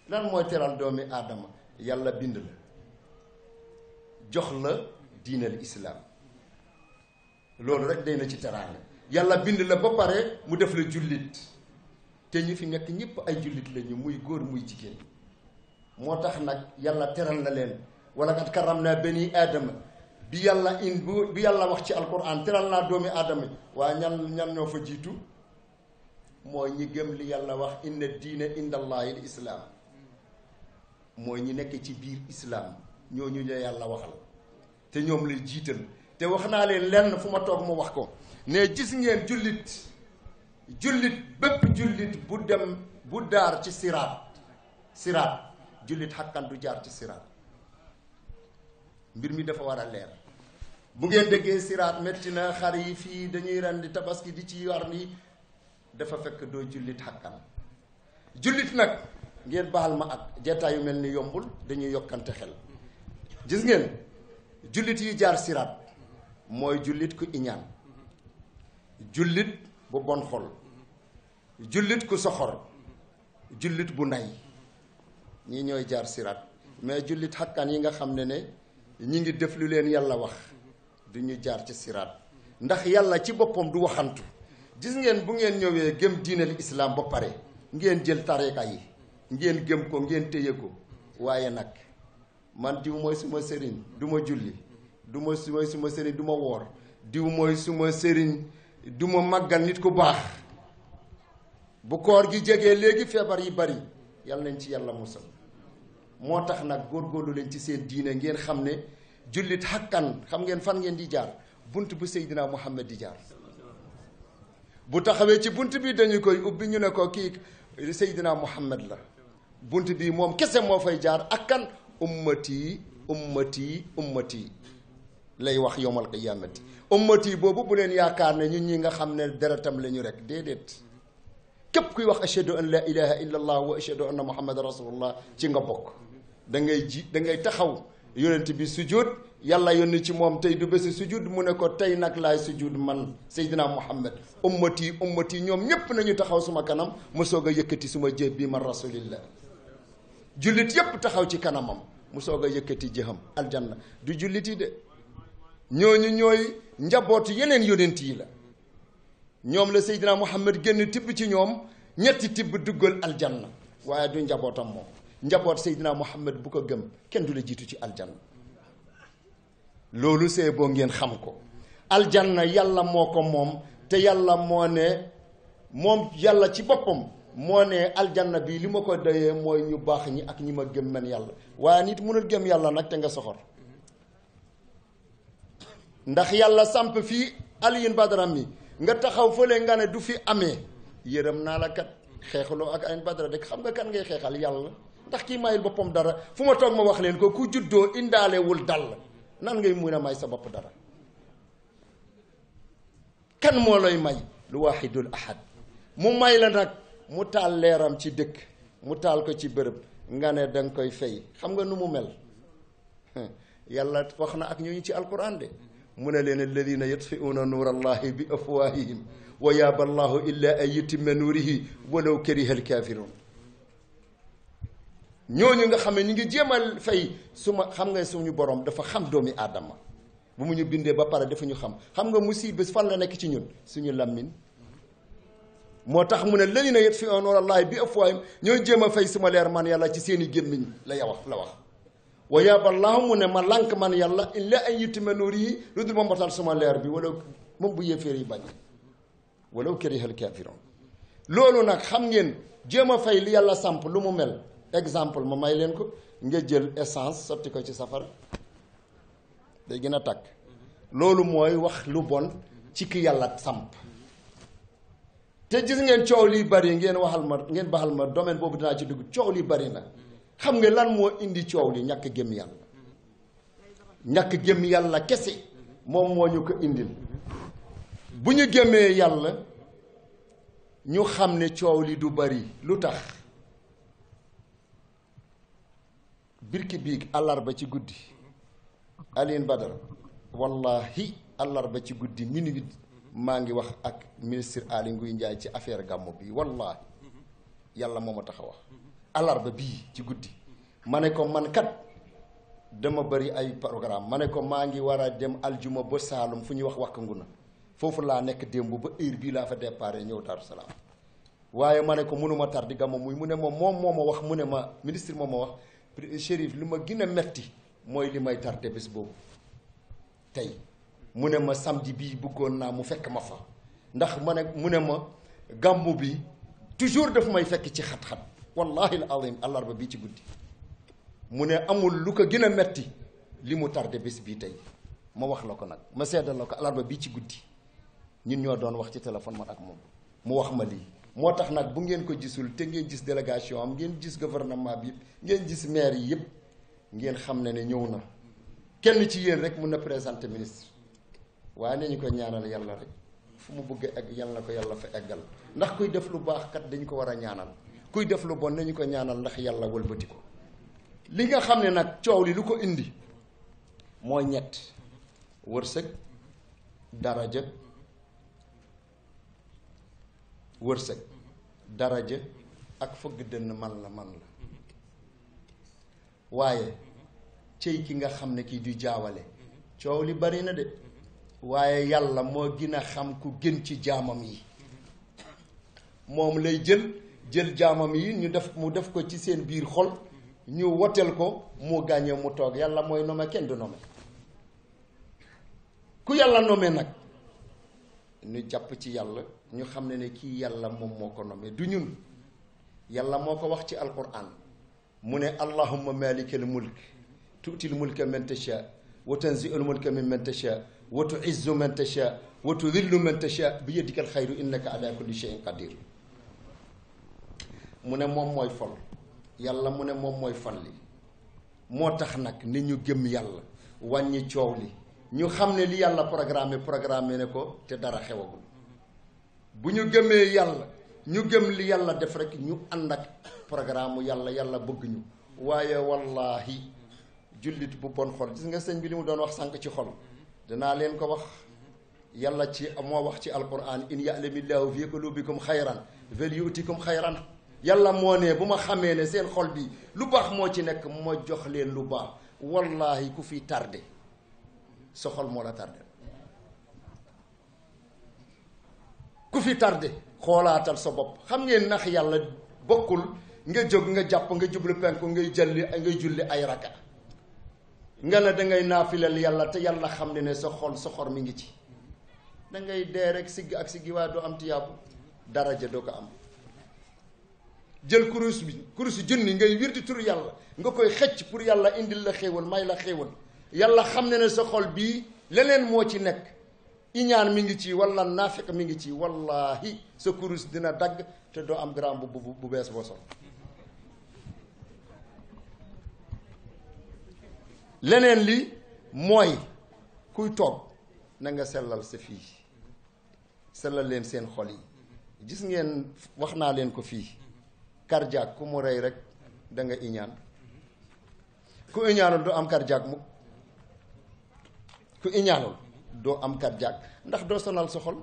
lan mooy teral doomi aadama yàlla bind la jox la diinal islaam loolu rek day na ci teraanga yàlla bind la ba pare mu def la jullit te ñu fi nekk ñëpp ay jullit lañu muy góor muy jigéen moo tax nag yàlla teral na leen wala kat karam naa bani aadama bi yàlla in bu bi yàlla wax ci alquran teral naa doomi aadama waaye ñan ñan ñoo fa jiitu mooy ñi gëm li yàlla wax inna diina inda allahi islaam mooy ñi nekk ci biir ñoo ñu la yàlla waxal te ñoom la jiital te wax naa leen lenn fu ma toog mu wax ko ne gis ngeen jullit jullit bépp jullit bu dem bu daar ci siraat siraat jullit xakkan du jaar ci siraat mbir mi dafa war a leer bu ngeen déggee siraat métti na xar yi fii dañuy rend tabaski di ci war ni dafa fekk doo jullit xakkan jullit nag ngeen baaxal ma ak jeetaay yu mel ni yombul dañuy yokkante xel gis ngeen jullit yi jaar siraat mooy jullit ku iñaan jullit bu bon xol jullit ku soxor jullit bu nay ñi ñooy jaar siraat mais jullit xakkaan yi nga xam ne ne ñi ngi def lu leen yàlla wax du jaar ci siraat ndax yàlla ci boppam du waxantu gis ngeen bu ngeen ñëwee gëm diinal islaam ba pare ngeen jël tariqa yi ngeen gëm ko ngeen téye ko waaye nag man diw mooy suma sëriñ du ma julli duma ma suma sëriñ du ma woor diw mooy suma sëriñ duma ma màggal nit ku baax bu koor gi jegee léegi feebar yi bari yàlla nañ ci yàlla musal moo tax nag góor góorgóorlu leen ci seen diine ngeen xam ne jullit xakkan xam ngeen fan ngeen di jaar bunt bu Seydina Muhammad di jaar bu taxawee ci bunt bi dañu koy ubbi ñu ne ko kii Seydina Muhammad la bunt bii moom kese moo fay jaar ak kan ummati ummati ummati lay wax yowmal qiyaamati ummati boobu bu leen yaakaar ne ñun ñi nga xam ne deretam lañu rek déedéet képp kuy wax ashhadu an la ilaha illa allah wa ashhadu anna muhammadan rasulullah ci nga bokk da ngay ji da ngay taxaw yonent bi sujud yàlla yónni ci moom tey du bési sujud mu ne ko tey nag laay sujud man seydina muhammad ummati ummati ñoom ñépp nañu taxaw suma kanam mu soog a yëkkati suma jëf bi man rasulillah jullit yépp taxaw ci kanamam mu soog a yëkkati jëxam aljanna du jullit yi de ñooñu ñooy njabootu yeneen yonent yi la ñoom la Seydina Muhammad génn tibb ci ñoom ñetti tibb duggal aljanna waaye du njabootam moom njaboot Seydina Muhammad bu ko gëm kenn du la jiitu ci aljanna loolu see boo ngeen xam ko aljanna yàlla moo ko moom te yàlla moo ne moom yàlla ci boppam moo ne aljanna bi li ma ko dayee mooy ñu baax ñi ak ñi ma gëm yàlla waaye nit mënul gëm yàlla nag te nga soxor ndax yàlla samp fii Alioune Badara mi nga taxaw fële nga ne du fi amee yërëm naa la kat xeexaloo ak Alioune Badara de xam nga kan ngay xeexal yàlla ndax kii mayul boppam dara fu ma toog ma wax leen ko ku juddoo indaalewul dal nan ngay mun a may sa bopp dara kan moo lay may lu waahidul ahad mu may la nag mu taal leeram ci dëkk mu taal ko ci bërëb nga ne da koy fay xam nga nu mu mel yàlla wax na ak ñooñu ci alquran de mu ne leen alladina yutfiuuna nuur allahi bi afwahihim wa yaaba allahu illa an yutimma nuurihi walaw kariha alkaafiruun ñooñu nga xam ne ñu ngi jéemal fay su ma xam nga suñu borom dafa xam doomi aadama bu mu ñu bindee ba pare dafa ñu xam xam nga musiba fan la nekk ci ñun suñu làmmiñ moo tax mu ne na lalina yutfi'uuna nuura llaahi bi afwaahihim ñooy jéem a fay sama leer man yàlla ci seeni i gémmiñ la ya wax la wax wa yaaba llaahu mu ne ma lànk man yàlla ay an mel nuur yi lu dul ma mbatal sama leer bi wala moom bu yéeféer yi bañ walaw kariha al-kaafiruun loolu nag xam ngeen jéem a fay li yàlla samp lu mu mel exemple ma may leen ko nga jël essence sotti ko ci safara day gën a takk loolu mooy wax lu bon ci ki yàlla samp te gis ngeen coow lii bari ngeen waxal ma ngeen baxal ma domaine boobu dinaa ci dugg coow lii bari na xam nga lan moo indi coow li ñàkk gëm yàlla ñàkk gëm yàlla kese moom moo ñu ko indil bu ñu gëmee yàlla ñu xam ne coow li du bari lu tax birki biig àllarba ci guddi Alioune Badara wallahi àllarba ci guddi minuit maa ngi wax ak ministre Aly Ngouille Ndiaye ci affaire gàmmu bi wallaahi yàlla moo ma tax a wax alarba bii ci guddi ma ne ko man kat dama bëri ay programme ma ne ko maa ngi war a dem aljuma ba Saalum fu ñuy wax wax na foofu laa nekk démb ba heure bii laa fa départ ñëw Daaru Salaam waaye ma ne ko mënuma tar di gàmmu muy mu ne moom moom moo ma wax mu ne ma ministre moo ma wax Chérif li ma gën a metti mooy li may tardé bés boobu tey mu ne ma samedi bii bëggoon naa mu fekk ma fa ndax ma ne mu ne ma gàmmu bi toujours daf may fekk ci xat-xat wallahi al azim àllarba bii ci guddi mu ne amul lu ko gën a metti li mu tardé bés bii tey ma wax la ko nag ma seddal la ko àllarba bii ci guddi ñun ñoo doon wax ci téléphone ma ak moom mu wax ma lii moo tax nag bu ngeen ko gisul te ngeen gis délégation am ngeen gis gouvernement bi yëpp ngeen gis maire yi yëpp ngeen xam ne ne ñëw na kenn ci yéen rek mun na présenter ministre waaye nañu ko ñaanal yàlla rek fu mu buggee egg yàlla na ko yàlla fa eggal ndax kuy def lu baax kat dañ ko war a ñaanal kuy def lu bon nañu ko ñaanal ndax yàlla wëlbati ko li nga xam ne nag coow li lu ko indi mooy ñett wërsëg daraja wërsëg daraja ak fëgg dënn man la man la waaye cëy ki nga xam ne kii du jaawale coow li bari na de waaye yàlla moo gin a xam ku gën ci jaamam yi moom lay jël jël jaamam yi ñu def mu def ko ci seen biir xol ñu woteel ko mu gàññee mu toog yàlla mooy nome kenn du nome ku yàlla nome nag ñu jàpp ci yàlla ñu xam ne ne kii yàlla moom moo ko nome du ñun yàlla moo ko wax ci alquran mu ne allahumma malikal mulk tuutil mulka man tasha wa tanziul mulka mimman tasha wa tuizzu man tasha wa tudillu man tasha bi yadika alxayru innaka ala kulli shay'in qadir mu ne moom mooy fol yàlla mu ne moom mooy fal li moo tax nag ni ñu gëm yàlla wàññi coow li ñu xam ne li yàlla programme programme ne ko te dara xewagul bu ñu gëmee yàlla ñu gëm li yàlla def rekk ñu ànd ak programme yàlla yàlla bëgg ñu waaye wallaahi jullit bu bon xol gis nga sëñ bi li mu doon wax sànq ci xol danaa leen ko wax yàlla ci moo wax ci alquran in ya'lamillahu fi qulubikum xayran fal yu'tikum xayran yàlla moo ne bu ma xamee ne seen xol bi lu baax moo ci nekk ma jox leen lu baax wallahi ku fi tardé sa xol moo la tardé ku fi tardé xoolaatal sa bopp xam ngeen nax yàlla bokkul nga jóg nga jàpp nga jublu penku ngay jëlli ngay julli ay raka nga ne dangay naafilal yàlla te yàlla xam ne ne sa xol sa xor mi ngi ci dangay dee rek sigg ak siggi waaye doo am tiyaabu daraja doo ko am jël kurus bi kurus junni ngay wirti tur yàlla nga koy xëcc pour yàlla indil la xéewal may la xéewal yàlla xam ne ne sa xol bii leneen moo ci nekk iñaan mi ngi ci wala naafeq mi ngi ci wallahi sa kurus dina dagg te doo am grand bu bu bu bees boo leneen li mooy kuy toog na nga sellal sa fii sellal leen seen xol yi gis ngeen wax naa leen ko fii cardiaque ku mu rey rek da nga iñaan ku iñaanul doo am cardiaque mu ku iñaanul doo am cardiaque ndax doo sonal sa xol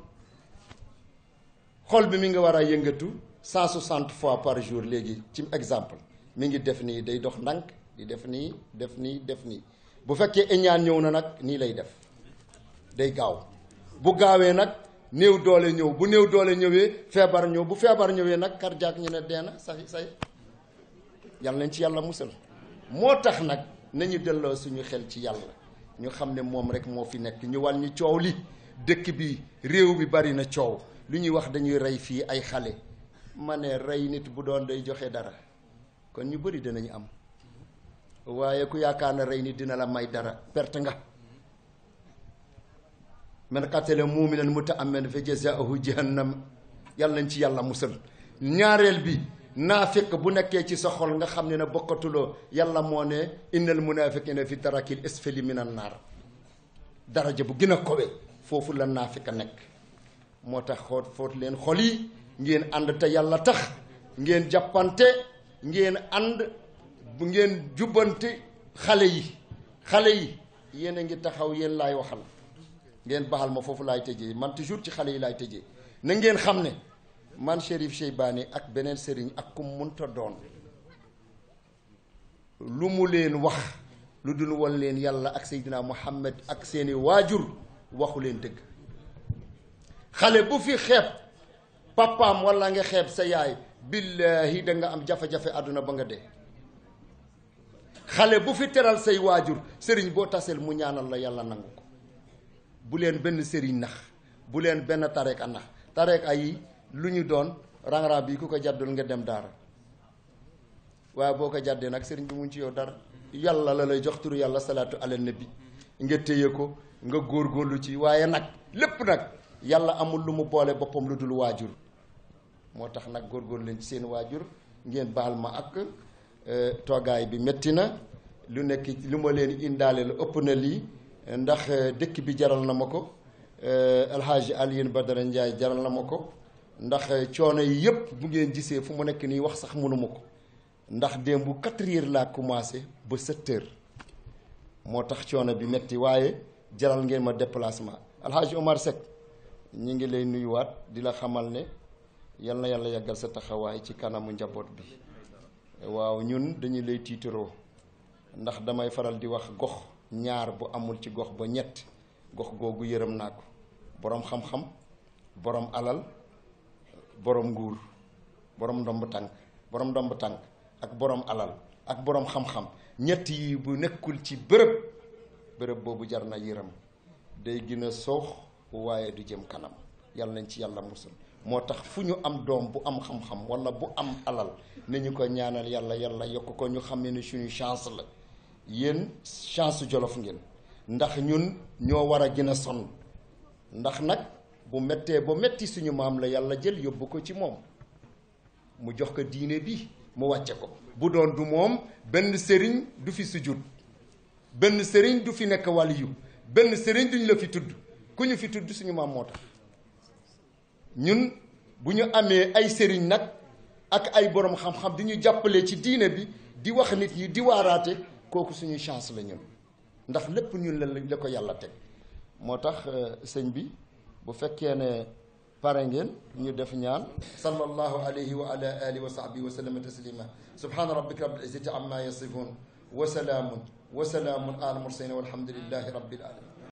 xol bi mi nga war a yëngatu cent soixante fois par jour léegi ci exemple mi ngi def nii day dox ndànk di def nii def nii def nii bu fekkee iñaan ñëw na nag nii lay def day gaaw bu gaawee nag néew doole ñëw bu néew doole ñëwee feebar ñëw bu feebar ñëwee nag cardiaque ñu ne dee na say say yal nañ ci yàlla musal moo tax nag nañu delloo suñu xel ci yàlla ñu xam ne moom rek moo fi nekk ñu wal ñi coow li dëkk bi réew bi bari na coow lu ñuy wax dañuy rey fii ay xale ma ne rey nit bu doon day joxe dara kon ñu bari danañ am waaye ku yaakaar na rey nii dina la may dara perte nga man qatala mu'minan muta'ammidan fa jazaa'uhu jahannam yàlla nañ ci yàlla musal ñaareel bi naafiq bu nekkee ci sa xol nga xam ne ne bokkatuloo yàlla moo ne innal munaafiqiina fi darakil asfali minan naar daraja bu gën a kowe foofu la naafiq a nekk moo tax xoot foot leen xol ngeen ànd te yàlla tax ngeen jàppante ngeen ànd bu ngeen jubbanti xale yi xale yi yéen a ngi taxaw yéen lay waxal ngeen baxal ma foofu laay tëjee man toujours ci xale yi laay tëjee na ngeen xam ne man Chérif Cheybani ak beneen sëriñ ak ku munta doon lu mu leen wax lu dul won leen yàlla ak Seydina Muhammad ak seeni waajur waxu leen dëgg xale bu fi xeeb papaam wala nga xeeb sa yaay billaahi da nga am jafe-jafe àdduna ba nga dee xale bu fi teral say waajur sëriñ boo taseel mu ñaanal la yàlla nangu ko bu leen benn sëriñ nax bu leen benn tareeka nax tareeka yi lu ñu doon rang-rang bi ku ko jàddul nga dem daara waaye boo ko jàddee nag sëriñ bi mu ci yow dara yàlla la lay jox turu yàlla salaatu ala nabi nga téye ko nga góorlu ci waaye nag lépp nag yàlla amul lu mu boole boppam lu dul waajur moo tax nag góorgóorlu leen ci seen waajur ngeen baal ma ak Euh, toggaay bi métti na lu nekk lu ma leen indaale la ëpp na lii ndax euh, dëkk bi jaral na ma ko euh, alxaaji Alioune Badara Ndiaye jaral na ma ko ndax coono yi yëpp bu ngeen gisee fu mu nekk nii wax sax mënuma ko ndax démb bu quatre heures laa commencé ba sept moo tax coono bi métti waaye jaral ngeen ma déplacement alxaaji Omar Seck ñu ngi lay nuyuwaat di la xamal ne yal na yàlla yàggal sa taxawaay ci kanamu njaboot bi waaw ñun dañu lay tiitaroo ndax damay faral di wax gox ñaar bu amul ci gox ba ñett gox googu yërëm naa ko boroom xam-xam boroom alal boroom nguur boroom ndomb tànk boroom domb tànk ak boroom alal ak boroom xam-xam ñett yi bu nekkul ci bërëb bërëb boobu jar na yërëm day gën a soox waaye du jëm kanam yàlla nañ ci yàlla musal moo tax fu ñu am doom bu am xam-xam wala bu am alal nañu ko ñaanal yàlla yàlla yokk ko ñu xam ne ni suñu chance la yéen chance jolof ngeen ndax ñun ñoo war a gën a sonn ndax nag bu mettee bu metti suñu maam la yàlla jël yóbbu ko ci moom mu jox ko diine bi mu wàcce ko bu doon du moom benn sëriñ du fi sujud benn sëriñ du fi nekk wàliyu benn sëriñ duñ la fi tudd ku ñu fi tudd suñu maam moo tax ñun bu ñu amee ay sëriñ nag ak ay borom xam-xam di ñu jàppale ci diine bi di wax nit ñi di waaraate kooku suñuy chance la ñun ndax lépp ñun la la ko yàlla teg moo tax euh, sëñ bi bu fekkee ne pare ngeen ñu def ñaan sallallahu alayhi wa ala alihi wa sahbihi wa sallama taslima subhana rabbika rabbil izzati amma yasifun wa salaamun wa salaamun ala mursalin walhamdulillahi rabbil alamin